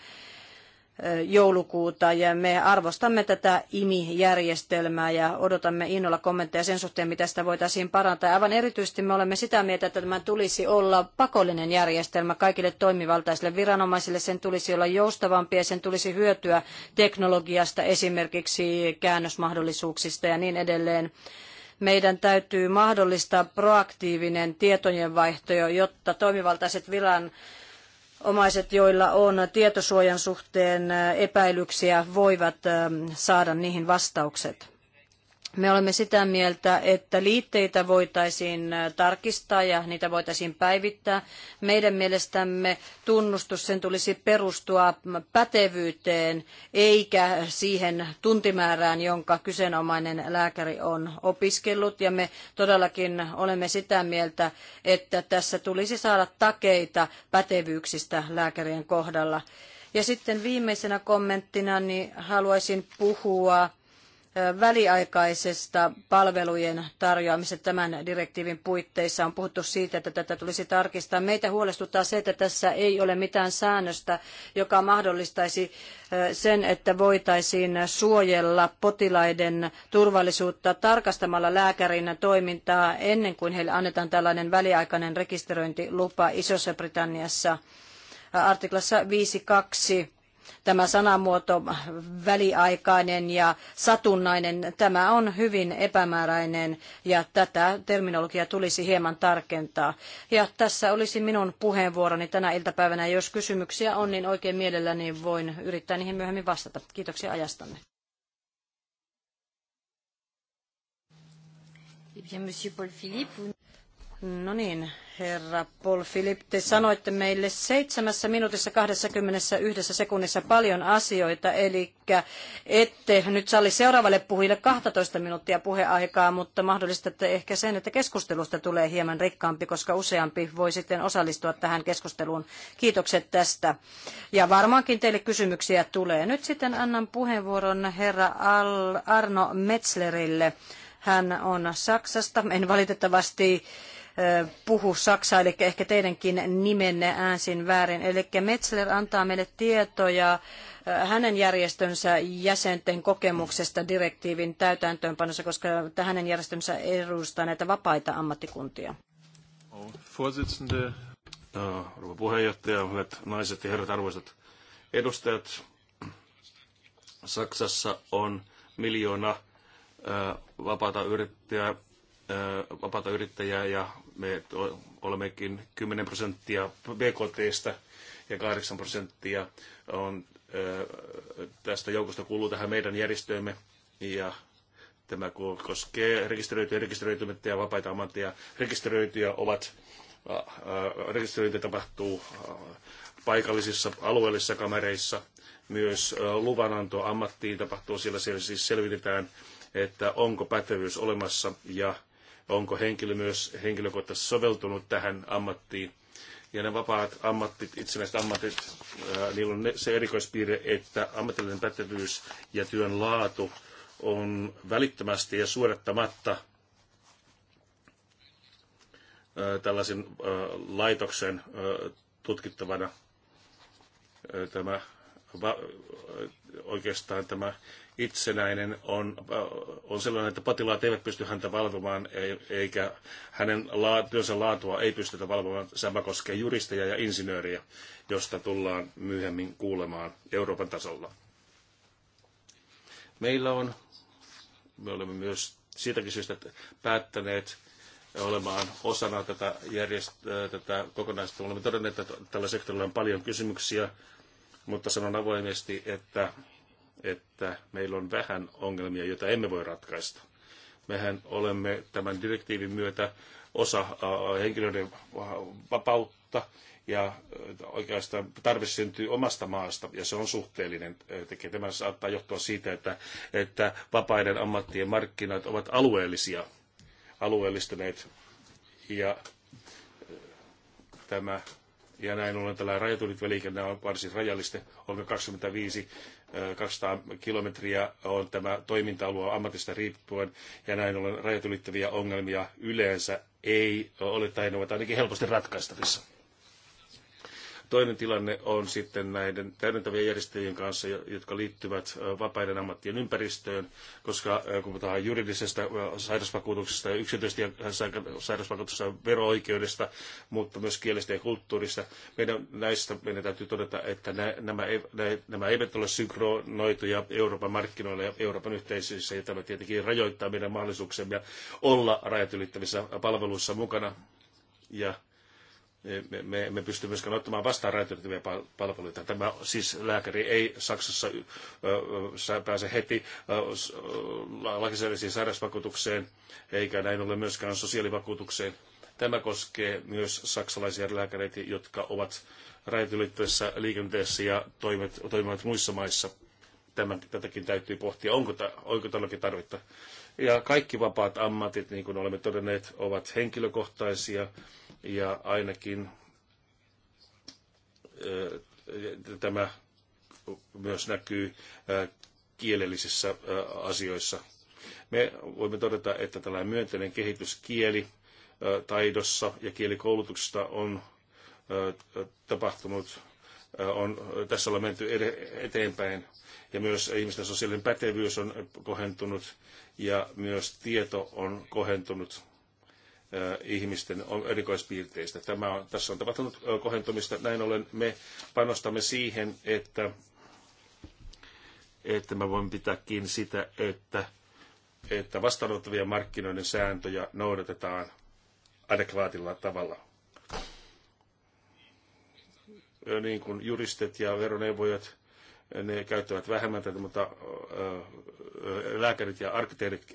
joulukuuta ja me arvostamme tätä IMI-järjestelmää ja odotamme innolla kommentteja sen suhteen, mitä sitä voitaisiin parantaa. Aivan erityisesti me olemme sitä mieltä, että tämän tulisi olla pakollinen järjestelmä kaikille toimivaltaisille viranomaisille. Sen tulisi olla joustavampi ja sen tulisi hyötyä teknologiasta, esimerkiksi käännösmahdollisuuksista ja niin edelleen meidän täytyy mahdollistaa proaktiivinen tietojenvaihto, jotta toimivaltaiset vilan omaiset, joilla on tietosuojan suhteen epäilyksiä, voivat ähm, saada niihin vastaukset. Me olemme sitä mieltä, että liitteitä voitaisiin tarkistaa ja niitä voitaisiin päivittää. Meidän mielestämme tunnustus sen tulisi perustua pätevyyteen eikä siihen tuntimäärään, jonka kyseenomainen lääkäri on opiskellut. Ja me todellakin olemme sitä mieltä, että tässä tulisi saada takeita pätevyyksistä lääkärien kohdalla. Ja sitten viimeisenä kommenttina niin haluaisin puhua väliaikaisesta palvelujen tarjoamisesta tämän direktiivin puitteissa. On puhuttu siitä, että tätä tulisi tarkistaa. Meitä huolestuttaa se, että tässä ei ole mitään säännöstä, joka mahdollistaisi sen, että voitaisiin suojella potilaiden turvallisuutta tarkastamalla lääkärin toimintaa ennen kuin heille annetaan tällainen väliaikainen rekisteröintilupa Isossa-Britanniassa. Artiklassa 52 Tämä sanamuoto väliaikainen ja satunnainen, tämä on hyvin epämääräinen ja tätä terminologiaa tulisi hieman tarkentaa. Ja tässä olisi minun puheenvuoroni tänä iltapäivänä. Jos kysymyksiä on, niin oikein mielelläni voin yrittää niihin myöhemmin vastata. Kiitoksia ajastanne. Eh Monsieur Paul Philippe, vous... No niin, herra Paul Philip, te sanoitte meille seitsemässä minuutissa 21 sekunnissa paljon asioita, eli ette nyt salli seuraavalle puhujille 12 minuuttia puheaikaa, mutta mahdollistatte ehkä sen, että keskustelusta tulee hieman rikkaampi, koska useampi voi sitten osallistua tähän keskusteluun. Kiitokset tästä. Ja varmaankin teille kysymyksiä tulee. Nyt sitten annan puheenvuoron herra Arno Metzlerille. Hän on Saksasta. En valitettavasti puhu saksaa, eli ehkä teidänkin nimenne äänsin väärin. Eli Metzler antaa meille tietoja hänen järjestönsä jäsenten kokemuksesta direktiivin täytäntöönpanossa, koska hänen järjestönsä edustaa näitä vapaita ammattikuntia. Oh, Vorsitzende, rouva puheenjohtaja, hyvät naiset ja herrat arvoisat edustajat. Saksassa on miljoona vapaata yrittäjää, vapaata yrittäjää ja me olemmekin 10 prosenttia BKTstä ja 8 prosenttia on tästä joukosta kuuluu tähän meidän järjestöömme ja tämä koskee rekisteröityjä, rekisteröitymättä ja vapaita ammattia. Rekisteröityjä ovat, rekisteröinti tapahtuu paikallisissa alueellisissa kamereissa, myös luvananto ammattiin tapahtuu siellä, siellä siis selvitetään, että onko pätevyys olemassa ja onko henkilö myös henkilökohtaisesti soveltunut tähän ammattiin. Ja ne vapaat ammattit, itsenäiset ammatit, niillä on se erikoispiirre, että ammatillinen pätevyys ja työn laatu on välittömästi ja suorittamatta tällaisen laitoksen tutkittavana tämä, oikeastaan tämä itsenäinen on, äh, on sellainen, että potilaat eivät pysty häntä valvomaan, e, eikä hänen työnsä laatua ei pystytä valvomaan. Sama koskee juristeja ja insinööriä, josta tullaan myöhemmin kuulemaan Euroopan tasolla. Meillä on, me olemme myös siitäkin syystä päättäneet olemaan osana tätä, järjest- äh, tätä kokonaisuutta. Olemme todenneet, että tällä sektorilla on paljon kysymyksiä, mutta sanon avoimesti, että että meillä on vähän ongelmia, joita emme voi ratkaista. Mehän olemme tämän direktiivin myötä osa henkilöiden vapautta ja oikeastaan tarve syntyy omasta maasta ja se on suhteellinen tekijä. Tämä saattaa johtua siitä, että, että vapaiden ammattien markkinat ovat alueellisia, alueellistuneet ja tämä ja näin ollen tällä rajatunitväliikenne on varsin rajallista. Olemme 25 200 kilometriä on tämä toiminta-alue ammatista riippuen, ja näin ollen rajat ylittäviä ongelmia yleensä ei ole, tai ne ovat ainakin helposti ratkaistavissa. Toinen tilanne on sitten näiden täydentävien järjestäjien kanssa, jotka liittyvät vapaiden ammattien ympäristöön, koska kun puhutaan juridisesta sairausvakuutuksesta ja yksityisestä sairausvakuutuksesta, vero-oikeudesta, mutta myös kielestä ja kulttuurista, meidän, näistä meidän täytyy todeta, että nämä, nämä eivät ole synkronoituja Euroopan markkinoilla ja Euroopan yhteisöissä, ja tämä tietenkin rajoittaa meidän mahdollisuuksiamme olla rajat ylittävissä palveluissa mukana. Ja me emme pysty myöskään ottamaan vastaan räätälöityviä palveluita. Tämä siis lääkäri ei Saksassa pääse heti lakisääteiseen sairausvakuutukseen, eikä näin ole myöskään sosiaalivakuutukseen. Tämä koskee myös saksalaisia lääkäreitä, jotka ovat rajat ylittävässä liikenteessä ja toimivat, toimivat muissa maissa. Tämän, tätäkin täytyy pohtia, onko, ta, onko todellakin tarvetta. Ja kaikki vapaat ammatit, niin kuin olemme todenneet, ovat henkilökohtaisia ja ainakin äh, tämä myös näkyy äh, kielellisissä äh, asioissa. Me voimme todeta, että tällainen myönteinen kehitys kieli taidossa ja kielikoulutuksesta on tapahtunut, on, tässä ollaan menty eteenpäin ja myös ihmisten sosiaalinen pätevyys on kohentunut ja myös tieto on kohentunut Äh, ihmisten erikoispiirteistä. Tämä on, tässä on tapahtunut äh, kohentumista. Näin ollen me panostamme siihen, että, että me voimme pitää kiinni sitä, että, että vastaanottavia markkinoiden sääntöjä noudatetaan adekvaatilla tavalla. Äh, niin kuin juristit ja veroneuvojat ne käyttävät vähemmän tätä, mutta lääkärit ja arkkitehdit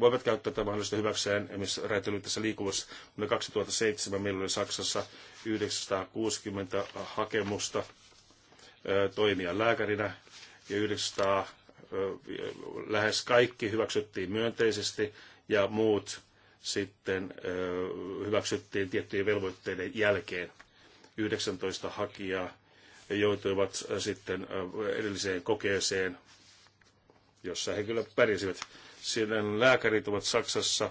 voivat käyttää tätä mahdollisesti hyväkseen esimerkiksi räätälöitässä liikkuvuudessa. Vuonna 2007 meillä oli Saksassa 960 hakemusta toimia lääkärinä ja 900 lähes kaikki hyväksyttiin myönteisesti ja muut sitten hyväksyttiin tiettyjen velvoitteiden jälkeen. 19 hakijaa joutuivat sitten edelliseen kokeeseen, jossa he kyllä pärjäsivät. Siellä lääkärit ovat Saksassa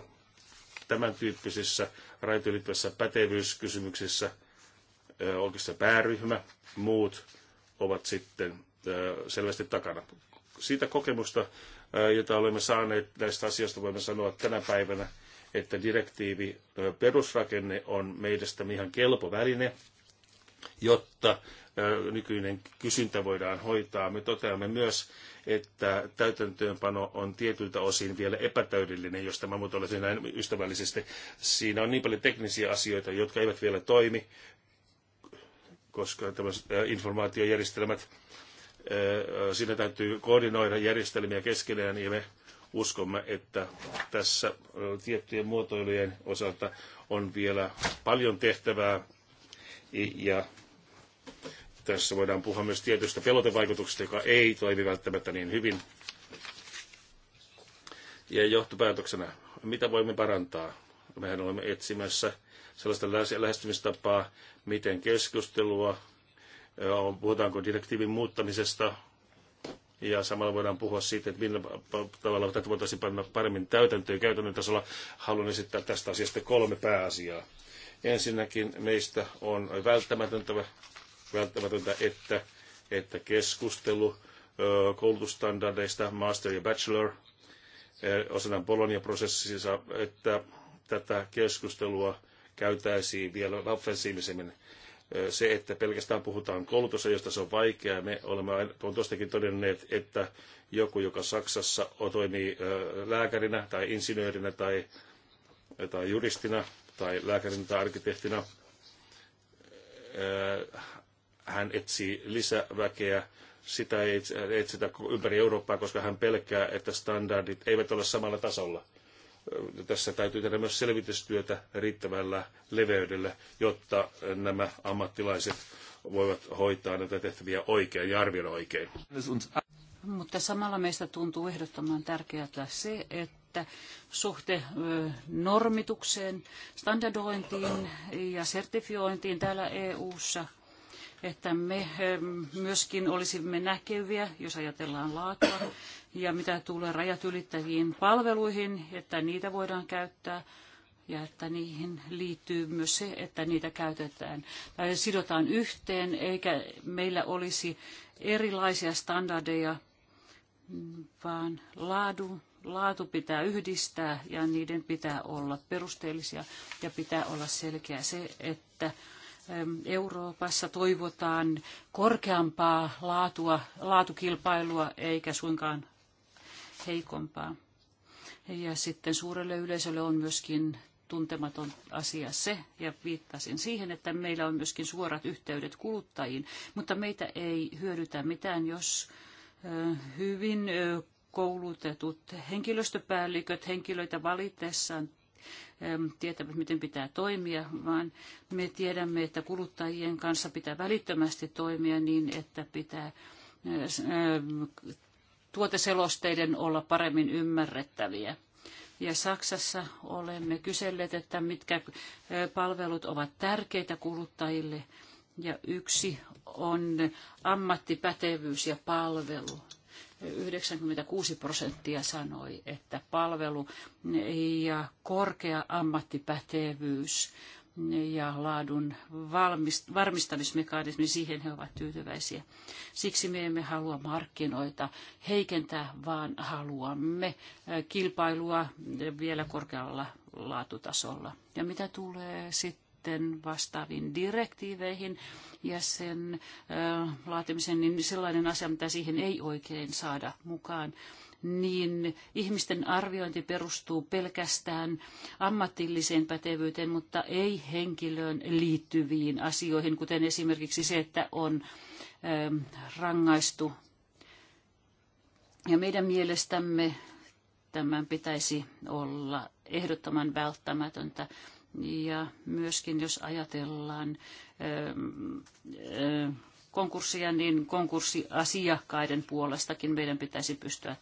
tämän tyyppisissä raitiylittävissä pätevyyskysymyksissä oikeastaan pääryhmä, muut ovat sitten selvästi takana. Siitä kokemusta, jota olemme saaneet näistä asioista, voimme sanoa tänä päivänä, että direktiivi perusrakenne on meidästä ihan kelpo väline, jotta nykyinen kysyntä voidaan hoitaa. Me toteamme myös, että täytäntöönpano on tietyiltä osin vielä epätäydellinen, jos tämä muuten olisi näin ystävällisesti. Siinä on niin paljon teknisiä asioita, jotka eivät vielä toimi, koska tämmöiset informaatiojärjestelmät, siinä täytyy koordinoida järjestelmiä keskenään ja me uskomme, että tässä tiettyjen muotoilujen osalta on vielä paljon tehtävää ja Tässä voidaan puhua myös tietystä pelotevaikutuksesta, joka ei toimi välttämättä niin hyvin. Ja johtopäätöksenä, mitä voimme parantaa? Mehän olemme etsimässä sellaista lähestymistapaa, miten keskustelua, puhutaanko direktiivin muuttamisesta, ja samalla voidaan puhua siitä, että millä tavalla tätä voitaisiin panna paremmin täytäntöön käytännön tasolla. Haluan esittää tästä asiasta kolme pääasiaa. Ensinnäkin meistä on välttämätöntä välttämätöntä, että, että keskustelu koulutusstandardeista, master ja bachelor, osana Bologna-prosessissa, että tätä keskustelua käytäisiin vielä offensiivisemmin. Se, että pelkästään puhutaan koulutusajosta, se on vaikeaa. Me olemme tuostakin todenneet, että joku, joka Saksassa toimii lääkärinä tai insinöörinä tai, tai juristina tai lääkärinä tai arkkitehtina, hän etsii lisäväkeä. Sitä ei etsitä ympäri Eurooppaa, koska hän pelkää, että standardit eivät ole samalla tasolla. Tässä täytyy tehdä myös selvitystyötä riittävällä leveydellä, jotta nämä ammattilaiset voivat hoitaa näitä tehtäviä oikein ja arvioida oikein. Mutta samalla meistä tuntuu ehdottoman tärkeää se, että suhte normitukseen, standardointiin ja sertifiointiin täällä EU-ssa että me eh, myöskin olisimme näkeviä, jos ajatellaan laatua, ja mitä tulee rajat ylittäviin palveluihin, että niitä voidaan käyttää, ja että niihin liittyy myös se, että niitä käytetään tai sidotaan yhteen, eikä meillä olisi erilaisia standardeja, vaan laadu, laatu pitää yhdistää ja niiden pitää olla perusteellisia ja pitää olla selkeä se, että Euroopassa toivotaan korkeampaa laatua, laatukilpailua eikä suinkaan heikompaa. Ja sitten suurelle yleisölle on myöskin tuntematon asia se, ja viittasin siihen, että meillä on myöskin suorat yhteydet kuluttajiin, mutta meitä ei hyödytä mitään, jos hyvin koulutetut henkilöstöpäälliköt henkilöitä valitessaan tietävät, miten pitää toimia, vaan me tiedämme, että kuluttajien kanssa pitää välittömästi toimia niin, että pitää tuoteselosteiden olla paremmin ymmärrettäviä. Ja Saksassa olemme kyselleet, että mitkä palvelut ovat tärkeitä kuluttajille. Ja yksi on ammattipätevyys ja palvelu. 96 prosenttia sanoi, että palvelu ja korkea ammattipätevyys ja laadun valmist- varmistamismekanismi, siihen he ovat tyytyväisiä. Siksi me emme halua markkinoita heikentää, vaan haluamme äh, kilpailua vielä korkealla laatutasolla. Ja mitä tulee sitten sitten vastaaviin direktiiveihin ja sen ö, laatimisen, niin sellainen asia, mitä siihen ei oikein saada mukaan, niin ihmisten arviointi perustuu pelkästään ammatilliseen pätevyyteen, mutta ei henkilöön liittyviin asioihin, kuten esimerkiksi se, että on ö, rangaistu. Ja meidän mielestämme tämän pitäisi olla ehdottoman välttämätöntä Ja myöskin jos ajatellaan ähm, äh, konkurssia, niin konkurssiasiakkaiden puolestakin meidän pitäisi pystyä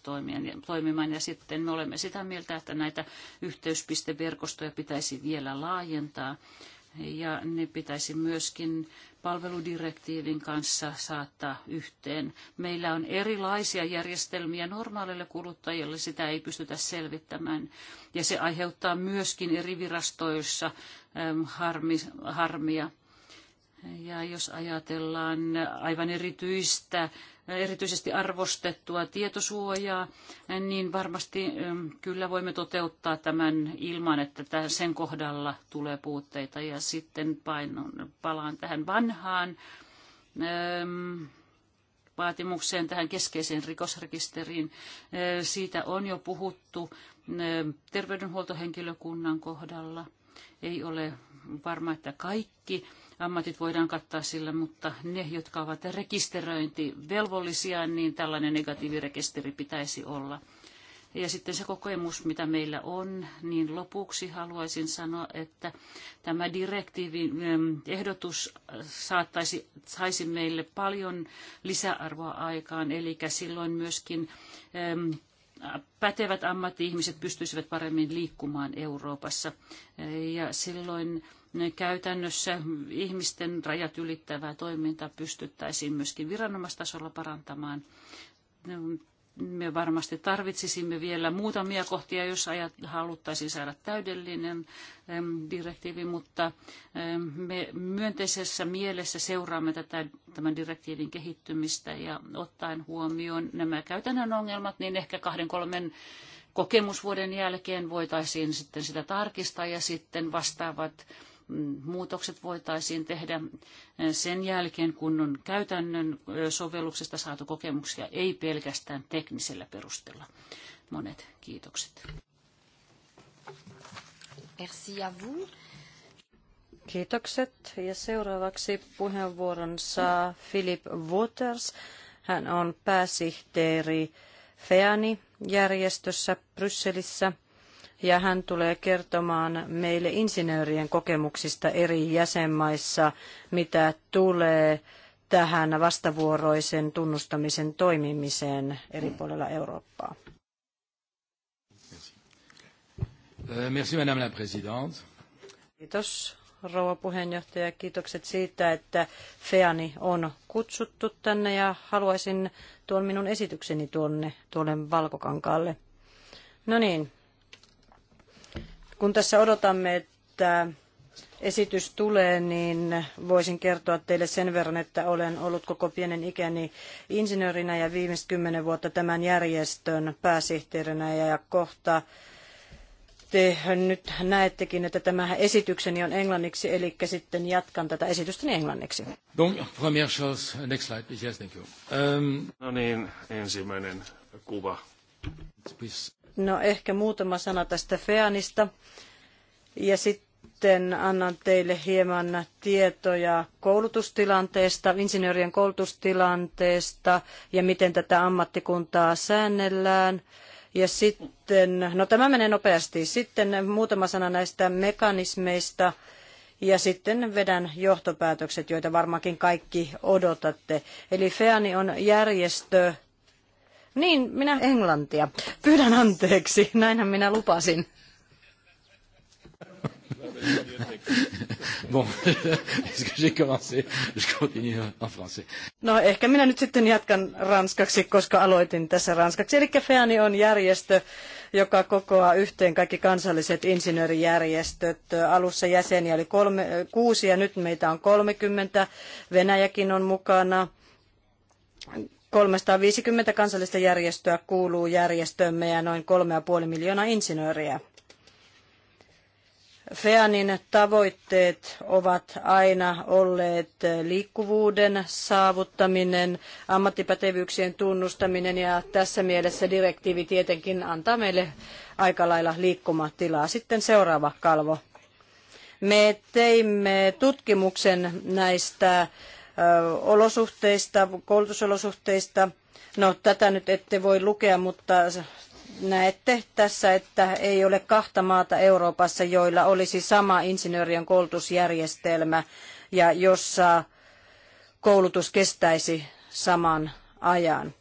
toimimaan. Ja sitten me olemme sitä mieltä, että näitä yhteyspisteverkostoja pitäisi vielä laajentaa ja ne pitäisi myöskin palveludirektiivin kanssa saattaa yhteen. Meillä on erilaisia järjestelmiä normaalille kuluttajille, sitä ei pystytä selvittämään. Ja se aiheuttaa myöskin eri virastoissa harmi, harmia Ja jos ajatellaan aivan erityistä, erityisesti arvostettua tietosuojaa, niin varmasti kyllä voimme toteuttaa tämän ilman, että sen kohdalla tulee puutteita. Ja sitten painon, palaan tähän vanhaan vaatimukseen, tähän keskeiseen rikosrekisteriin. Siitä on jo puhuttu terveydenhuoltohenkilökunnan kohdalla. Ei ole varma, että kaikki ammatit voidaan kattaa sillä, mutta ne, jotka ovat rekisteröintivelvollisia, niin tällainen negatiivirekisteri pitäisi olla. Ja sitten se kokemus, mitä meillä on, niin lopuksi haluaisin sanoa, että tämä direktiivin ähm, ehdotus saattaisi, saisi meille paljon lisäarvoa aikaan, eli silloin myöskin ähm, pätevät ammatti-ihmiset pystyisivät paremmin liikkumaan Euroopassa. Äh, ja silloin käytännössä ihmisten rajat ylittävää toimintaa pystyttäisiin myöskin viranomaistasolla parantamaan. Me varmasti tarvitsisimme vielä muutamia kohtia, jos haluttaisiin saada täydellinen direktiivi, mutta me myönteisessä mielessä seuraamme tätä, tämän direktiivin kehittymistä ja ottaen huomioon nämä käytännön ongelmat, niin ehkä kahden kolmen kokemusvuoden jälkeen voitaisiin sitten sitä tarkistaa ja sitten vastaavat muutokset voitaisiin tehdä sen jälkeen, kun on käytännön sovelluksesta saatu kokemuksia, ei pelkästään teknisellä perusteella. Monet kiitokset. Merci à vous. Kiitokset. Ja seuraavaksi puheenvuoron saa Philip Waters. Hän on pääsihteeri FEANI-järjestössä Brysselissä – ja hän tulee kertomaan meille insinöörien kokemuksista eri jäsenmaissa, mitä tulee tähän vastavuoroisen tunnustamisen toimimiseen eri puolilla Eurooppaa. Euh, merci, Madame la Présidente. Kiitos, rouva puheenjohtaja. Kiitokset siitä, että Feani on kutsuttu tänne ja haluaisin tuon minun esitykseni tuonne tuolle valkokankaalle. No niin, Kun tässä odotamme, että esitys tulee, niin voisin kertoa teille sen verran, että olen ollut koko pienen ikäni insinöörinä ja viimeiset kymmenen vuotta tämän järjestön pääsihteerinä ja kohta te nyt näettekin, että tämä esitykseni on englanniksi, eli sitten jatkan tätä esitystäni englanniksi. Donc, première chose, next slide, please, yes, thank you. Um, no niin, ensimmäinen kuva. Please. No ehkä muutama sana tästä FEANista ja sitten annan teille hieman tietoja koulutustilanteesta, insinöörien koulutustilanteesta ja miten tätä ammattikuntaa säännellään. Ja sitten, no tämä menee nopeasti, sitten muutama sana näistä mekanismeista ja sitten vedän johtopäätökset, joita varmaankin kaikki odotatte. Eli FEANI on järjestö, Niin, minä englantia. Pyydän anteeksi, näinhän minä lupasin. bon, est-ce que j'ai commencé Je continue en français. No ehkä minä nyt sitten jatkan ranskaksi, koska aloitin tässä ranskaksi. Eli FEANI on järjestö, joka kokoaa yhteen kaikki kansalliset insinöörijärjestöt. Alussa jäseniä oli kolme, kuusi ja nyt meitä on 30. Venäjäkin on mukana 350 kansallista järjestöä kuuluu järjestömme ja noin 3,5 miljoonaa insinööriä. FEANin tavoitteet ovat aina olleet liikkuvuuden saavuttaminen, ammattipätevyyksien tunnustaminen ja tässä mielessä direktiivi tietenkin antaa meille aika lailla liikkumatilaa. Sitten seuraava kalvo. Me teimme tutkimuksen näistä olosuhteista, koulutusolosuhteista. No tätä nyt ette voi lukea, mutta näette tässä, että ei ole kahta maata Euroopassa, joilla olisi sama insinöörien koulutusjärjestelmä ja jossa koulutus kestäisi saman ajan.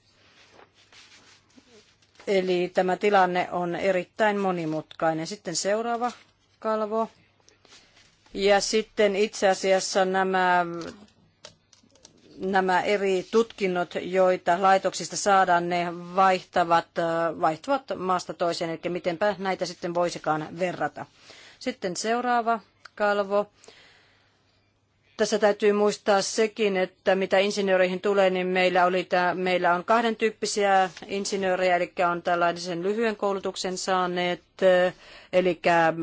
Eli tämä tilanne on erittäin monimutkainen. Sitten seuraava kalvo. Ja sitten itse asiassa nämä nämä eri tutkinnot, joita laitoksista saadaan, ne vaihtavat, äh, vaihtuvat maasta toiseen, eli mitenpä näitä sitten voisikaan verrata. Sitten seuraava kalvo Tässä täytyy muistaa sekin, että mitä insinööreihin tulee, niin meillä, oli tämä, meillä on kahden tyyppisiä insinöörejä, eli on tällaisen lyhyen koulutuksen saaneet, eli äh,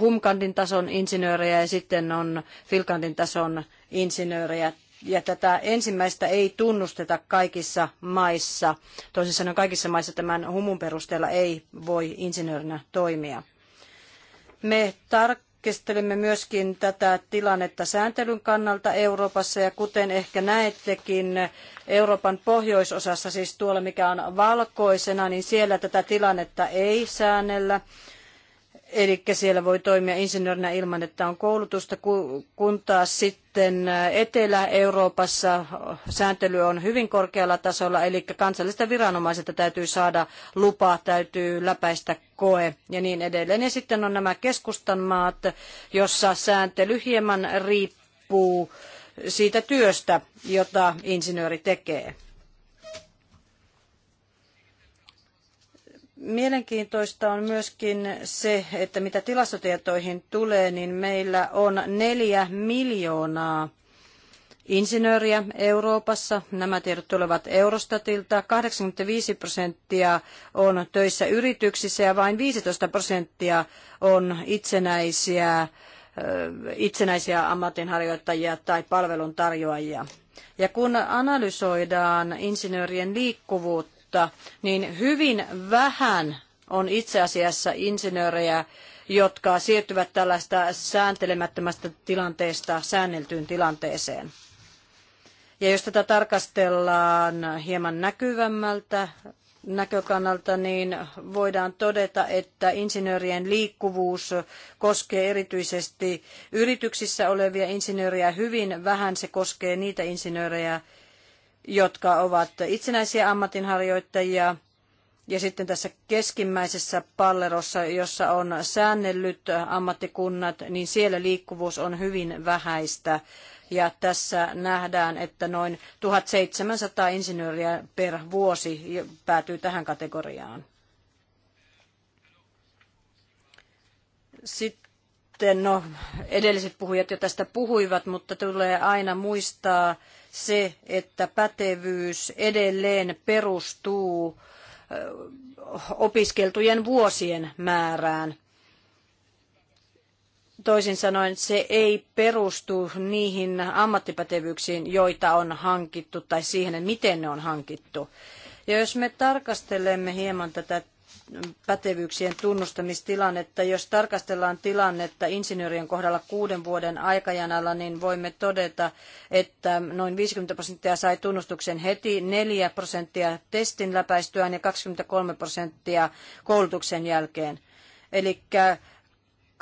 humkandin tason insinöörejä ja sitten on filkandin tason insinöörejä. Ja tätä ensimmäistä ei tunnusteta kaikissa maissa. Toisin sanoen kaikissa maissa tämän humun perusteella ei voi insinöörinä toimia. Me tarkkaan Kestelemme myöskin tätä tilannetta sääntelyn kannalta Euroopassa ja kuten ehkä näettekin Euroopan pohjoisosassa, siis tuolla mikä on valkoisena, niin siellä tätä tilannetta ei säännellä. Eli siellä voi toimia insinöörinä ilman, että on koulutusta, kun taas sitten Etelä-Euroopassa sääntely on hyvin korkealla tasolla, eli kansallista viranomaisilta täytyy saada lupa, täytyy läpäistä koe ja niin edelleen. Ja sitten on nämä keskustan maat, jossa sääntely hieman riippuu siitä työstä, jota insinööri tekee. Mielenkiintoista on myöskin se, että mitä tilastotietoihin tulee, niin meillä on neljä miljoonaa insinööriä Euroopassa. Nämä tiedot tulevat Eurostatilta. 85 prosenttia on töissä yrityksissä ja vain 15 prosenttia on itsenäisiä, itsenäisiä ammatinharjoittajia tai palveluntarjoajia. Ja kun analysoidaan insinöörien liikkuvuutta, koulutusta, niin hyvin vähän on itse asiassa insinöörejä, jotka siirtyvät tällaista sääntelemättömästä tilanteesta säänneltyyn tilanteeseen. Ja jos tätä tarkastellaan hieman näkyvämmältä näkökannalta, niin voidaan todeta, että insinöörien liikkuvuus koskee erityisesti yrityksissä olevia insinöörejä hyvin vähän. Se koskee niitä insinöörejä, jotka ovat itsenäisiä ammatinharjoittajia. Ja sitten tässä keskimmäisessä pallerossa, jossa on säännellyt ammattikunnat, niin siellä liikkuvuus on hyvin vähäistä. Ja tässä nähdään, että noin 1700 insinööriä per vuosi päätyy tähän kategoriaan. Sitten, no, edelliset puhujat jo tästä puhuivat, mutta tulee aina muistaa, se, että pätevyys edelleen perustuu opiskeltujen vuosien määrään. Toisin sanoen se ei perustu niihin ammattipätevyyksiin, joita on hankittu tai siihen, miten ne on hankittu. Ja jos me tarkastelemme hieman tätä pätevyyksien tunnustamistilannetta. Jos tarkastellaan tilannetta insinöörien kohdalla kuuden vuoden aikajanalla, niin voimme todeta, että noin 50 prosenttia sai tunnustuksen heti, 4 prosenttia testin läpäistyään ja 23 prosenttia koulutuksen jälkeen. Eli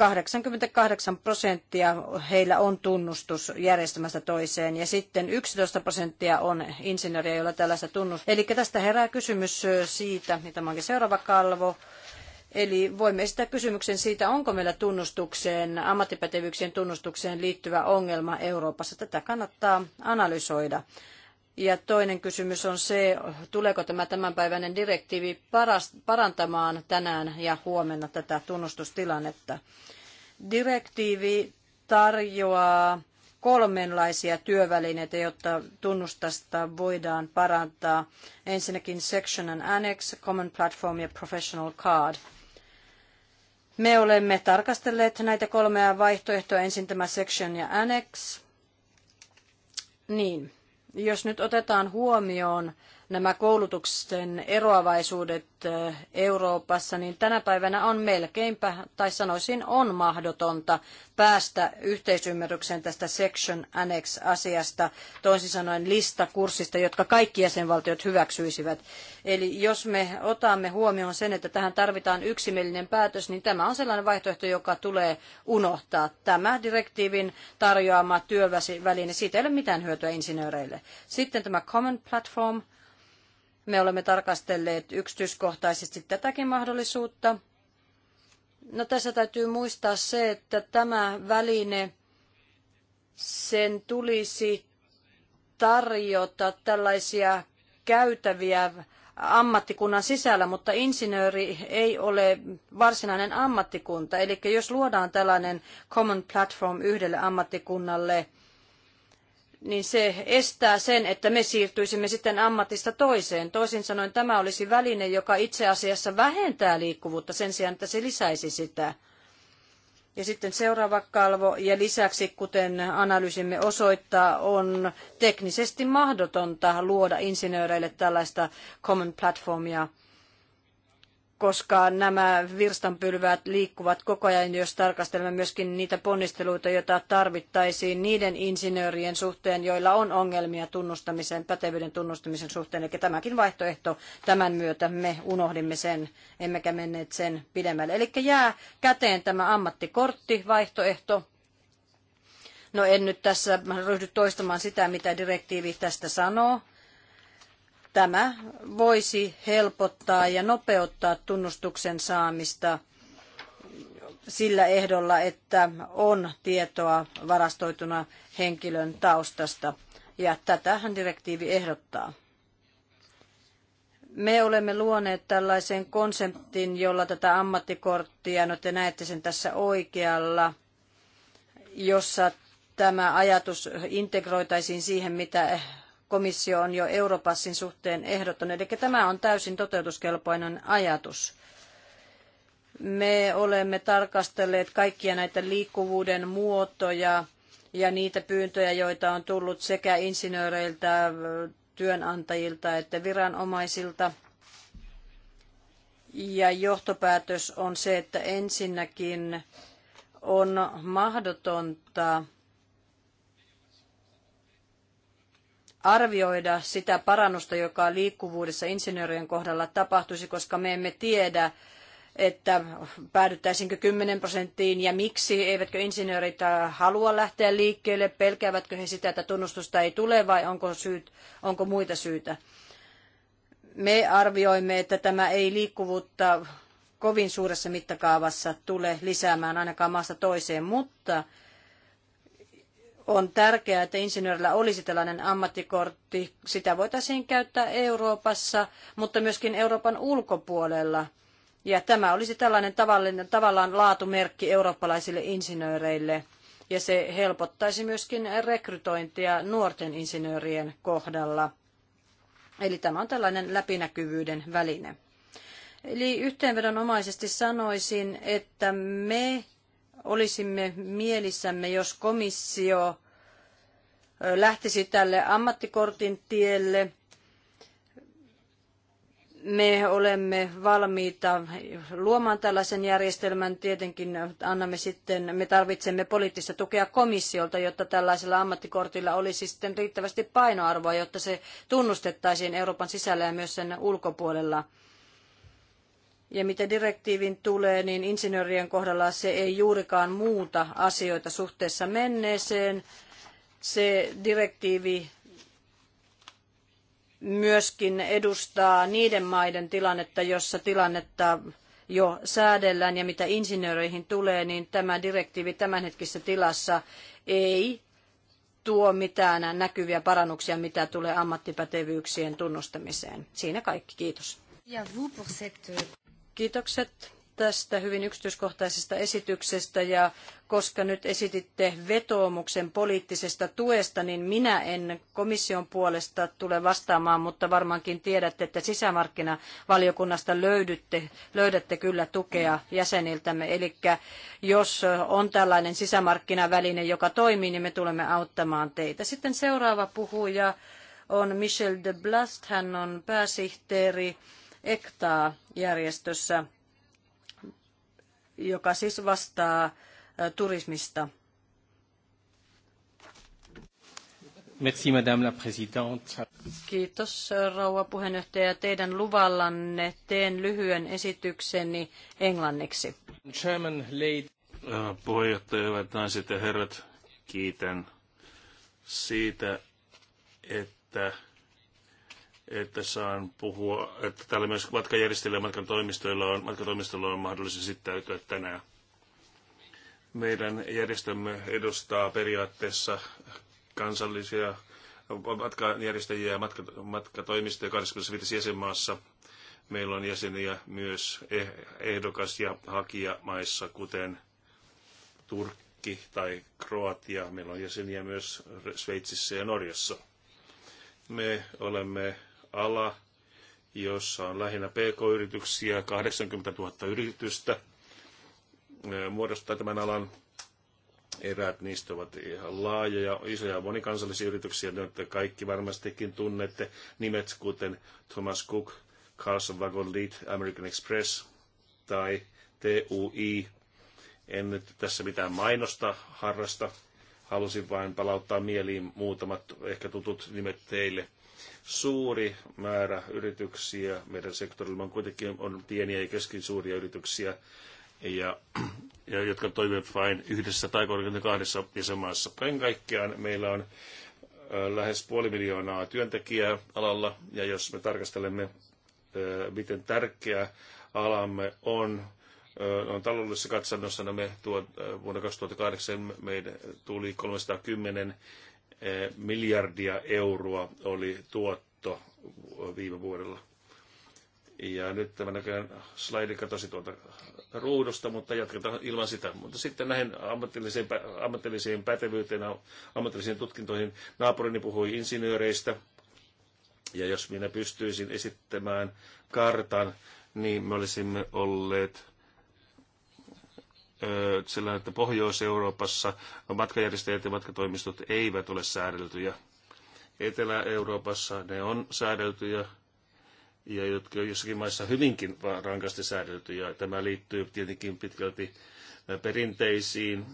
88 prosenttia heillä on tunnustus järjestelmästä toiseen ja sitten 11 prosenttia on insinööriä, joilla tällaista tunnus. Eli tästä herää kysymys siitä, ja tämä onkin seuraava kalvo, Eli voimme esittää kysymyksen siitä, onko meillä tunnustukseen, ammattipätevyyksien tunnustukseen liittyvä ongelma Euroopassa. Tätä kannattaa analysoida. Ja toinen kysymys on se, tuleeko tämä tämänpäiväinen direktiivi parantamaan tänään ja huomenna tätä tunnustustilannetta. Direktiivi tarjoaa kolmenlaisia työvälineitä, jotta tunnustasta voidaan parantaa. Ensinnäkin Section and Annex, Common Platform ja Professional Card. Me olemme tarkastelleet näitä kolmea vaihtoehtoa, ensin tämä Section ja Annex. Niin, jos nyt otetaan huomioon nämä koulutuksen eroavaisuudet Euroopassa, niin tänä päivänä on melkeinpä, tai sanoisin, on mahdotonta päästä yhteisymmärrykseen tästä Section Annex-asiasta, toisin sanoen listakurssista, jotka kaikki jäsenvaltiot hyväksyisivät. Eli jos me otamme huomioon sen, että tähän tarvitaan yksimielinen päätös, niin tämä on sellainen vaihtoehto, joka tulee unohtaa. Tämä direktiivin tarjoama työväline, siitä ei ole mitään hyötyä insinööreille. Sitten tämä Common Platform, Me olemme tarkastelleet yksityiskohtaisesti tätäkin mahdollisuutta. No tässä täytyy muistaa se, että tämä väline, sen tulisi tarjota tällaisia käytäviä ammattikunnan sisällä, mutta insinööri ei ole varsinainen ammattikunta. Eli jos luodaan tällainen common platform yhdelle ammattikunnalle, niin se estää sen, että me siirtyisimme sitten ammatista toiseen. Toisin sanoen tämä olisi väline, joka itse asiassa vähentää liikkuvuutta sen sijaan, että se lisäisi sitä. Ja sitten seuraava kalvo, ja lisäksi, kuten analyysimme osoittaa, on teknisesti mahdotonta luoda insinööreille tällaista common platformia – koska nämä virstanpylväät liikkuvat koko ajan, jos tarkastelemme myöskin niitä ponnisteluita, joita tarvittaisiin niiden insinöörien suhteen, joilla on ongelmia tunnustamisen, pätevyyden tunnustamisen suhteen. Eli tämäkin vaihtoehto tämän myötä me unohdimme sen, emmekä menneet sen pidemmälle. Eli jää käteen tämä ammattikortti vaihtoehto. No en nyt tässä ryhdy toistamaan sitä, mitä direktiivi tästä sanoo. Tämä voisi helpottaa ja nopeuttaa tunnustuksen saamista sillä ehdolla, että on tietoa varastoituna henkilön taustasta. Ja tätähän direktiivi ehdottaa. Me olemme luoneet tällaisen konseptin, jolla tätä ammattikorttia, no te näette sen tässä oikealla, jossa tämä ajatus integroitaisiin siihen, mitä komissio on jo Europassin suhteen ehdottanut. Eli tämä on täysin toteutuskelpoinen ajatus. Me olemme tarkastelleet kaikkia näitä liikkuvuuden muotoja ja niitä pyyntöjä, joita on tullut sekä insinööreiltä, työnantajilta että viranomaisilta. Ja johtopäätös on se, että ensinnäkin on mahdotonta arvioida sitä parannusta, joka liikkuvuudessa insinöörien kohdalla tapahtuisi, koska me emme tiedä, että päädyttäisinkö 10 prosenttiin ja miksi, eivätkö insinöörit halua lähteä liikkeelle, pelkäävätkö he sitä, että tunnustusta ei tule vai onko, syyt, onko muita syitä. Me arvioimme, että tämä ei liikkuvuutta kovin suuressa mittakaavassa tule lisäämään ainakaan maasta toiseen, mutta on tärkeää, että insinöörillä olisi tällainen ammattikortti. Sitä voitaisiin käyttää Euroopassa, mutta myöskin Euroopan ulkopuolella. Ja tämä olisi tällainen tavallinen, tavallaan laatumerkki eurooppalaisille insinööreille. Ja se helpottaisi myöskin rekrytointia nuorten insinöörien kohdalla. Eli tämä on tällainen läpinäkyvyyden väline. Eli yhteenvedonomaisesti sanoisin, että me olisimme mielissämme, jos komissio lähtisi tälle ammattikortin tielle. Me olemme valmiita luomaan tällaisen järjestelmän. Tietenkin annamme sitten, me tarvitsemme poliittista tukea komissiolta, jotta tällaisella ammattikortilla olisi sitten riittävästi painoarvoa, jotta se tunnustettaisiin Euroopan sisällä ja myös sen ulkopuolella Ja mitä direktiivin tulee, niin insinöörien kohdalla se ei juurikaan muuta asioita suhteessa menneeseen. Se direktiivi myöskin edustaa niiden maiden tilannetta, jossa tilannetta jo säädellään ja mitä insinööreihin tulee, niin tämä direktiivi tämänhetkisessä tilassa ei tuo mitään näkyviä parannuksia, mitä tulee ammattipätevyyksien tunnustamiseen. Siinä kaikki. Kiitos. Kiitokset tästä hyvin yksityiskohtaisesta esityksestä ja koska nyt esititte vetoomuksen poliittisesta tuesta, niin minä en komission puolesta tule vastaamaan, mutta varmaankin tiedätte, että sisämarkkinavaliokunnasta löydytte, löydätte kyllä tukea jäseniltämme. Eli jos on tällainen sisämarkkinaväline, joka toimii, niin me tulemme auttamaan teitä. Sitten seuraava puhuja on Michel de Blast, hän on pääsihteeri ECTA-järjestössä, joka siis vastaa turismista. Merci, Madame la Présidente. Kiitos, rouva puheenjohtaja. Teidän luvallanne teen lyhyen esitykseni englanniksi. Chairman, late... Puheenjohtaja, hyvät naiset ja herrat, kiitän siitä, että että saan puhua, että täällä myös matkajärjestäjillä ja matkatoimistoilla on, matkatoimistolla on mahdollisuus esittäytyä tänään. Meidän järjestömme edustaa periaatteessa kansallisia matkajärjestäjiä ja matka, matkatoimistoja 25 jäsenmaassa. Meillä on jäseniä myös eh-, ehdokas- ja hakijamaissa, kuten Turkki tai Kroatia. Meillä on jäseniä myös Sveitsissä ja Norjassa. Me olemme ala, jossa on lähinnä pk-yrityksiä, 80 000 yritystä muodostaa tämän alan. Eräät niistä ovat ihan laajoja, isoja monikansallisia yrityksiä, joita kaikki varmastikin tunnette nimet, kuten Thomas Cook, Carlson Wagon Lead, American Express tai TUI. En nyt tässä mitään mainosta harrasta, halusin vain palauttaa mieliin muutamat ehkä tutut nimet teille – suuri määrä yrityksiä. Meidän sektorilla on kuitenkin on pieniä ja keskisuuria yrityksiä, ja, ja jotka toimivat vain yhdessä tai 32 jäsenmaassa. Kaiken kaikkiaan meillä on lähes puoli miljoonaa työntekijää alalla, ja jos me tarkastelemme, miten tärkeä alamme on, on taloudellisessa katsannossa, no me tuo, vuonna 2008 meidän tuli 310 miljardia euroa oli tuotto viime vuodella. Ja nyt tämä näköjään slaidi katosi tuolta ruudusta, mutta jatketaan ilman sitä. Mutta sitten näihin ammatilliseen, ammatilliseen pätevyyteen, ammatillisiin tutkintoihin. Naapurini puhui insinööreistä. Ja jos minä pystyisin esittämään kartan, niin me olisimme olleet sillä, että Pohjois-Euroopassa matkajärjestäjät ja matkatoimistot eivät ole säädeltyjä. Etelä-Euroopassa ne on säädeltyjä ja jotka on jossakin maissa hyvinkin rankasti säädeltyjä. Tämä liittyy tietenkin pitkälti perinteisiin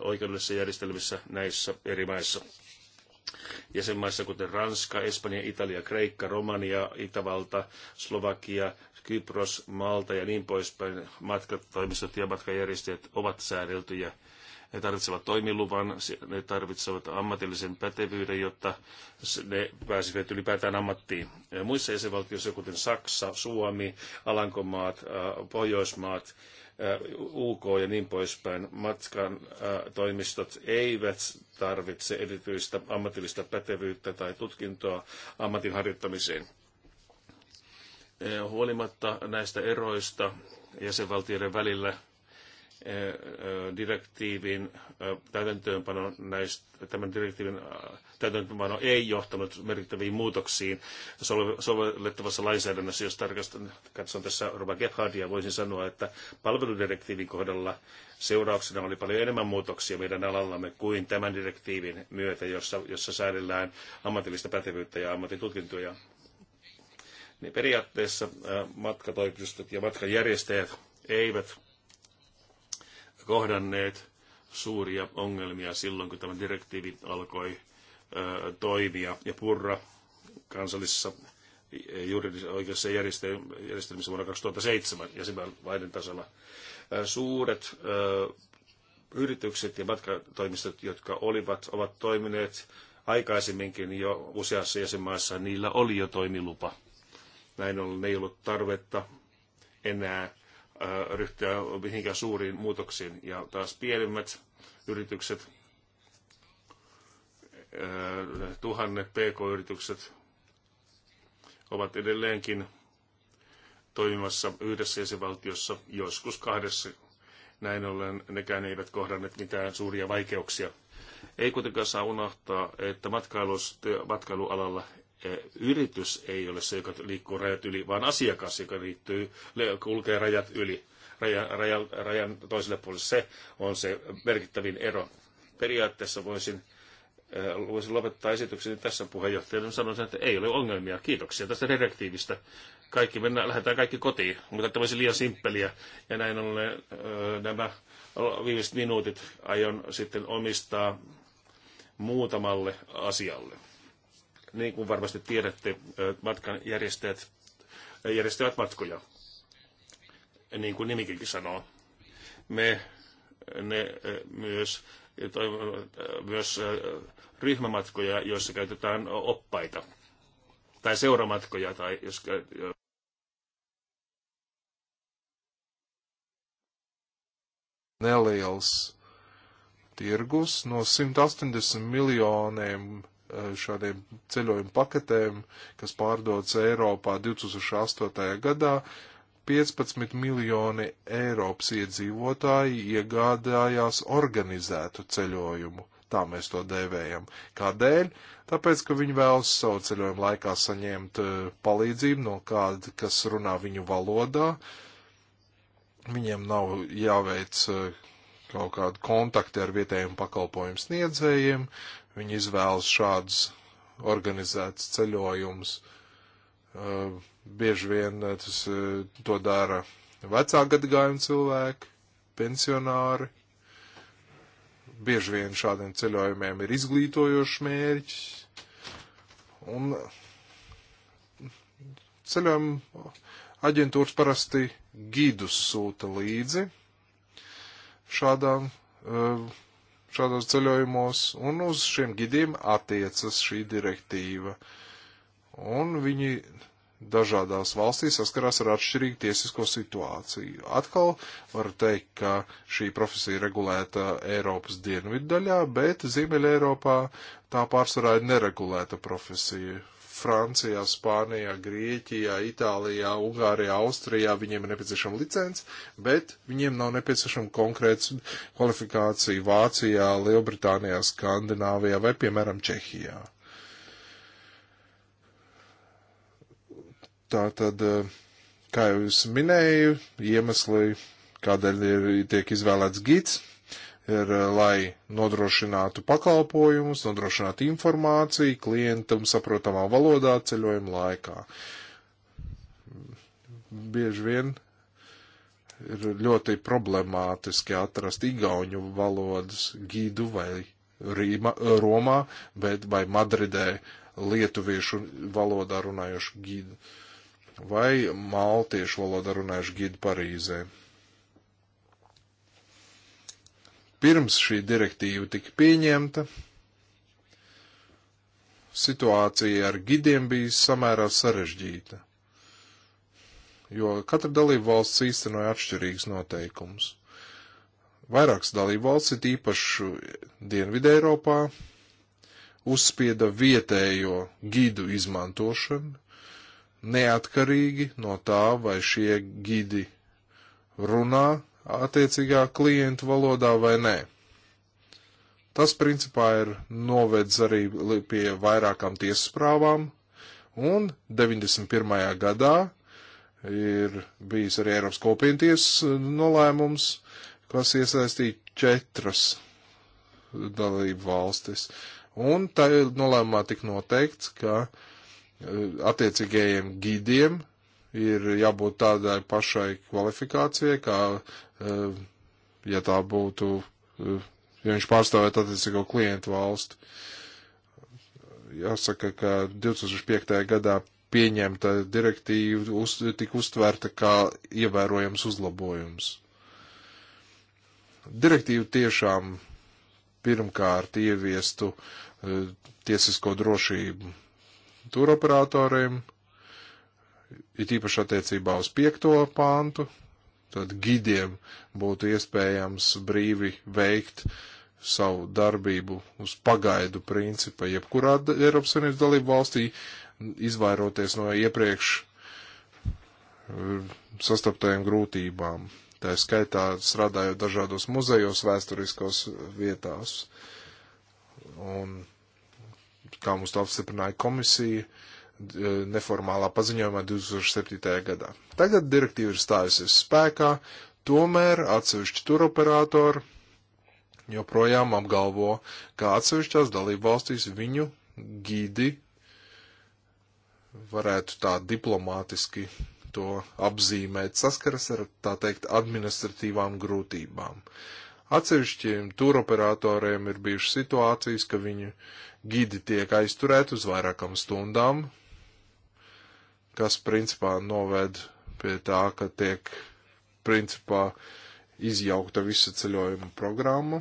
oikeudellisissa järjestelmissä näissä eri maissa. Jäsenmaissa kuten Ranska, Espanja, Italia, Kreikka, Romania, Itävalta, Slovakia, Kypros, Malta ja niin poispäin, matkatoimistot ja matkajärjestäjät ovat säädeltyjä. Ne tarvitsevat toimiluvan, ne tarvitsevat ammatillisen pätevyyden, jotta ne pääsivät ylipäätään ammattiin. Ja muissa jäsenvaltioissa, kuten Saksa, Suomi, Alankomaat, Pohjoismaat, UK ja niin poispäin, matkan toimistot eivät tarvitse erityistä ammatillista pätevyyttä tai tutkintoa ammatin harjoittamiseen. Huolimatta näistä eroista jäsenvaltioiden välillä direktiivin täytäntöönpano näistä, tämän direktiivin täytäntöönpano ei johtanut merkittäviin muutoksiin sovellettavassa lainsäädännössä, jos tarkastan, katson tässä Rova Gebhardia, voisin sanoa, että palveludirektiivin kohdalla seurauksena oli paljon enemmän muutoksia meidän alallamme kuin tämän direktiivin myötä, jossa, jossa säädellään ammatillista pätevyyttä ja ammattitutkintoja niin periaatteessa matkatoimistot ja matkajärjestäjät eivät kohdanneet suuria ongelmia silloin, kun tämä direktiivi alkoi toimia ja purra kansallisessa juridisessa oikeudessa järjestelmissä vuonna 2007 jäsenmaiden tasolla. Suuret yritykset ja matkatoimistot, jotka olivat, ovat toimineet aikaisemminkin jo useassa jäsenmaassa, niillä oli jo toimilupa Näin ollen ei ollut tarvetta enää ryhtyä mihinkään suuriin muutoksiin. Ja taas pienimmät yritykset, tuhannet pk-yritykset ovat edelleenkin toimimassa yhdessä jäsenvaltiossa, joskus kahdessa. Näin ollen nekään eivät kohdanneet mitään suuria vaikeuksia. Ei kuitenkaan saa unohtaa, että matkailualalla yritys ei ole se, joka liikkuu rajat yli, vaan asiakas, joka liittyy, kulkee rajat yli, rajan, rajan, rajan toiselle puolelle. Se on se merkittävin ero. Periaatteessa voisin, voisin lopettaa esitykseni tässä puheenjohtajana sanoisin, että ei ole ongelmia. Kiitoksia tästä direktiivistä. Kaikki mennään, lähdetään kaikki kotiin, mutta tämä olisi liian simppeliä. Ja näin ollen nämä viimeiset minuutit aion sitten omistaa muutamalle asialle niin kuin varmasti tiedätte, matkan järjestäjät järjestävät matkoja, niin kuin nimikin sanoo. Me ne myös, myös ryhmämatkoja, joissa käytetään oppaita, tai seuramatkoja, tai jos neliels tirgus no 180 miljoniem Eh, šādiem ceļojumu paketēm, kas pārdodas Eiropā 2008. gadā, 15 miljoni Eiropas iedzīvotāji iegādājās organizētu ceļojumu. Tā mēs to dēvējam. Kādēļ? Tāpēc, ka viņi vēlas savu ceļojumu laikā saņemt eh, palīdzību no kāda, kas runā viņu valodā. Viņiem nav jāveic eh, kaut kādu kontakti ar vietējiem pakalpojumu sniedzējiem, viņi izvēlas šādus organizētus ceļojumus. Uh, bieži vien uh, tas, uh, to dara vecāku gadagājumu cilvēki, pensionāri. Bieži vien šādiem ceļojumiem ir izglītojošs mērķis. Un ceļojumu aģentūras parasti gidus sūta līdzi šādām uh, šādos ceļojumos, un uz šiem gidiem attiecas šī direktīva. Un viņi dažādās valstīs saskarās ar atšķirīgu tiesisko situāciju. Atkal var teikt, ka šī profesija ir regulēta Eiropas dienvidu daļā, bet Ziemeļa Eiropā tā pārsvarā ir neregulēta profesija. Francijā, Spānijā, Grieķijā, Itālijā, Ungārijā, Austrijā viņiem ir nepieciešama licence, bet viņiem nav nepieciešama konkrēts kvalifikācija Vācijā, Lielbritānijā, Skandināvijā vai, piemēram, Čehijā. Tā tad, eh, kā jau es minēju, iemesli, kādēļ ir tiek izvēlēts gids, ir, eh, lai nodrošinātu pakalpojumus, nodrošinātu informāciju klientam saprotamā valodā ceļojuma laikā. Bieži vien ir ļoti problemātiski atrast igauņu valodas gidu vai Rīma, Romā, bet vai Madridē lietuviešu valodā runājošu gidu vai maltiešu valodā runājuši gidi Parīzē. pirms šī direktīva tika pieņemta, situācija ar gidiem bija samērā sarežģīta, jo katra dalība valsts īstenoja atšķirīgus noteikumus. Vairākas dalība valsts, it īpaši Dienvidē Eiropā, uzspieda vietējo gidu izmantošanu, neatkarīgi no tā, vai šie gidi runā attiecīgā klientu valodā vai nē. Tas principā ir novedz arī pie vairākām tiesasprāvām, un 91. gadā ir bijis arī Eiropas kopienties eh, nolēmums, kas iesaistīja četras dalību valstis. Un tā nolēmumā tik noteikts, ka eh, attiecīgajiem gidiem ir jābūt tādai pašai kvalifikācijai, kā, e, ja tā būtu, e, ja viņš pārstāvētu attiecīgo klientu valstu. Jāsaka, ka 2005. gadā pieņemta direktīva uz, tika uztvērta kā ievērojams uzlabojums. Direktīva tiešām pirmkārt ieviestu e, tiesisko drošību turperatoriem, it īpaši attiecībā uz piekto pāntu, tad gidiem būtu iespējams brīvi veikt savu darbību uz pagaidu principa, jebkurā Eiropas Savienības dalību valstī, izvairoties no iepriekš eh, sastaptajām grūtībām. Tā skaitā strādājot dažādos muzejos, vēsturiskos vietās. Un kā mums to apstiprināja komisija, uh, E, neformālā paziņojumā 2007. gadā. Tagad direktīva ir stājusies spēkā, tomēr atsevišķi turoperatori joprojām apgalvo, ka atsevišķās dalību valstīs viņu gidi varētu tā diplomātiski to apzīmēt, saskaras ar, tā teikt, administratīvām grūtībām. Atsevišķiem turoperatoriem ir bijušas situācijas, ka viņu gidi tiek aizturēti uz vairākām stundām, kas principā noved pie tā, ka tiek principā izjaukta visa ceļojuma programma,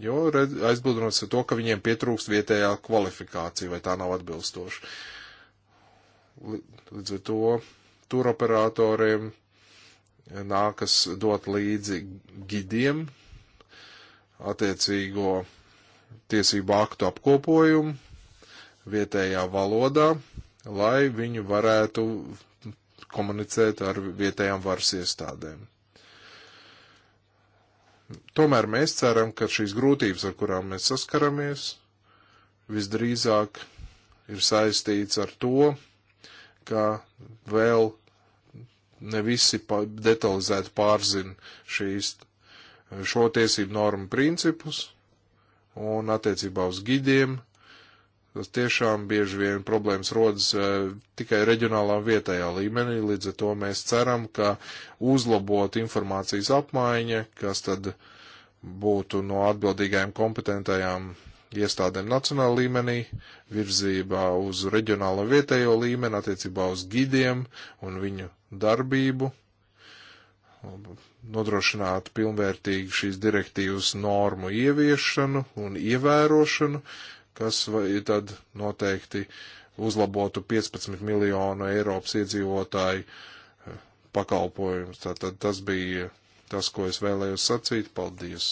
jo aizbildinoties ar to, ka viņiem pietrūkst vietējā kvalifikācija vai tā nav atbilstoša. Līdz ar to turoperatoriem nākas dot līdzi gidiem attiecīgo tiesību aktu apkopojumu vietējā valodā, lai viņi varētu komunicēt ar vietējām varas iestādēm. Tomēr mēs ceram, ka šīs grūtības, ar kurām mēs saskaramies, visdrīzāk ir saistīts ar to, ka vēl ne visi detalizēti pārzina šīs, šo tiesību normu principus, un attiecībā uz gidiem Tas tiešām bieži vien problēmas rodas e, tikai reģionālā un vietējā līmenī, līdz ar to mēs ceram, ka uzlabot informācijas apmaiņa, kas tad būtu no atbildīgajām kompetentajām iestādēm nacionāla līmenī, virzībā uz reģionālo vietējo līmeni, attiecībā uz gidiem un viņu darbību, nodrošināt pilnvērtīgu šīs direktīvas normu ieviešanu un ievērošanu, kas tad noteikti uzlabotu 15 miljonu Eiropas iedzīvotāju eh, pakalpojumus. Tātad tas bija tas, ko es vēlējos sacīt. Paldies!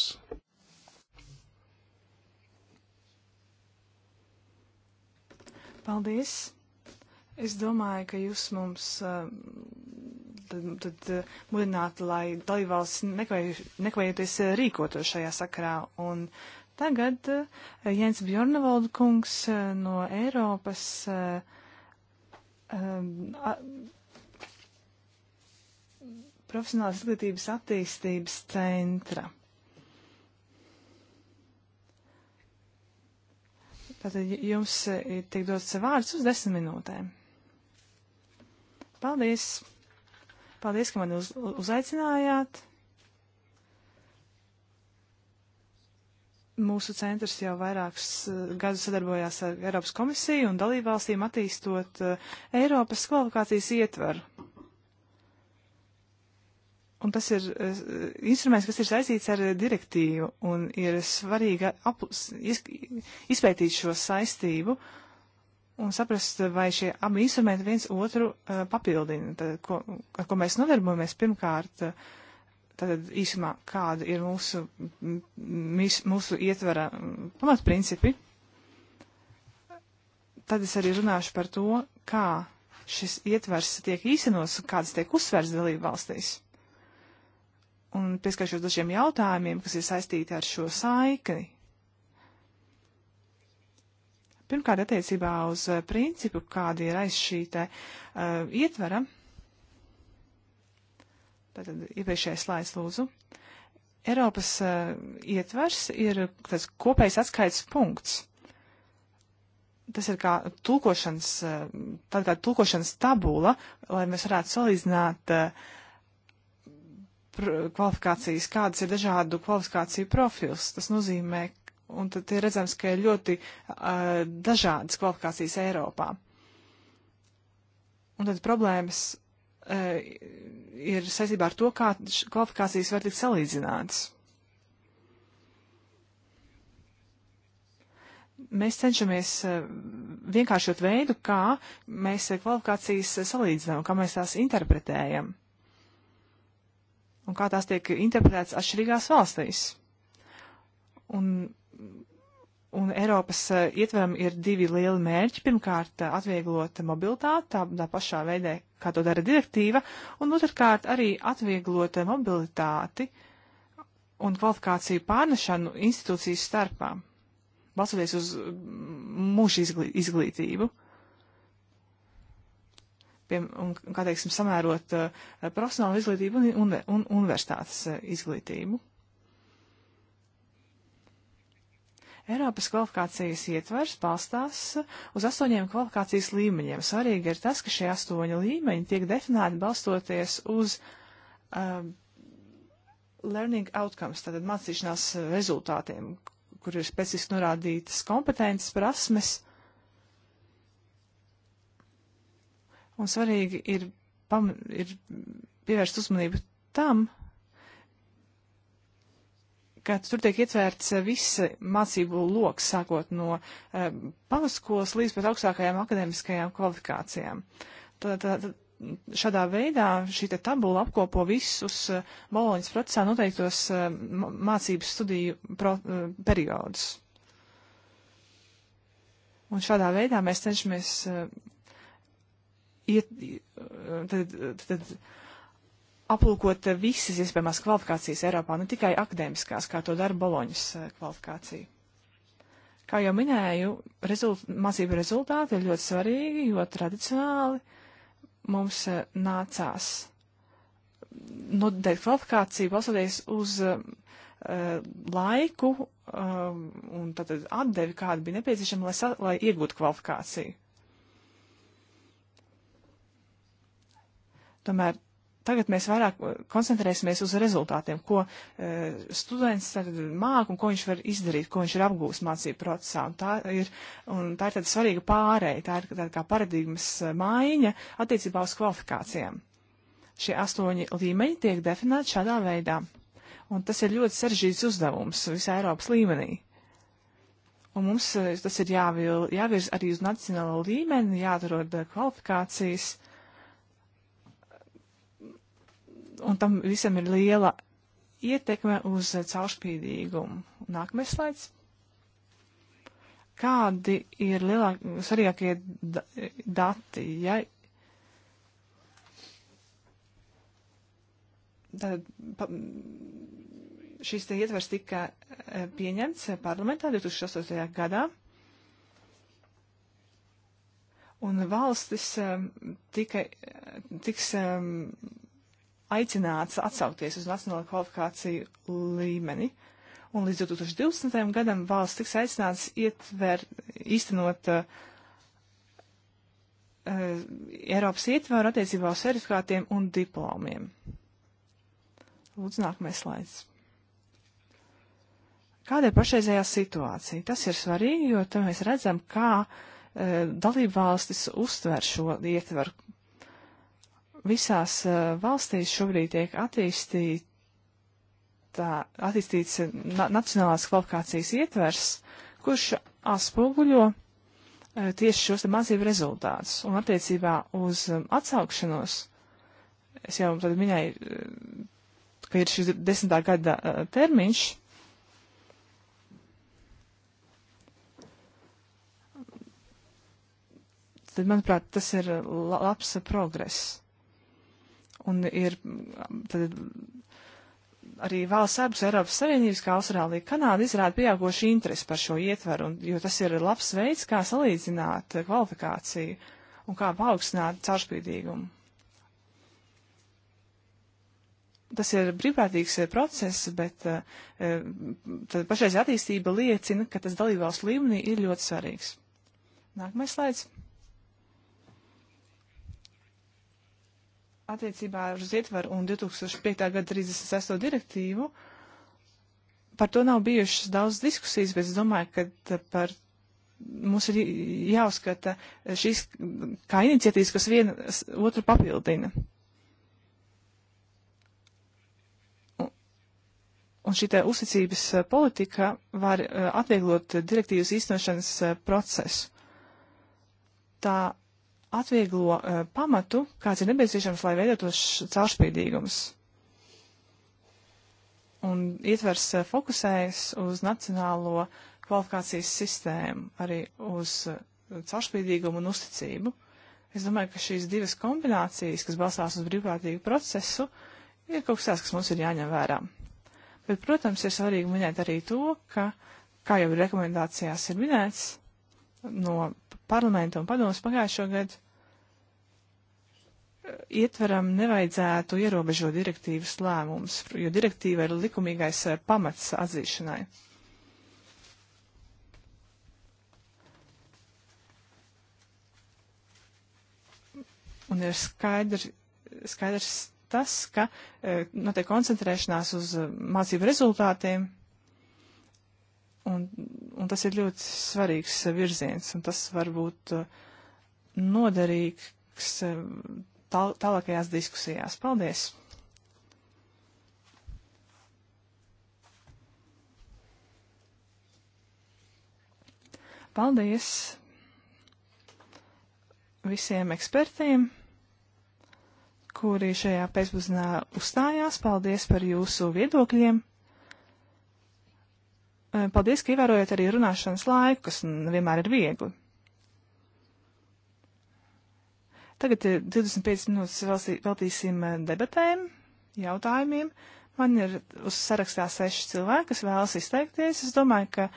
Paldies! Es domāju, ka jūs mums uh, tad, tad uh, mudināt, lai dalībvalsts nekvējoties rīkotos šajā sakarā un Tagad eh, Jens Bjornevalda kungs eh, no Eiropas eh, profesionālās izglītības attīstības centra. Tātad jums tiek dots vārds uz desmit minūtēm. Paldies! Paldies, ka mani uz, uzaicinājāt! Mūsu centrs jau vairākus eh, gadus sadarbojās ar Eiropas komisiju un dalībvalstīm attīstot eh, Eiropas kvalifikācijas ietvaru. Un tas ir eh, instruments, kas ir saistīts ar direktīvu un ir svarīgi izpētīt šo saistību un saprast, vai šie abi instrumenti viens otru papildina. Tad, ko, ar ko mēs nodarbojamies pirmkārt? Uh, Tad īsumā, kāda ir mūsu, mis, mūsu ietvara mm, pamatprincipi, tad es arī runāšu par to, kā šis ietvers tiek īstenos un kādas tiek uzsvērts dalību valstīs. Un pieskaršos dažiem jautājumiem, kas ir saistīti ar šo saikni. Pirmkārt, attiecībā uz eh, principu, kāda ir aiz šī te uh, ietvera. Tātad iepriekšējais slaids lūdzu. Eiropas uh, eh, ietvers ir tāds kopējs atskaits punkts. Tas ir kā tulkošanas, uh, tāda kā tulkošanas tabula, lai mēs varētu salīdzināt uh, kvalifikācijas, kādas ir dažādu kvalifikāciju profils. Tas nozīmē, un tad ir redzams, ka ir ļoti uh, dažādas kvalifikācijas Eiropā. Un tad problēmas Eh, ir saistībā ar to, kā kvalifikācijas var tikt salīdzinātas. Mēs cenšamies eh, vienkāršot veidu, kā mēs eh, kvalifikācijas salīdzinām, kā mēs tās interpretējam un kā tās tiek interpretētas atšķirīgās valstīs. Un Un Eiropas uh, ietveram ir divi lieli mērķi. Pirmkārt, uh, atvieglot mobilitāti tā, tā pašā veidē, kā to dara direktīva, un otrkārt arī atvieglot eh, mobilitāti un kvalifikāciju pārnešanu institūcijas starpā, balsoties uz mm, mūža izglī, izglītību. Piem, un, kā teiksim, samērot uh, profesionālu izglītību un, un, un universitātes izglītību. Eiropas kvalifikācijas ietvers balstās uz astoņiem kvalifikācijas līmeņiem. Svarīgi ir tas, ka šie astoņi līmeņi tiek definēti balstoties uz um, learning outcomes, tātad mācīšanās rezultātiem, kur ir specifiski norādītas kompetences, prasmes. Un svarīgi ir, pam, ir pievērst uzmanību tam, ka tur tiek ietverts eh, viss mācību loks, sākot no uh, eh, pamatskolas līdz pat augstākajām akadēmiskajām kvalifikācijām. Tad, tad, šādā veidā šī tabula apkopo visus uh, Boloņas procesā noteiktos uh, mācību studiju pro, periodus. Un šādā veidā mēs cenšamies iet, tad, tad, tad aplūkot visas iespējamās kvalifikācijas Eiropā, ne tikai akadēmiskās, kā to dara Boloņas eh, kvalifikācija. Kā jau minēju, rezult, mācību rezultāti ir ļoti svarīgi, jo tradicionāli mums eh, nācās nodēt kvalifikāciju balsoties uz uh, laiku uh, un tātad atdevi, kāda bija nepieciešama, lai, sa, lai iegūtu kvalifikāciju. Tomēr Tagad mēs vairāk eh, koncentrēsimies uz rezultātiem, ko uh, students māk un ko viņš var izdarīt, ko viņš ir apgūst mācību procesā. Un tā ir, un tā ir tāda svarīga pārēja, tā ir tāda kā paradigmas eh, maiņa attiecībā uz kvalifikācijām. Šie astoņi līmeņi tiek definēti šādā veidā. Un tas ir ļoti sarežģīts uzdevums visā Eiropas līmenī. Un mums tas ir jāvil, jāvirz arī uz nacionālo līmeni, jāatrod kvalifikācijas. Uh, un tam visam ir liela ietekme uz caurspīdīgumu. Nākamais slaids. Kādi ir lielāk, svarīgākie da dati? Ja? Tad, pa, šis te ietvers tika e, pieņemts parlamentā 2008. gadā. Un valstis e, tika, e, tiks aicināts atsaukties uz nacionālo kvalifikāciju līmeni. Un līdz 2020. gadam valsts tiks aicināts ietver, īstenot uh, uh, Eiropas ietvaru attiecībā uz certifikātiem un diplomiem. Lūdzu, nākamais slaids. Kāda ir pašreizējā situācija? Tas ir svarīgi, jo mēs redzam, kā e, uh, dalībvalstis uztver šo ietvaru, visās eh, valstīs šobrīd tiek attīstīta, attīstīts eh, na nacionālās kvalifikācijas ietvers, kurš atspoguļo eh, tieši šos mācību rezultātus. Un attiecībā uz atsaukšanos, es jau tad minēju, ka ir šis desmitā gada termiņš, tad, manuprāt, tas ir labs progress un ir um, tad, arī valsts ārpus Eiropas Savienības, kā Austrālija, Kanāda, izrāda pieaugošu interesi par šo ietveru, un, jo tas ir labs veids, kā salīdzināt kvalifikāciju un kā paaugstināt caurspīdīgumu. Tas ir brīvprātīgs eh, process, bet eh, eh, pašreiz attīstība liecina, ka tas dalībvalsts līmenī ir ļoti svarīgs. Nākamais slaids. attiecībā uz ietvaru un 2005. gada 36. direktīvu. Par to nav bijušas daudz diskusijas, bet es domāju, ka uh, par mums ir jāuzskata šīs kā iniciatīvas, kas viena otru papildina. Un, un šī uzticības uh, politika var uh, atvieglot direktīvas īstenošanas procesu. Tā atvieglo uh, pamatu, kāds ir nepieciešams, lai veidotos caurspīdīgums. Un ietvers uh, fokusējas uz nacionālo kvalifikācijas sistēmu, arī uz uh, caurspīdīgumu un uzticību. Es domāju, ka šīs divas kombinācijas, kas balstās uz brīvprātīgu procesu, ir kaut kas tāds, kas mums ir jāņem vērā. Bet, protams, ir svarīgi minēt arī to, ka, kā jau rekomendācijās ir minēts, no parlamenta un padomas pagājušo gadu eh, ietveram nevajadzētu ierobežot direktīvas lēmumus, jo direktīva ir likumīgais eh, pamats atzīšanai. Un ir skaidrs, skaidrs tas, ka eh, notiek koncentrēšanās uz mācību rezultātiem, un un tas ir ļoti svarīgs virziens, un tas var būt uh, noderīgs uh, tāl tālākajās diskusijās. Paldies! Paldies visiem ekspertiem, kuri šajā pēcpusdienā uzstājās. Paldies par jūsu viedokļiem! Eh, paldies, ka ievērojat arī runāšanas laiku, kas vienmēr ir viegli. Tagad 25 eh, minūtes veltīsim eh, debatēm, jautājumiem. Man ir uz sarakstā seši cilvēki, kas vēlas izteikties. Es domāju, ka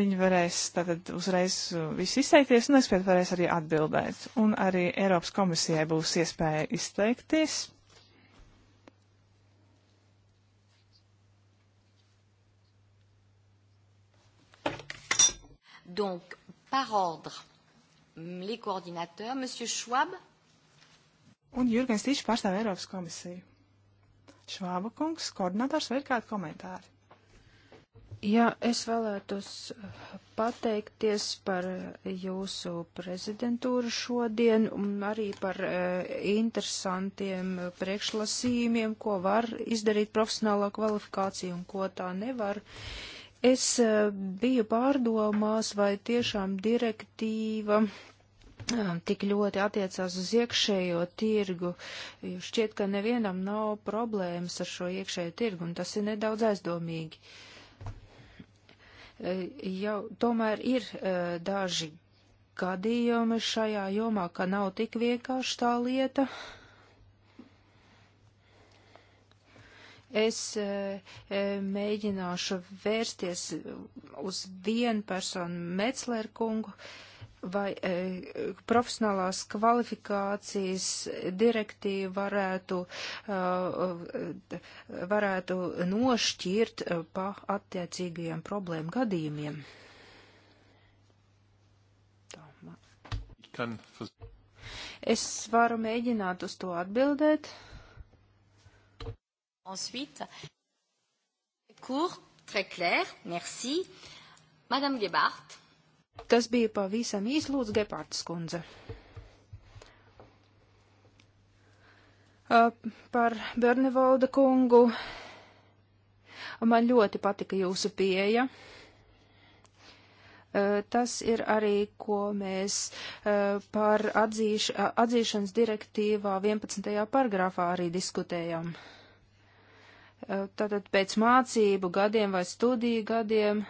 viņi varēs tātad uzreiz visu izteikties un es pēc varēs arī atbildēt. Un arī Eiropas komisijai būs iespēja izteikties Donc, par ordre, mm, les coordinateurs, M. Schwab. Un Jurgens Tīšs pārstāv Eiropas komisiju. Švāba kungs, koordinators, vai ir kādi komentāri? Jā, es vēlētos eh, pateikties par eh, jūsu prezidentūru šodien un arī par e, interesantiem priekšlasījumiem, ko var izdarīt profesionālā kvalifikācija un ko tā nevar. E, Es eh, biju pārdomās, vai tiešām direktīva eh, tik ļoti attiecās uz iekšējo tirgu. Šķiet, ka nevienam nav problēmas ar šo iekšējo tirgu, un tas ir nedaudz aizdomīgi. Eh, jau tomēr ir daži gadījumi šajā jomā, ka nav tik vienkārši tā lieta. Uh, Es e, e, mēģināšu vērsties uz vienu personu Metzler kungu vai e, profesionālās kvalifikācijas direktīva varētu, e, e, varētu nošķirt pa attiecīgajiem problēmu gadījumiem. Es varu mēģināt uz to atbildēt. Ensuite, court, très clair, merci. Madame Gebhardt. Tas bija pavisam īslūdz Gebhārtas kundze. Uh, par Bernevalda kungu. Man ļoti patika jūsu pieeja. Uh, tas ir arī, ko mēs uh, par atzīš, atzīšanas direktīvā 11. paragrāfā arī diskutējam. Uh, Eh, tātad pēc mācību gadiem vai studiju gadiem,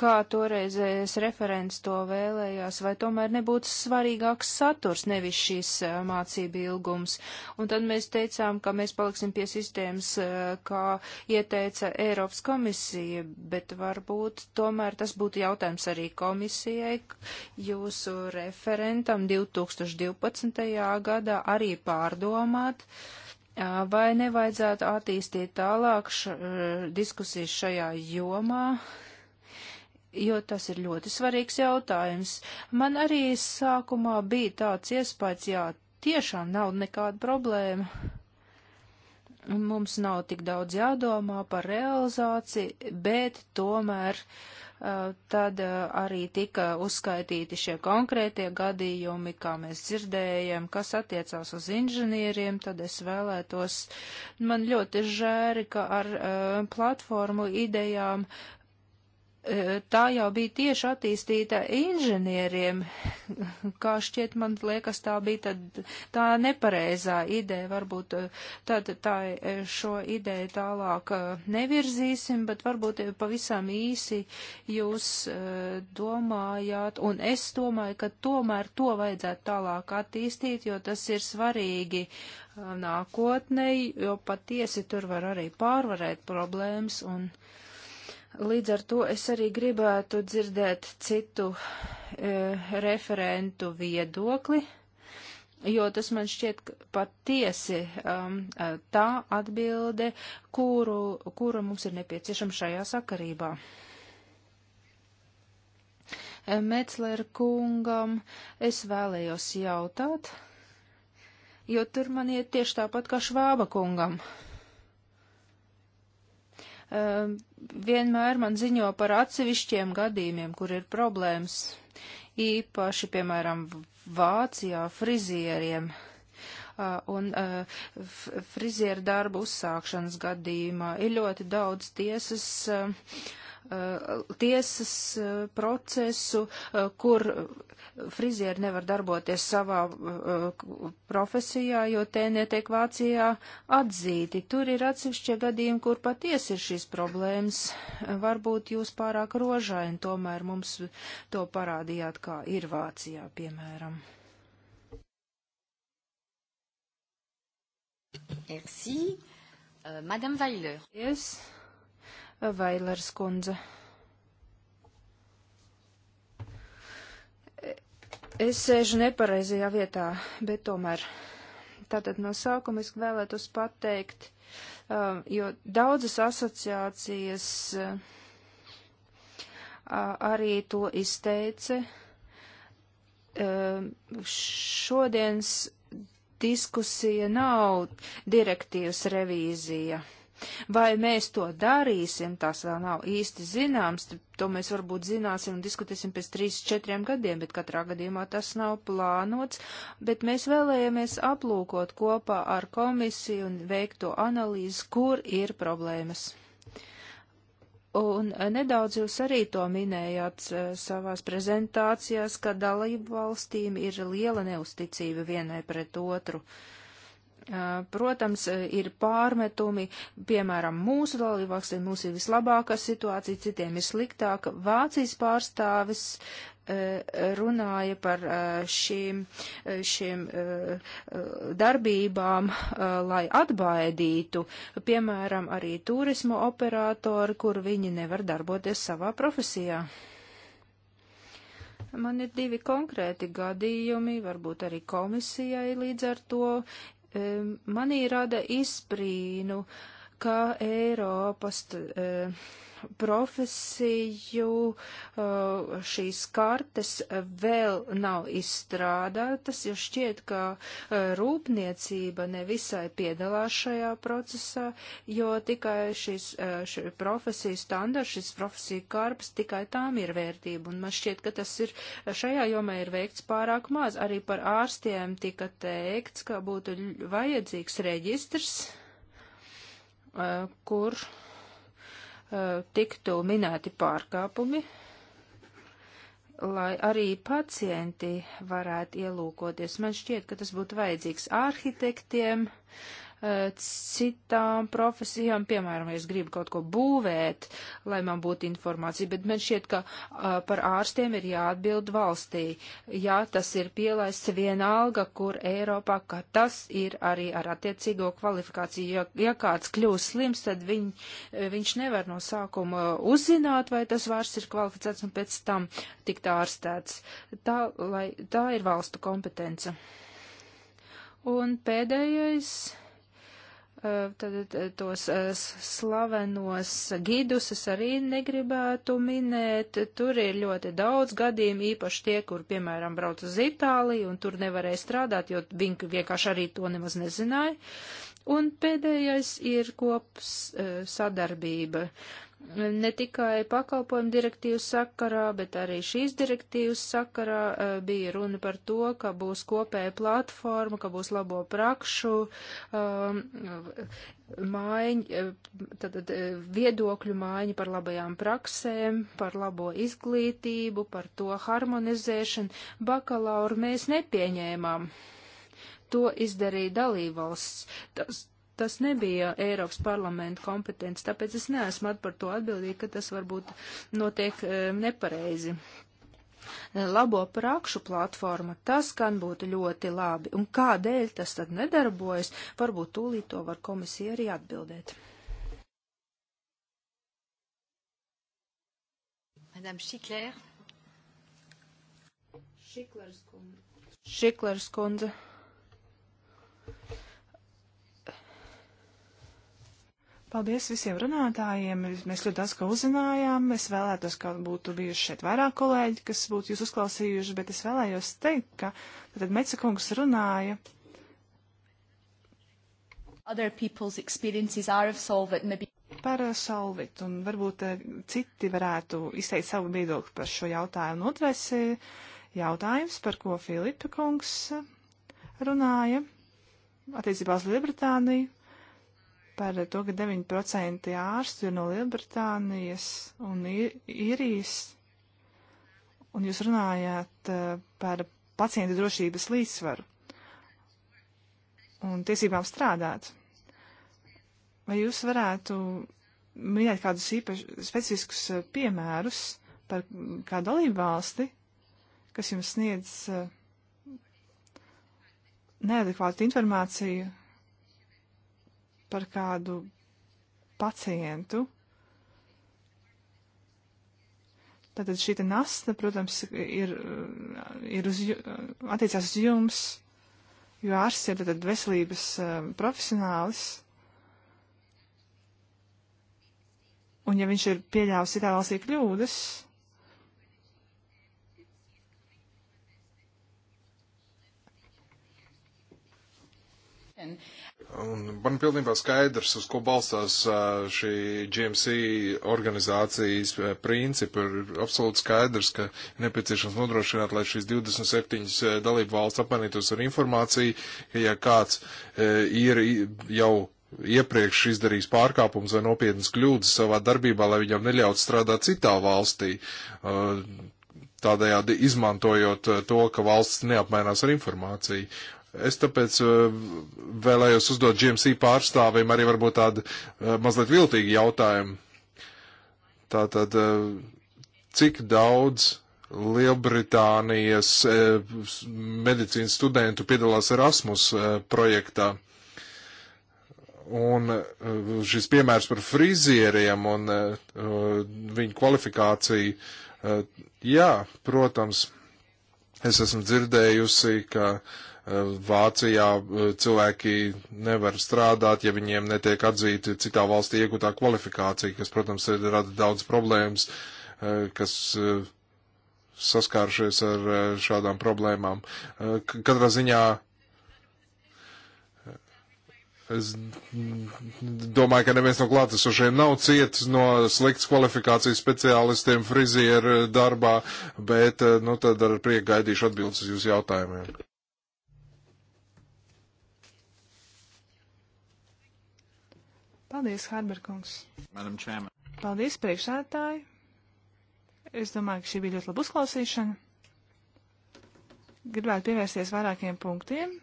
kā toreizējais referents to vēlējās, vai tomēr nebūtu svarīgāks saturs, nevis šīs eh, mācību ilgums. Un tad mēs teicām, ka mēs paliksim pie sistēmas, eh, kā ieteica Eiropas komisija, bet varbūt tomēr tas būtu jautājums arī komisijai, jūsu referentam 2012. gadā arī pārdomāt. Uh, Vai nevajadzētu attīstīt tālāk š, diskusijas šajā jomā, jo tas ir ļoti svarīgs jautājums. Man arī sākumā bija tāds iespējas, jā, tiešām nav nekāda problēma. Mums nav tik daudz jādomā par realizāciju, bet tomēr uh, Eh, tad eh, arī tika uzskaitīti šie konkrētie gadījumi, kā mēs dzirdējam, kas attiecās uz inženieriem, tad es vēlētos, man ļoti žēri, ka ar eh, platformu idejām E, tā jau bija tieši attīstīta inženieriem, kā šķiet man liekas, tā bija tad tā nepareizā ideja, varbūt e, tad tā e, šo ideju tālāk nevirzīsim, bet varbūt pavisam īsi jūs domājāt, un es domāju, ka tomēr to vajadzētu tālāk attīstīt, jo tas ir svarīgi nākotnei, jo patiesi tur var arī pārvarēt problēmas un. Uh, Līdz ar to es arī gribētu dzirdēt citu e, referentu viedokli, jo tas man šķiet patiesi um, e, tā atbilde, kuru, kura mums ir nepieciešama šajā sakarībā. E, Metzler kungam es vēlējos jautāt, jo tur man iet tieši tāpat kā Švāba kungam. Uh, Ehm, vienmēr man ziņo par atsevišķiem gadījumiem, kur ir problēmas, īpaši, piemēram, Vācijā frizieriem un frizieru darbu uzsākšanas gadījumā ir ļoti daudz tiesas Eh, tiesas eh, procesu, eh, kur frizieri nevar darboties savā profesijā, jo tie netiek Vācijā atzīti. Tur ir atsevišķie gadījumi, kur patiesi ir šīs problēmas. Varbūt jūs pārāk rožaini, tomēr mums to parādījāt, kā ir Vācijā, piemēram. Merci. Uh, Madame Weiler. Yes. Vailers kundze. Es sēžu nepareizajā vietā, bet tomēr. Tātad no sākuma es vēlētos pateikt, um, jo daudzas asociācijas uh, arī to izteica. Um, šodienas diskusija nav direktīvas revīzija. Vai mēs to darīsim, tas vēl nav īsti zināms, to mēs varbūt zināsim un diskutēsim pēc 3-4 gadiem, bet katrā gadījumā tas nav plānots, bet mēs vēlējamies aplūkot kopā ar komisiju un veikto analīzi, kur ir problēmas. Un nedaudz jūs arī to minējāt eh, savās prezentācijās, ka dalību valstīm ir liela neusticība vienai pret otru. Uh, Eh, protams, eh, ir pārmetumi, piemēram, mūsu dalībvalstīm mums ir vislabākā situācija, citiem ir sliktāka. Vācijas pārstāvis eh, runāja par šīm, šīm darbībām, lai atbaidītu, piemēram, arī turismu operātori, kur viņi nevar darboties savā profesijā. Man ir divi konkrēti gadījumi, varbūt arī komisijai līdz ar to manī rada izbrīnu, kā Eiropas profesiju uh, šīs kartes vēl nav izstrādātas, jo šķiet, ka uh, rūpniecība nevisai piedalās šajā procesā, jo tikai šis, uh, šī profesija standarts, šis profesija karps, tikai tām ir vērtība. Un man šķiet, ka tas ir šajā jomā ir veikts pārāk maz. Arī par ārstiem tika teikts, ka būtu vajadzīgs reģistrs, kur Eh, tiktu minēti pārkāpumi, lai arī pacienti varētu ielūkoties. Man šķiet, ka tas būtu vajadzīgs arhitektiem, Eh, citām profesijām, piemēram, ja es gribu kaut ko būvēt, lai man būtu informācija, bet man šķiet, ka uh, par ārstiem ir jāatbild valstī. Jā, tas ir pielaists vienalga, kur Eiropā, ka tas ir arī ar attiecīgo kvalifikāciju. Ja, ja kāds kļūst slims, tad viņ, eh, viņš nevar no sākuma uzzināt, vai tas vārsts ir kvalificēts un pēc tam tikt ārstēts. Tā, lai, tā ir valstu kompetence. Un pēdējais Eh, tad eh, tos eh, slavenos gidus es arī negribētu minēt. Tur ir ļoti daudz gadījumu, īpaši tie, kur, piemēram, brauc uz Itāliju un tur nevarēja strādāt, jo viņi vienkārši arī to nemaz nezināja. Un pēdējais ir kops sadarbība. Uh, ne tikai pakalpojumu direktīvas sakarā, bet arī šīs direktīvas sakarā e, bija runa par to, ka būs kopēja platforma, ka būs labo prakšu um, e, maiņa, e, tad, tad viedokļu maiņa par labajām praksēm, par labo izglītību, par to harmonizēšanu. Bakalauru mēs nepieņēmām to izdarīja dalībvalsts. Tas, tas nebija Eiropas parlamenta kompetence, tāpēc es neesmu par to atbildīgi, ka tas varbūt notiek e, nepareizi. Labo prakšu platforma, tas gan būtu ļoti labi, un kādēļ tas tad nedarbojas, varbūt tūlīt to var komisija arī atbildēt. Madame Šikler. Šiklers kundze. Šiklers kundze. Paldies visiem runātājiem. Mēs ļoti daudz ko uzzinājām. Es vēlētos, ka būtu bijuši šeit vairāk kolēģi, kas būtu jūs uzklausījuši, bet es vēlējos teikt, ka tad Mecakungs runāja. Solvit, maybe... Par uh, Solvit, un varbūt uh, citi varētu izteikt savu viedokli par šo jautājumu. Otrais uh, jautājums, par ko Filipa kungs runāja attiecībā uz Lielbritāniju par to, ka 9% ārstu ir no Lielbritānijas un īrijas, un jūs runājāt uh, par pacientu drošības līdzsvaru un tiesībām strādāt. Vai jūs varētu minēt kādus īpašus specifiskus uh, piemērus par kādu dalību valsti, kas jums sniedz uh, neadekvātu informāciju par kādu pacientu. Tātad šī nasta, protams, ir, ir uz, attiecās uz jums, jo ārsts ir tātad veselības um, profesionālis. Un ja viņš ir pieļāvis citā valstī kļūdas, And Un man pilnībā skaidrs, uz ko balstās šī GMC organizācijas principi. Ir absolūti skaidrs, ka nepieciešams nodrošināt, lai šīs 27 dalību valsts apmainītos ar informāciju, ka ja kāds ir jau iepriekš izdarījis pārkāpums vai nopietnas kļūdas savā darbībā, lai viņam neļaut strādāt citā valstī, tādējādi izmantojot to, ka valsts neapmainās ar informāciju. Es tāpēc e, vēlējos uzdot GMC pārstāvim arī varbūt tādu e, mazliet viltīgu jautājumu. Tātad, e, cik daudz Lielbritānijas medicīnas studentu piedalās Erasmus projektā? Un šis piemērs par frizieriem un viņu kvalifikāciju, jā, protams, es esmu dzirdējusi, ka uh, Vācijā eh, cilvēki nevar strādāt, ja viņiem netiek atzīta citā valstī iegūtā kvalifikācija, kas, protams, rada daudz problēmas, eh, kas eh, saskārušies ar šādām problēmām. Katrā ziņā Es domāju, ka neviens no klātesošiem nav cietis no sliktas kvalifikācijas speciālistiem frizieru darbā, bet nu, tad ar prieku gaidīšu atbildes uz jūsu jautājumiem. Paldies, Hārberkungs. Paldies, priekšsētāji. Es domāju, ka šī bija ļoti laba uzklausīšana. Gribētu pievērsties vairākiem punktiem,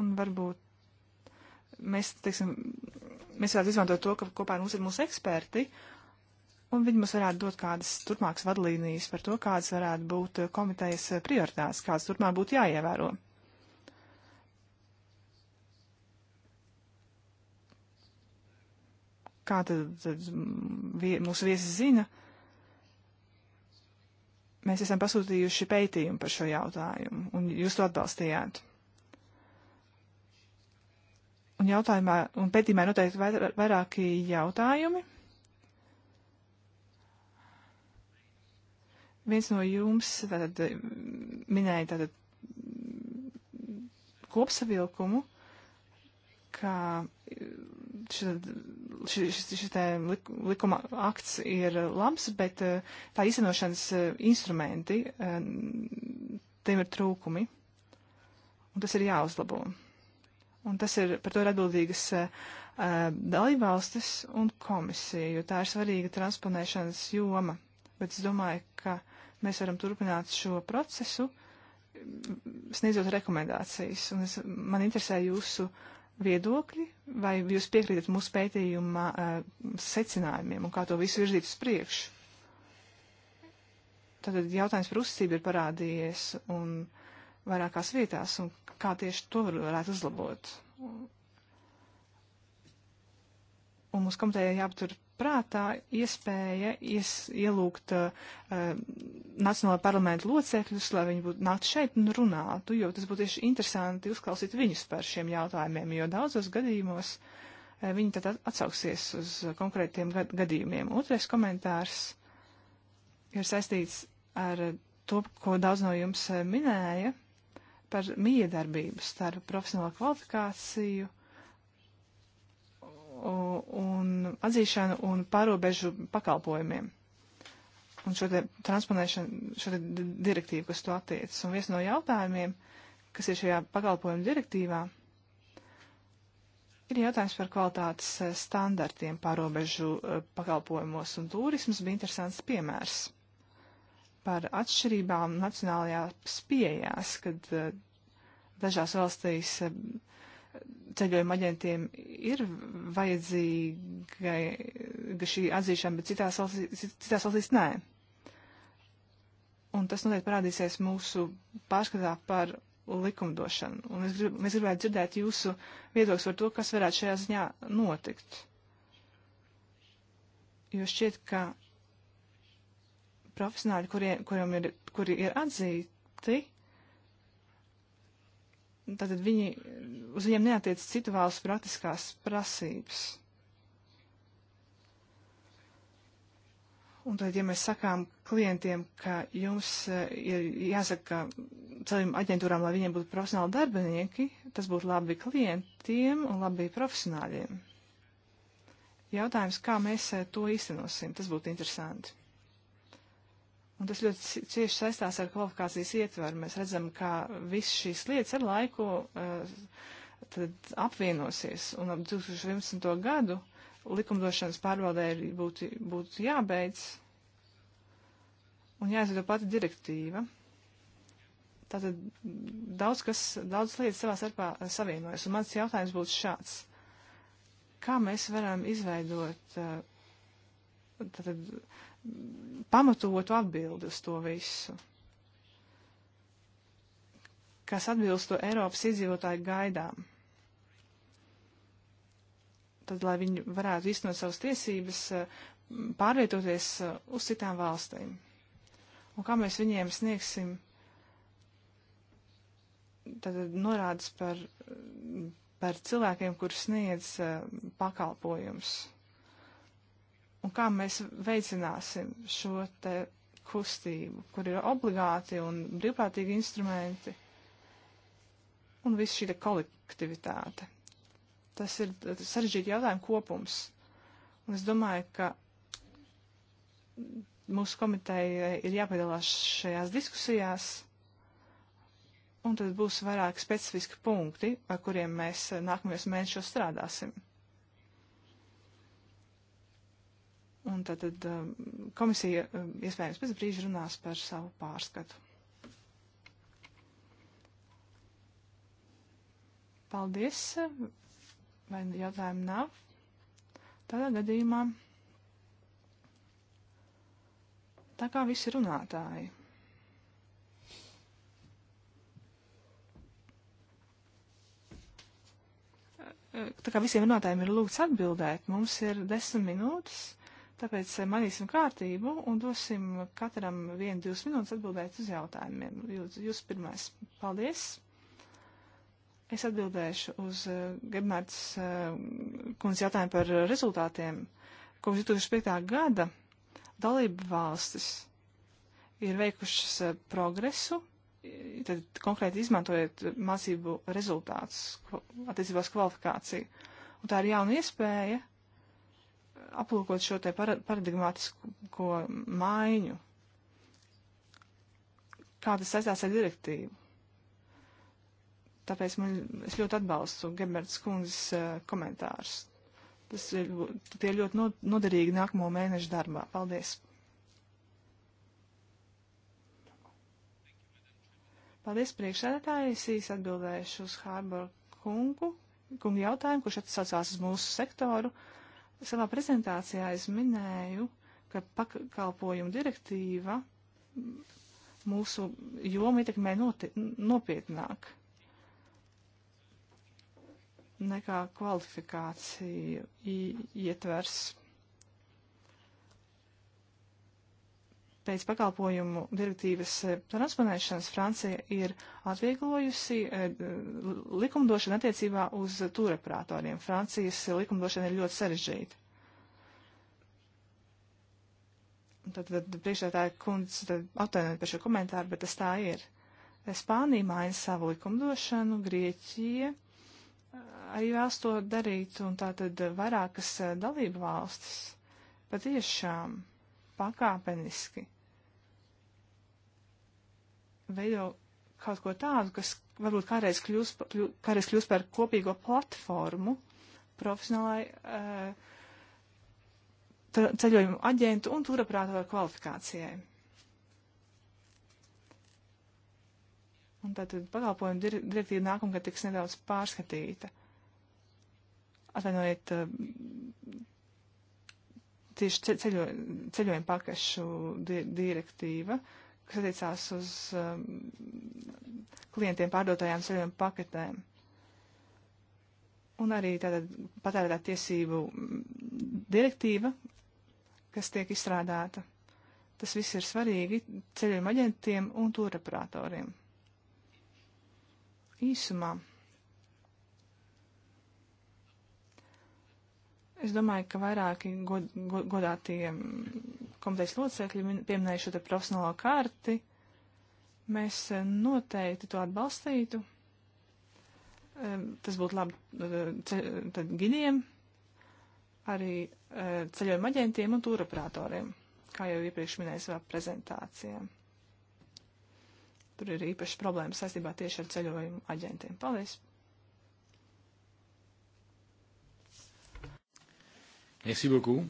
un varbūt mēs, teiksim, mēs varētu izmantot to, ka kopā ar mums ir mūsu eksperti, un viņi mums varētu dot kādas turpmākas vadlīnijas par to, kādas varētu būt komitejas prioritātes, kādas turpmāk būtu jāievēro. kā tad, tad mm, vie, mūsu viesi zina, mēs esam pasūtījuši pētījumu par šo jautājumu, un jūs to atbalstījāt. Un jautājumā, un pētījumā noteikti vairāki jautājumi. Viens no jums tad, minēja tātad kopsavilkumu, ka šis, šis likuma akts ir labs, bet eh, tā īstenošanas eh, instrumenti, eh, tiem ir trūkumi. Un tas ir jāuzlabo. Un tas ir par to ir atbildīgas dalībvalstis un komisija, jo tā ir svarīga transponēšanas joma. Bet es domāju, ka mēs varam turpināt šo procesu, sniedzot rekomendācijas. Un es, man interesē jūsu uh, viedokļi, vai jūs piekrītat mūsu pētījuma uh, secinājumiem un kā to visu virzīt uz priekšu? Tātad jautājums par uzticību ir parādījies un vairākās vietās, un kā tieši to var, varētu uzlabot. Un mums komitējai jāaptur prātā iespēja ies, ielūgt uh, eh, Nacionālā parlamenta locekļus, lai viņi būtu nākt šeit un runātu, jo tas būtu tieši interesanti uzklausīt viņus par šiem jautājumiem, jo daudzos gadījumos uh, viņi tad atsauksies uz konkrētiem gad gadījumiem. Otrais komentārs ir saistīts ar to, ko daudz no jums eh, minēja par miedarbību starp profesionālo kvalifikāciju un atzīšanu un pārobežu pakalpojumiem. Un šo te transponēšanu, šo te direktīvu, kas to attiecas. Un viens no jautājumiem, kas ir šajā pakalpojuma direktīvā, ir jautājums par kvalitātes eh, standartiem pārobežu eh, pakalpojumos, un turisms bija interesants piemērs par atšķirībām nacionālajās pieejās, kad eh, dažās valstīs ceļojuma aģentiem ir vajadzīga šī atzīšana, bet citās valstīs, citās valstīs nē. Un tas noteikti parādīsies mūsu pārskatā par likumdošanu. Un es grib, mēs gribētu dzirdēt jūsu viedoklis par to, kas varētu šajā ziņā notikt. Jo šķiet, ka profesionāļi, kuriem, kuriem ir, kuri ir atzīti, Tātad viņi, uz viņiem neatiec citu valstu praktiskās prasības. Un tad, ja mēs sakām klientiem, ka jums e, ir jāsaka ceļojuma aģentūrām, lai viņiem būtu profesionāli darbinieki, tas būtu labi klientiem un labi profesionāļiem. Jautājums, kā mēs e, to īstenosim, tas būtu interesanti. Un tas ļoti cieši saistās ar kvalifikācijas ietvaru. Mēs redzam, ka viss šīs lietas ar laiku uh, tad apvienosies. Un ap 2011. gadu likumdošanas pārvaldē ir būtu, būtu jābeidz un jāizveido pati direktīva. Tātad daudz, kas, daudz lietas savā starpā savienojas. Un mans jautājums būtu šāds. Kā mēs varam izveidot uh, tātad, uh, pamatotu atbildi uz to visu, kas atbilstu Eiropas iedzīvotāju gaidām. Tad, lai viņi varētu iznot savas tiesības, eh, pārvietoties eh, uz citām valstīm. Un kā mēs viņiem sniegsim tad norādes par, eh, par cilvēkiem, kur sniedz pakalpojums un kā mēs veicināsim šo te kustību, kur ir obligāti un brīvprātīgi instrumenti un viss šī kolektivitāte. Tas ir sarežģīti jautājumu kopums. Un es domāju, ka mūsu komiteja ir jāpiedalās šajās diskusijās, un tad būs vairāk specifiski punkti, ar kuriem mēs nākamajos mēnešos strādāsim. Un tad, tad eh, komisija eh, iespējams pēc brīža runās par savu pārskatu. Paldies, vai jautājumu nav? Tādā gadījumā tā kā visi runātāji. Eh, tā kā visiem runātājiem ir lūgts atbildēt, mums ir desmit minūtes Tāpēc eh, mainīsim kārtību un dosim katram vienu, divas minūtes atbildēt uz jautājumiem. Jūs, jūs pirmais. Paldies! Es atbildēšu uz uh, eh, Gebmērts uh, eh, kundzes jautājumu par rezultātiem. Kopš 2005. gada dalību valstis ir veikušas uh, progresu, tad konkrēti izmantojot mācību rezultātus attiecībās kvalifikāciju. Un tā ir jauna iespēja aplūkot šo te paradigmātisko maiņu, kā tas saistās ar direktīvu. Tāpēc man, es ļoti atbalstu Geberts kundzes uh, komentārus. Tas ir, tie ir ļoti no, noderīgi nākamo mēnešu darbā. Paldies! Paldies priekšsēdētāji, es īsi atbildēšu uz Hārboru kungu, kungu jautājumu, kurš atsaucās uz mūsu sektoru. Uh, Savā prezentācijā es minēju, ka pakalpojumu direktīva mūsu jomu ietekmē nopietnāk nekā kvalifikācija ietvers pēc pakalpojumu direktīvas eh, transponēšanas Francija ir atvieglojusi eh, likumdošanu attiecībā uz turoperatoriem. Francijas likumdošana ir ļoti sarežģīta. Tad, tad priekšētāja kundze atvainojiet par šo komentāru, bet tas tā ir. Spānija maina savu likumdošanu, Grieķija eh, arī vēlas to darīt, un tā tad vairākas dalību valstis patiešām pakāpeniski veido kaut ko tādu, kas varbūt kādreiz kļūs, kļū, kādreiz kļūs par kopīgo platformu profesionālai uh, ceļojumu aģentu un turaprātoru kvalifikācijai. Un tātad pakalpojumu dir direktīva nākamgad tiks nedaudz pārskatīta. Atvainojiet, uh, tieši ceļo, ceļojuma pakašu di direktīva. Uh, kas attiecās uz um, klientiem pārdotajām ceļojuma paketēm. Un arī tātad patērētā tiesību direktīva, kas tiek izstrādāta. Tas viss ir svarīgi ceļojuma aģentiem un tur operatoriem. Īsumā. Es domāju, ka vairāki god, god, godātie mm, komitejas locekļi pieminēja šo te profesionālo karti, mēs e, noteikti to atbalstītu. E, tas būtu labi e, tad gidiem, arī ceļojuma aģentiem un tūroperatoriem, kā jau iepriekš minēju savā prezentācijā. Tur ir īpašas problēmas saistībā tieši ar ceļojumu aģentiem. Paldies! Merci beaucoup.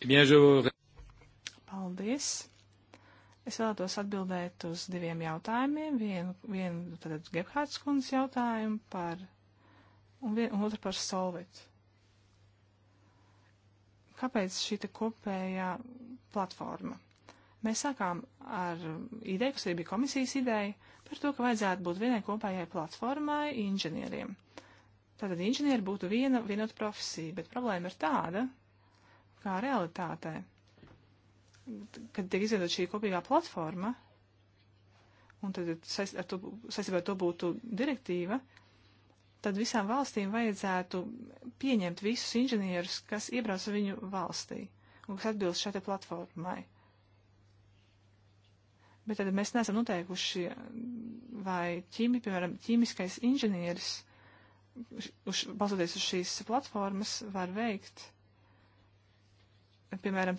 Eh bien, je vous... Paldies! Es vēlētos atbildēt uz diviem jautājumiem. Vienu, vienu tad Gebhārds kundzes jautājumu par, un, vien, un otru par Solvit. Kāpēc šī te kopējā platforma? Mēs sākām ar ideju, kas arī bija komisijas ideja, par to, ka vajadzētu būt vienai kopējai platformai inženieriem. Tātad inženieri būtu viena vienota profesija, bet problēma ir tāda, kā realitātē kad tiek izveidot šī kopīgā platforma, un tad saistībā ar to būtu direktīva, tad visām valstīm vajadzētu pieņemt visus inženierus, kas iebrauc viņu valstī un kas atbilst šai platformai. Bet tad mēs neesam noteikuši, vai ķīmi, piemēram, ķīmiskais inženieris, uz, balstoties uz šīs platformas, var veikt piemēram,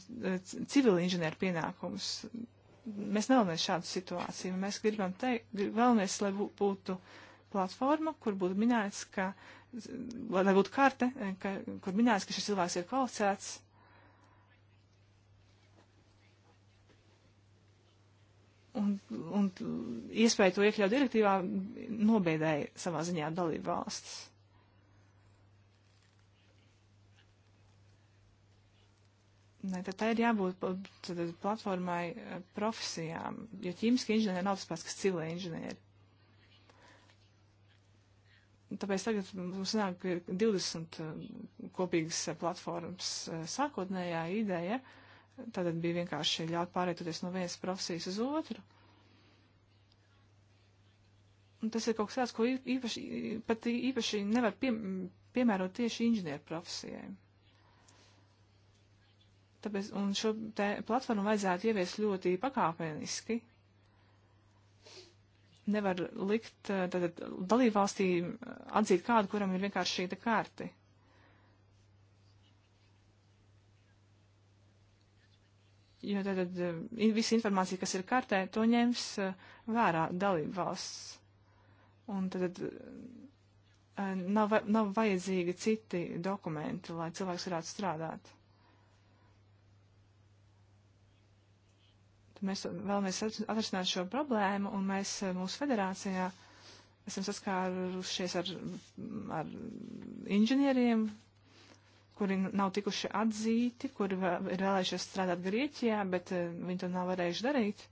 civili inženieru pienākumus. Mēs nevēlamies šādu situāciju. Mēs gribam teikt, vēlamies, lai būtu platforma, kur būtu minēts, ka, lai būtu karte, ka, kur minēts, ka šis cilvēks ir kvalificēts. Un, un iespēja to iekļaut direktīvā nobēdēja savā ziņā dalību valsts. Ne, tad tā ir jābūt tad, platformai eh, profesijām, jo ķīmiski inženieri nav tas pats, kas civili inženieri. Tāpēc tagad mums nāk 20 eh, kopīgas eh, platformas sākotnējā ideja. Tātad bija vienkārši ļaut pārvietoties no vienas profesijas uz otru. Un tas ir kaut kas tāds, ko īpaši, pat īpaši nevar pie, piemērot tieši inženieru profesijai. Tāpēc, un šo platformu vajadzētu ieviest ļoti pakāpeniski. Nevar likt tātad, eh, dalībvalstī atzīt kādu, kuram ir vienkārši šī karte. Jo tātad eh, visa informācija, kas ir kartē, to ņems eh, vērā dalībvalsts. Un tad nav, nav vajadzīgi citi dokumenti, lai cilvēks varētu strādāt. Mēs vēlamies atrisināt šo problēmu, un mēs eh, mūsu federācijā esam saskārušies ar, ar inženieriem, kuri nav tikuši atzīti, kuri vēl, ir vēlējušies strādāt Grieķijā, bet eh, viņi to nav varējuši darīt.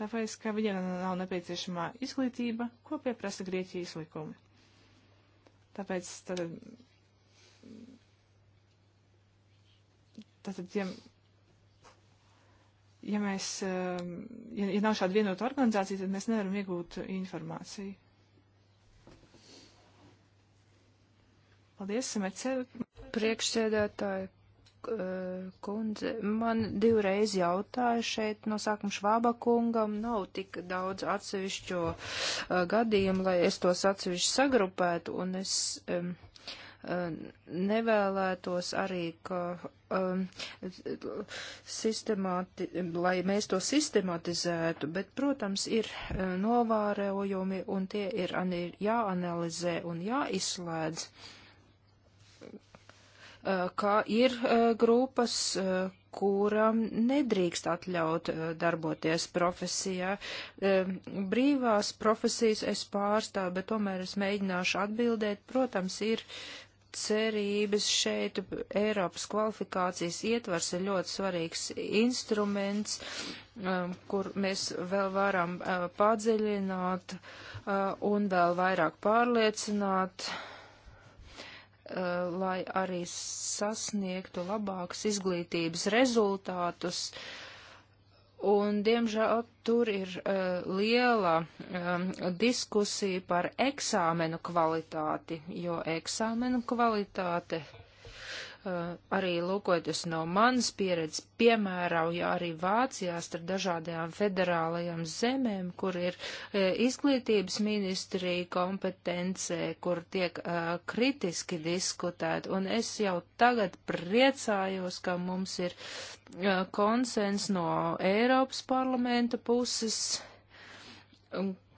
Tāpēc, ka viņiem nav nepieciešamā izglītība, ko pieprasa Grieķijas likumi. Tāpēc, tad, tātad, ja ja mēs, ehm, ja, ja nav šāda vienota organizācija, tad mēs nevaram iegūt informāciju. Paldies, Mecel. Priekšsēdētāji, eh, kundze, man divreiz jautāja šeit no sākuma Švāba kungam, nav tik daudz atsevišķo eh, gadījumu, lai es tos atsevišķi sagrupētu, un es. Um, nevēlētos arī, ka um, sistemāti, lai mēs to sistematizētu, bet, protams, ir novērojumi un tie ir arī jāanalizē un jāizslēdz ka ir grupas, kuram nedrīkst atļaut darboties profesijā. Brīvās profesijas es pārstāvu, bet tomēr es mēģināšu atbildēt. Protams, ir cerības šeit Eiropas kvalifikācijas ietvars ir ļoti svarīgs instruments, um, kur mēs vēl varam uh, padziļināt uh, un vēl vairāk pārliecināt, uh, lai arī sasniegtu labākus izglītības rezultātus. Uh, Un, diemžēl, tur ir uh, liela um, diskusija par eksāmenu kvalitāti, jo eksāmenu kvalitāte Eh, arī lūkoties no manas pieredzes, piemēram, ja arī Vācijā starp dažādajām federālajām zemēm, kur ir eh, izglītības ministrija kompetence, kur tiek eh, kritiski diskutēt, un es jau tagad priecājos, ka mums ir konsens no Eiropas parlamenta puses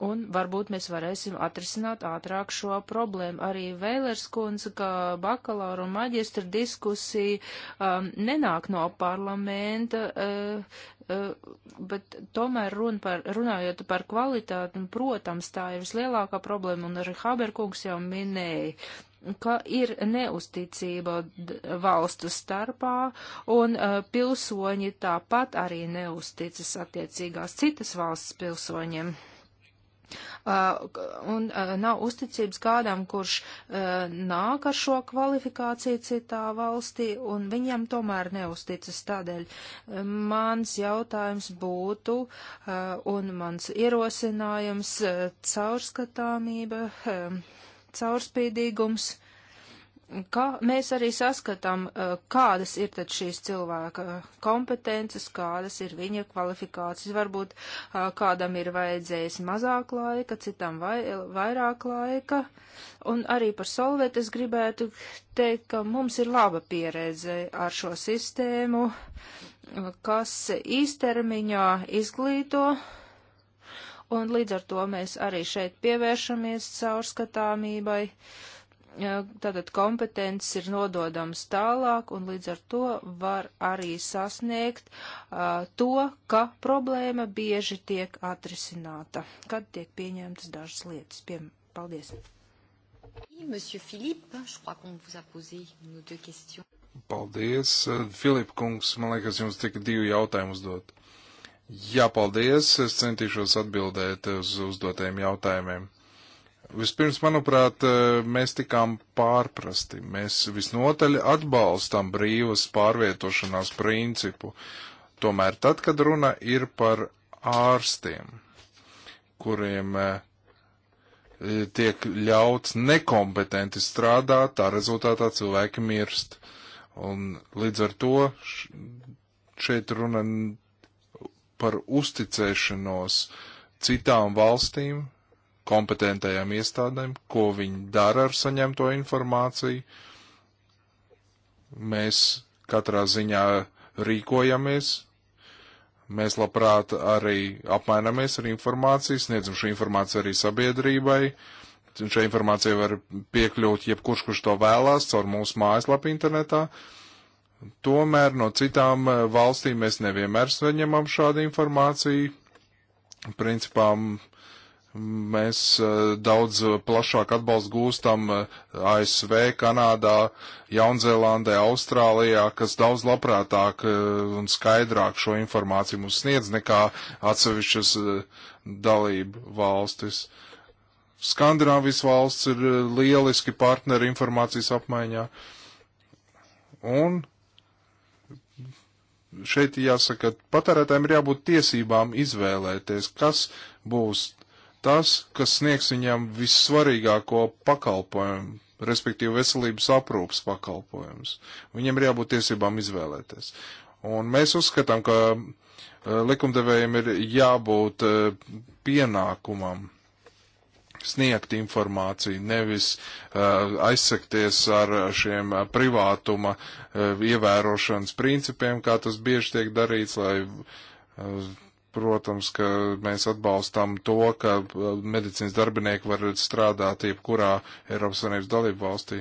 Un varbūt mēs varēsim atrisināt ātrāk šo problēmu. Arī Vēlers kundze, ka bakalaura un maģistra diskusija um, nenāk no parlamenta, uh, uh, bet tomēr run par, runājot par kvalitāti, protams, tā ir vislielākā problēma, un arī Haberkungs jau minēja ka ir neusticība valstu starpā, un uh, pilsoņi tāpat arī neusticas attiecīgās citas valsts pilsoņiem un nav uzticības kādam, kurš nāk ar šo kvalifikāciju citā valstī, un viņam tomēr neusticas tādēļ. Mans jautājums būtu, un mans ierosinājums, caurskatāmība, caurspīdīgums ka mēs arī saskatām, eh, kādas ir tad šīs cilvēka kompetences, kādas ir viņa kvalifikācijas. Varbūt eh, kādam ir vajadzējis mazāk laika, citam vai, vairāk laika. Un arī par solvēt es gribētu teikt, ka mums ir laba pieredze ar šo sistēmu, kas īstermiņā izglīto un līdz ar to mēs arī šeit pievēršamies caurskatāmībai, tātad kompetences ir nododams tālāk, un līdz ar to var arī sasniegt uh, to, ka problēma bieži tiek atrisināta, kad tiek pieņemtas dažas lietas. Piem Paldies! Paldies, Filip kungs, man liekas, jums tika divi jautājumi uzdot. Jā, paldies, es centīšos atbildēt uz uzdotajiem jautājumiem. Vispirms, manuprāt, e, mēs tikām pārprasti. Mēs visnotaļ atbalstam brīvas pārvietošanās principu. Tomēr tad, kad runa ir par ārstiem, kuriem e, tiek ļauts nekompetenti strādāt, tā rezultātā cilvēki mirst. Un līdz ar to šeit runa par uzticēšanos citām valstīm, kompetentajām iestādēm, ko viņi dara ar saņemto informāciju. Mēs katrā ziņā rīkojamies, mēs labprāt arī apmainamies ar informāciju, sniedzam šo informāciju arī sabiedrībai. Šai informācijai var piekļūt jebkurš, kurš to vēlās, caur mūsu mājaslapu internetā. Tomēr no citām eh, valstīm mēs nevienmēr saņemam šādu informāciju. Principām Mēs eh, daudz eh, plašāk atbalstu gūstam eh, ASV, Kanādā, Jaunzēlandē, Austrālijā, kas daudz labprātāk un skaidrāk šo informāciju mums sniedz nekā atsevišķas dalību valstis. Skandināvijas valsts ir lieliski partneri informācijas apmaiņā. Un šeit jāsaka, patērētājiem ir jābūt tiesībām izvēlēties, kas būs tas, kas sniegs viņam vissvarīgāko pakalpojumu, respektīvi veselības aprūpas pakalpojumus. Viņam ir jābūt tiesībām izvēlēties. Un mēs uzskatām, ka uh, likumdevējiem ir jābūt uh, pienākumam sniegt informāciju, nevis uh, eh, aizsekties ar šiem privātuma ievērošanas principiem, kā tas bieži tiek darīts, lai Protams, ka mēs atbalstam to, ka uh, medicīnas darbinieki var strādāt jebkurā Eiropas Savienības dalību valstī.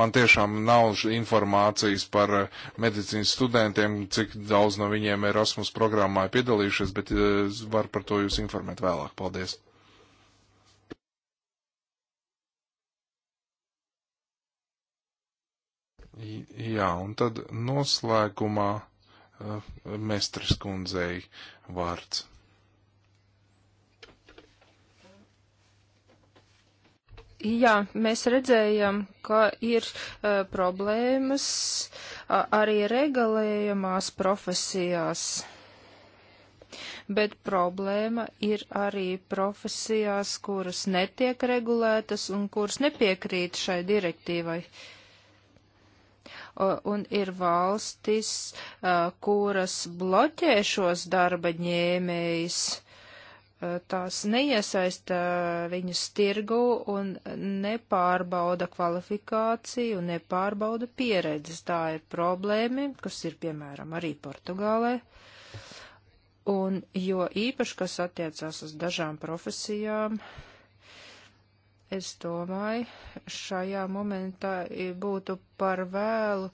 Man tiešām nav informācijas par uh, medicīnas studentiem, cik daudz no viņiem Erasmus programmā ir piedalījušies, bet uh, var par to jūs informēt vēlāk. Paldies! Jā, un tad noslēgumā. Mestras kundzei vārds. Jā, mēs redzējam, ka ir uh, problēmas uh, arī regulējumās profesijās. Bet problēma ir arī profesijās, kuras netiek regulētas un kuras nepiekrīt šai direktīvai. Uh, un ir valstis, kuras bloķē šos darba ņēmējs tās neiesaista viņus tirgu un nepārbauda kvalifikāciju un nepārbauda pieredzes. Tā ir problēma, kas ir piemēram arī Portugālē. Un jo īpaši, kas attiecās uz dažām profesijām, uh, Es domāju, šajā momentā e, būtu par vēlu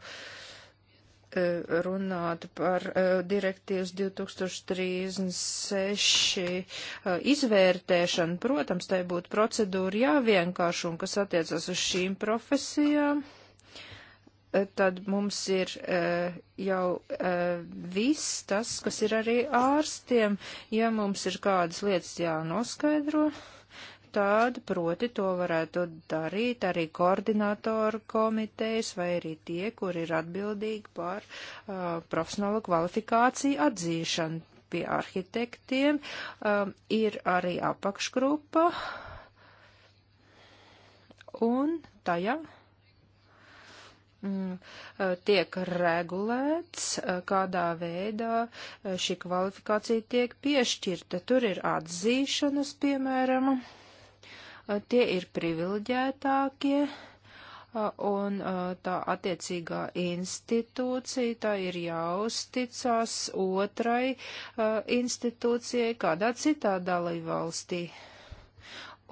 e, runāt par e, direktīvas 2036 izvērtēšanu. Protams, tai būtu procedūra jāvienkārši un kas attiecas uz šīm profesijām tad mums ir uh, jau uh, viss tas, kas ir arī ārstiem, ja mums ir kādas lietas jānoskaidro. Uh, tādu, proti to varētu darīt arī koordinātoru komitejas vai arī tie, kur ir atbildīgi par uh, profesionālo kvalifikāciju atzīšanu. Pie arhitektiem um, ir arī apakšgrupa un tajā mm, tiek regulēts, kādā veidā šī kvalifikācija tiek piešķirta. Tur ir atzīšanas, piemēram, tie ir privileģētākie, un tā attiecīgā institūcija, tā ir jāuzticās otrai institūcijai kādā citā dalībvalstī.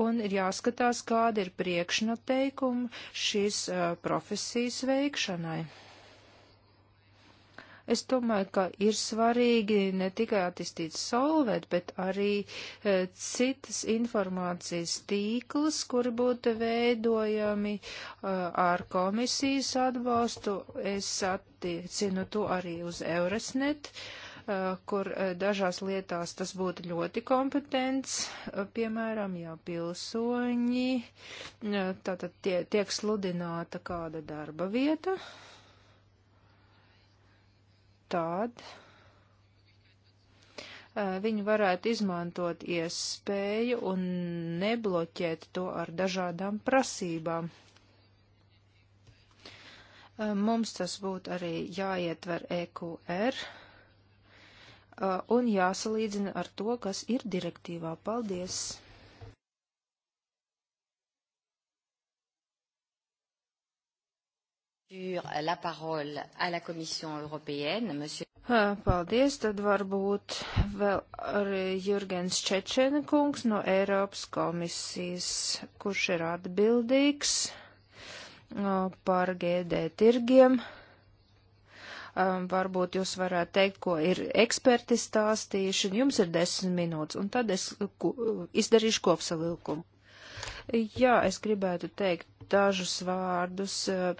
Un ir jāskatās, kāda ir priekšnoteikuma šīs profesijas veikšanai. Es domāju, ka ir svarīgi ne tikai attīstīt solvēt, bet arī e, citas informācijas tīklus, kuri būtu veidojami e, ar komisijas atbalstu. Es attiecinu to arī uz Euresnet. E, kur e, dažās lietās tas būtu ļoti kompetents, e, piemēram, ja pilsoņi, e, tātad tie, tiek sludināta kāda darba vieta, tad eh, viņi varētu izmantot iespēju un nebloķēt to ar dažādām prasībām. Eh, mums tas būtu arī jāietver EQR eh, un jāsalīdzina ar to, kas ir direktīvā. Paldies! La parole à la Commission européenne, monsieur. Paldies, tad varbūt vēl arī Jurgens Čečena kungs no Eiropas komisijas, kurš ir atbildīgs par GD tirgiem. Varbūt jūs varētu teikt, ko ir eksperti stāstījuši, un jums ir desmit minūtes, un tad es izdarīšu kopsavilkumu. Jā, es gribētu teikt dažus vārdus.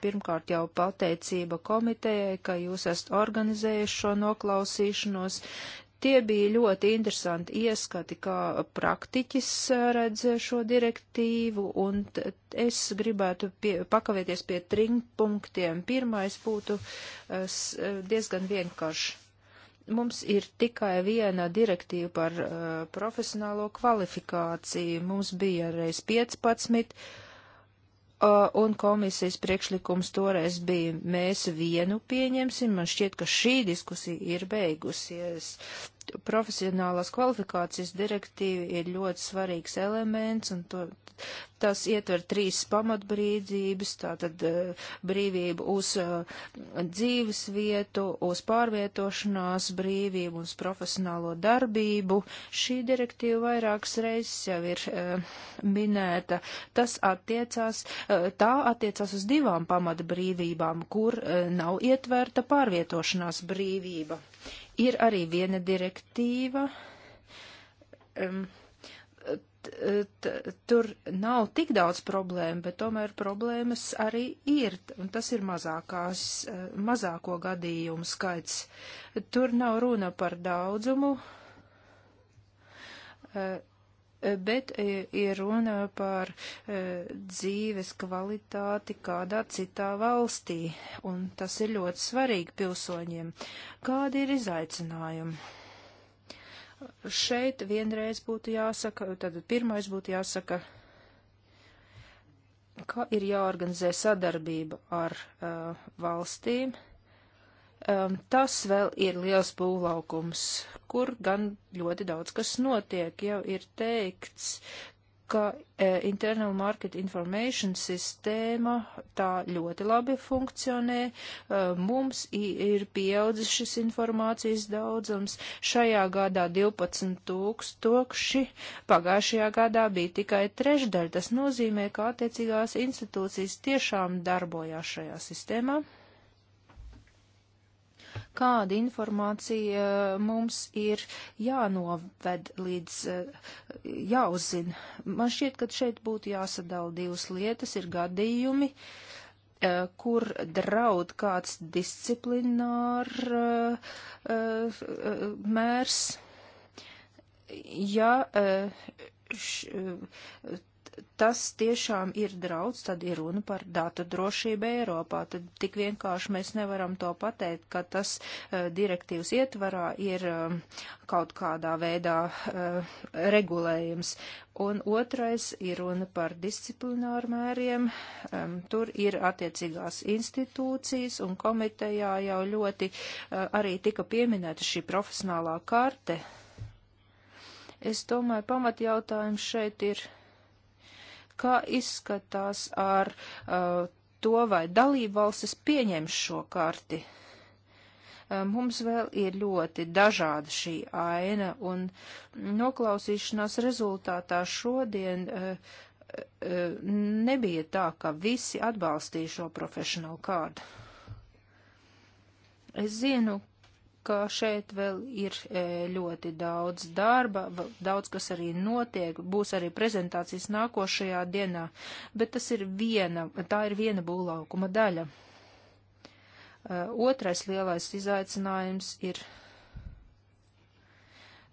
Pirmkārt jau pateicība komitejai, ka jūs esat organizējuši šo noklausīšanos. Tie bija ļoti interesanti ieskati, kā praktiķis redz šo direktīvu, un es gribētu pie, pakavēties pie trim punktiem. Pirmais būtu eh, eh, diezgan vienkārši mums ir tikai viena direktīva par uh, profesionālo kvalifikāciju. Mums bija reiz 15, Uh, un komisijas priekšlikums toreiz bija, mēs vienu pieņemsim, man šķiet, ka šī diskusija ir beigusies profesionālās kvalifikācijas direktīva ir ļoti svarīgs elements, un to, tas ietver trīs pamatbrīdības, tātad eh, brīvību uz eh, dzīves vietu, uz pārvietošanās brīvību, uz profesionālo darbību. Šī direktīva vairākas reizes jau ir eh, minēta. Tas attiecās, tā attiecās uz divām pamatbrīvībām, kur nav ietverta pārvietošanās brīvība. Ir arī viena direktīva. Um, T, t, tur nav tik daudz problēmu, bet tomēr problēmas arī ir, un tas ir mazākās, eh, mazāko gadījumu skaits. Tur nav runa par daudzumu, eh, bet e, ir runa par e, dzīves kvalitāti kādā citā valstī, un tas ir ļoti svarīgi pilsoņiem. Kādi ir izaicinājumi? Šeit vienreiz būtu jāsaka, tad pirmais būtu jāsaka, ka ir jāorganizē sadarbība ar uh, valstīm, uh, um, tas vēl ir liels būvlaukums, kur gan ļoti daudz kas notiek. Jau ir teikts, ka uh, Internal Market Information sistēma tā ļoti labi funkcionē. Uh, mums ir pieaudzis šis informācijas daudzums. Šajā gadā 12 tūkstoši, pagājušajā gadā bija tikai trešdaļa. Tas nozīmē, ka attiecīgās institūcijas tiešām darbojās šajā sistēmā kāda informācija mums ir jānoved līdz, eh, jāuzzina. Man šķiet, ka šeit būtu jāsadala divas lietas, ir gadījumi, eh, kur draud kāds disciplināra eh, mērs. Ja š, tas tiešām ir draudz, tad ir runa par datu drošību Eiropā. Tad tik vienkārši mēs nevaram to pateikt, ka tas uh, direktīvas ietvarā ir uh, kaut kādā veidā uh, regulējums. Un otrais ir runa par disciplināru mēriem. Um, tur ir attiecīgās institūcijas un komitejā jau ļoti uh, arī tika pieminēta šī profesionālā karte. Es domāju, pamatjautājums šeit ir kā izskatās ar uh, to, vai dalībvalstis pieņems šo karti. Uh, mums vēl ir ļoti dažāda šī aina, un noklausīšanās rezultātā šodien uh, uh nebija tā, ka visi atbalstīja šo profesionālu kārdu. Es zinu, ka šeit vēl ir e, ļoti daudz darba, daudz kas arī notiek, būs arī prezentācijas nākošajā dienā, bet tas ir viena, tā ir viena būvlaukuma daļa. E, otrais lielais izaicinājums ir,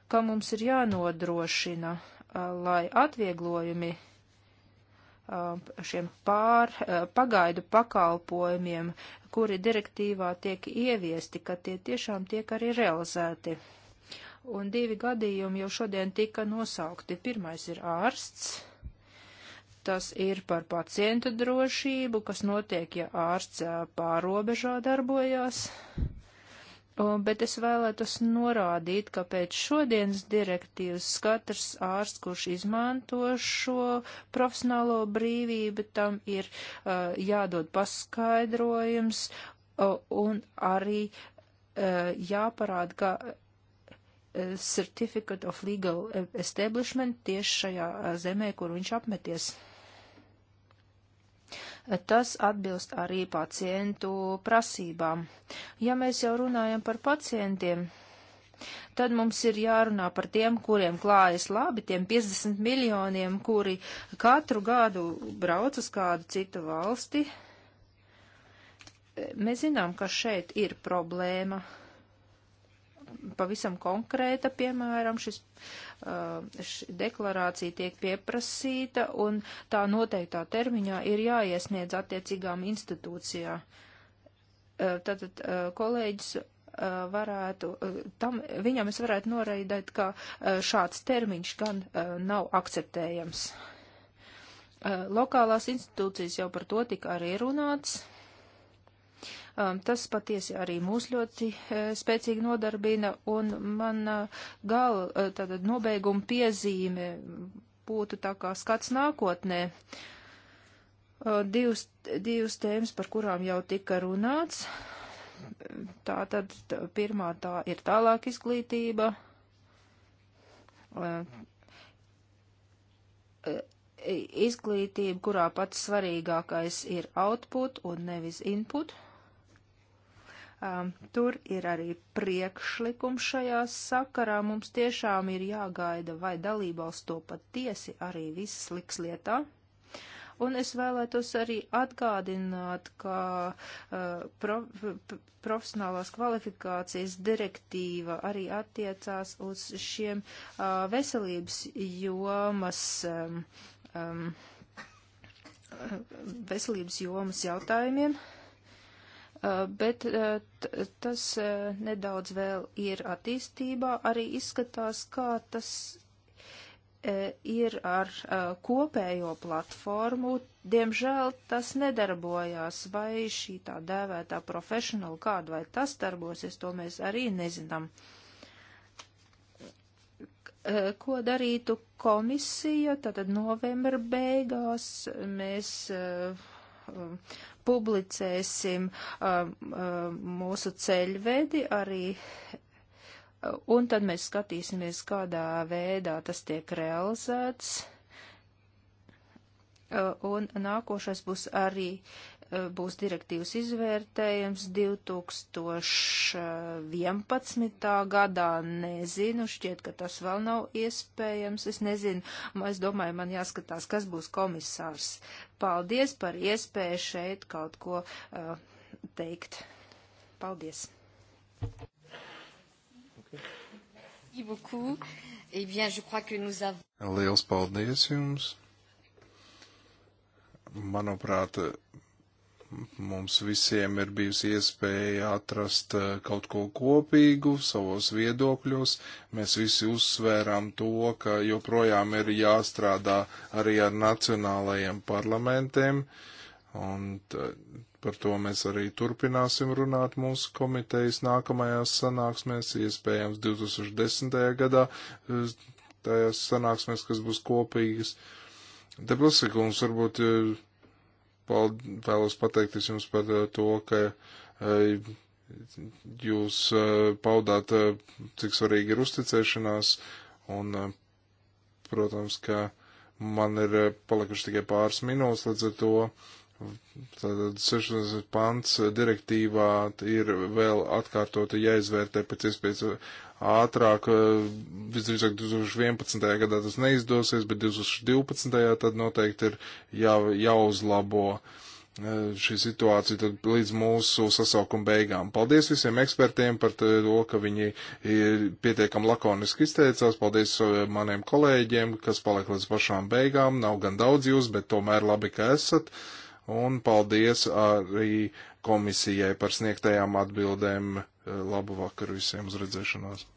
ka mums ir jānodrošina, e, lai atvieglojumi Um, šiem pār uh, pagaidu pakalpojumiem, kuri direktīvā tiek ieviesti, ka tie tiešām tiek arī realizēti. Un divi gadījumi jau šodien tika nosaukti. Pirmais ir ārsts. Tas ir par pacientu drošību, kas notiek, ja ārsts uh, pārobežā darbojās bet es vēlētos norādīt, ka pēc šodienas direktīvas katrs ārsts, kurš izmanto šo profesionālo brīvību, tam ir uh, jādod paskaidrojums uh, un arī uh, jāparāda, ka uh, Certificate of Legal Establishment tieši šajā uh, zemē, kur viņš apmeties tas atbilst arī pacientu prasībām. Ja mēs jau runājam par pacientiem, tad mums ir jārunā par tiem, kuriem klājas labi, tiem 50 miljoniem, kuri katru gadu brauc uz kādu citu valsti. Mēs zinām, ka šeit ir problēma pavisam konkrēta, piemēram, šis Uh, šī deklarācija tiek pieprasīta un tā noteiktā termiņā ir jāiesniedz attiecīgām institūcijā. Tātad uh, uh, kolēģis varētu, tam, viņam es varētu noraidēt, ka šāds termiņš gan nav akceptējams. Lokālās institūcijas jau par to tika arī runāts. Um, tas patiesi arī mūs ļoti uh, spēcīgi nodarbina, un man uh, gala uh, tāda nobeiguma piezīme būtu tā kā skats nākotnē. Divas, divas tēmas, par kurām jau tika runāts. Tā tad pirmā tā ir tālāk izglītība izglītība, kurā pats svarīgākais ir output un nevis input. Um, tur ir arī priekšlikums šajā sakarā. Mums tiešām ir jāgaida, vai dalībvalsts to patiesi arī viss liks lietā. Un es vēlētos arī atgādināt, ka uh, prof, profesionālās kvalifikācijas direktīva arī attiecās uz šiem uh, veselības jomas. Um, um, veselības jomas jautājumiem. Uh, Eh, bet eh, tas eh, nedaudz vēl ir attīstībā. Arī izskatās, kā tas ir ar kopējo platformu. Diemžēl tas nedarbojās, vai šī tā dēvētā profesionāla kāda vai tas darbosies, to mēs arī nezinām. Ko darītu komisija? Tātad novembra beigās mēs publicēsim um, um, mūsu ceļvedi arī, uh, un tad mēs skatīsimies, kādā veidā tas tiek realizēts. Uh, un nākošais būs arī uh, Eh, būs direktīvas izvērtējums 2011. gadā. Nezinu, šķiet, ka tas vēl nav iespējams. Es nezinu, es domāju, man jāskatās, kas būs komisārs. Paldies par iespēju šeit kaut ko uh, teikt. Paldies. Eh Liels paldies jums! Manuprāt, mums visiem ir bijusi iespēja atrast eh, kaut ko kopīgu savos viedokļos. Mēs visi uzsvērām to, ka joprojām ir jāstrādā arī ar nacionālajiem parlamentiem, un par to mēs arī turpināsim runāt mūsu komitejas nākamajās sanāksmēs, iespējams 2010. gadā, eh, tajās sanāksmēs, kas būs kopīgas. Deblasīgums varbūt eh, vēlos pateikties jums par eh, to, ka eh, jūs eh, paudāt, cik svarīgi ir uzticēšanās, un, protams, ka man ir palikuši tikai pāris minūtes, līdz ar to Tātad 16. pants direktīvā ir vēl atkārtoti jāizvērtē pēc iespējas ātrāk, eh, visdrīzāk 2011. gadā tas neizdosies, bet 2012. tad noteikti ir jā, jāuzlabo eh, šī situācija tad līdz mūsu sasaukuma beigām. Paldies visiem ekspertiem par to, ka viņi pietiekam lakoniski izteicās. Paldies eh, maniem kolēģiem, kas paliek līdz pašām beigām. Nav gan daudz jūs, bet tomēr labi, ka esat. Un paldies arī komisijai par sniegtajām atbildēm. Eh, labu vakaru visiem uz redzēšanos!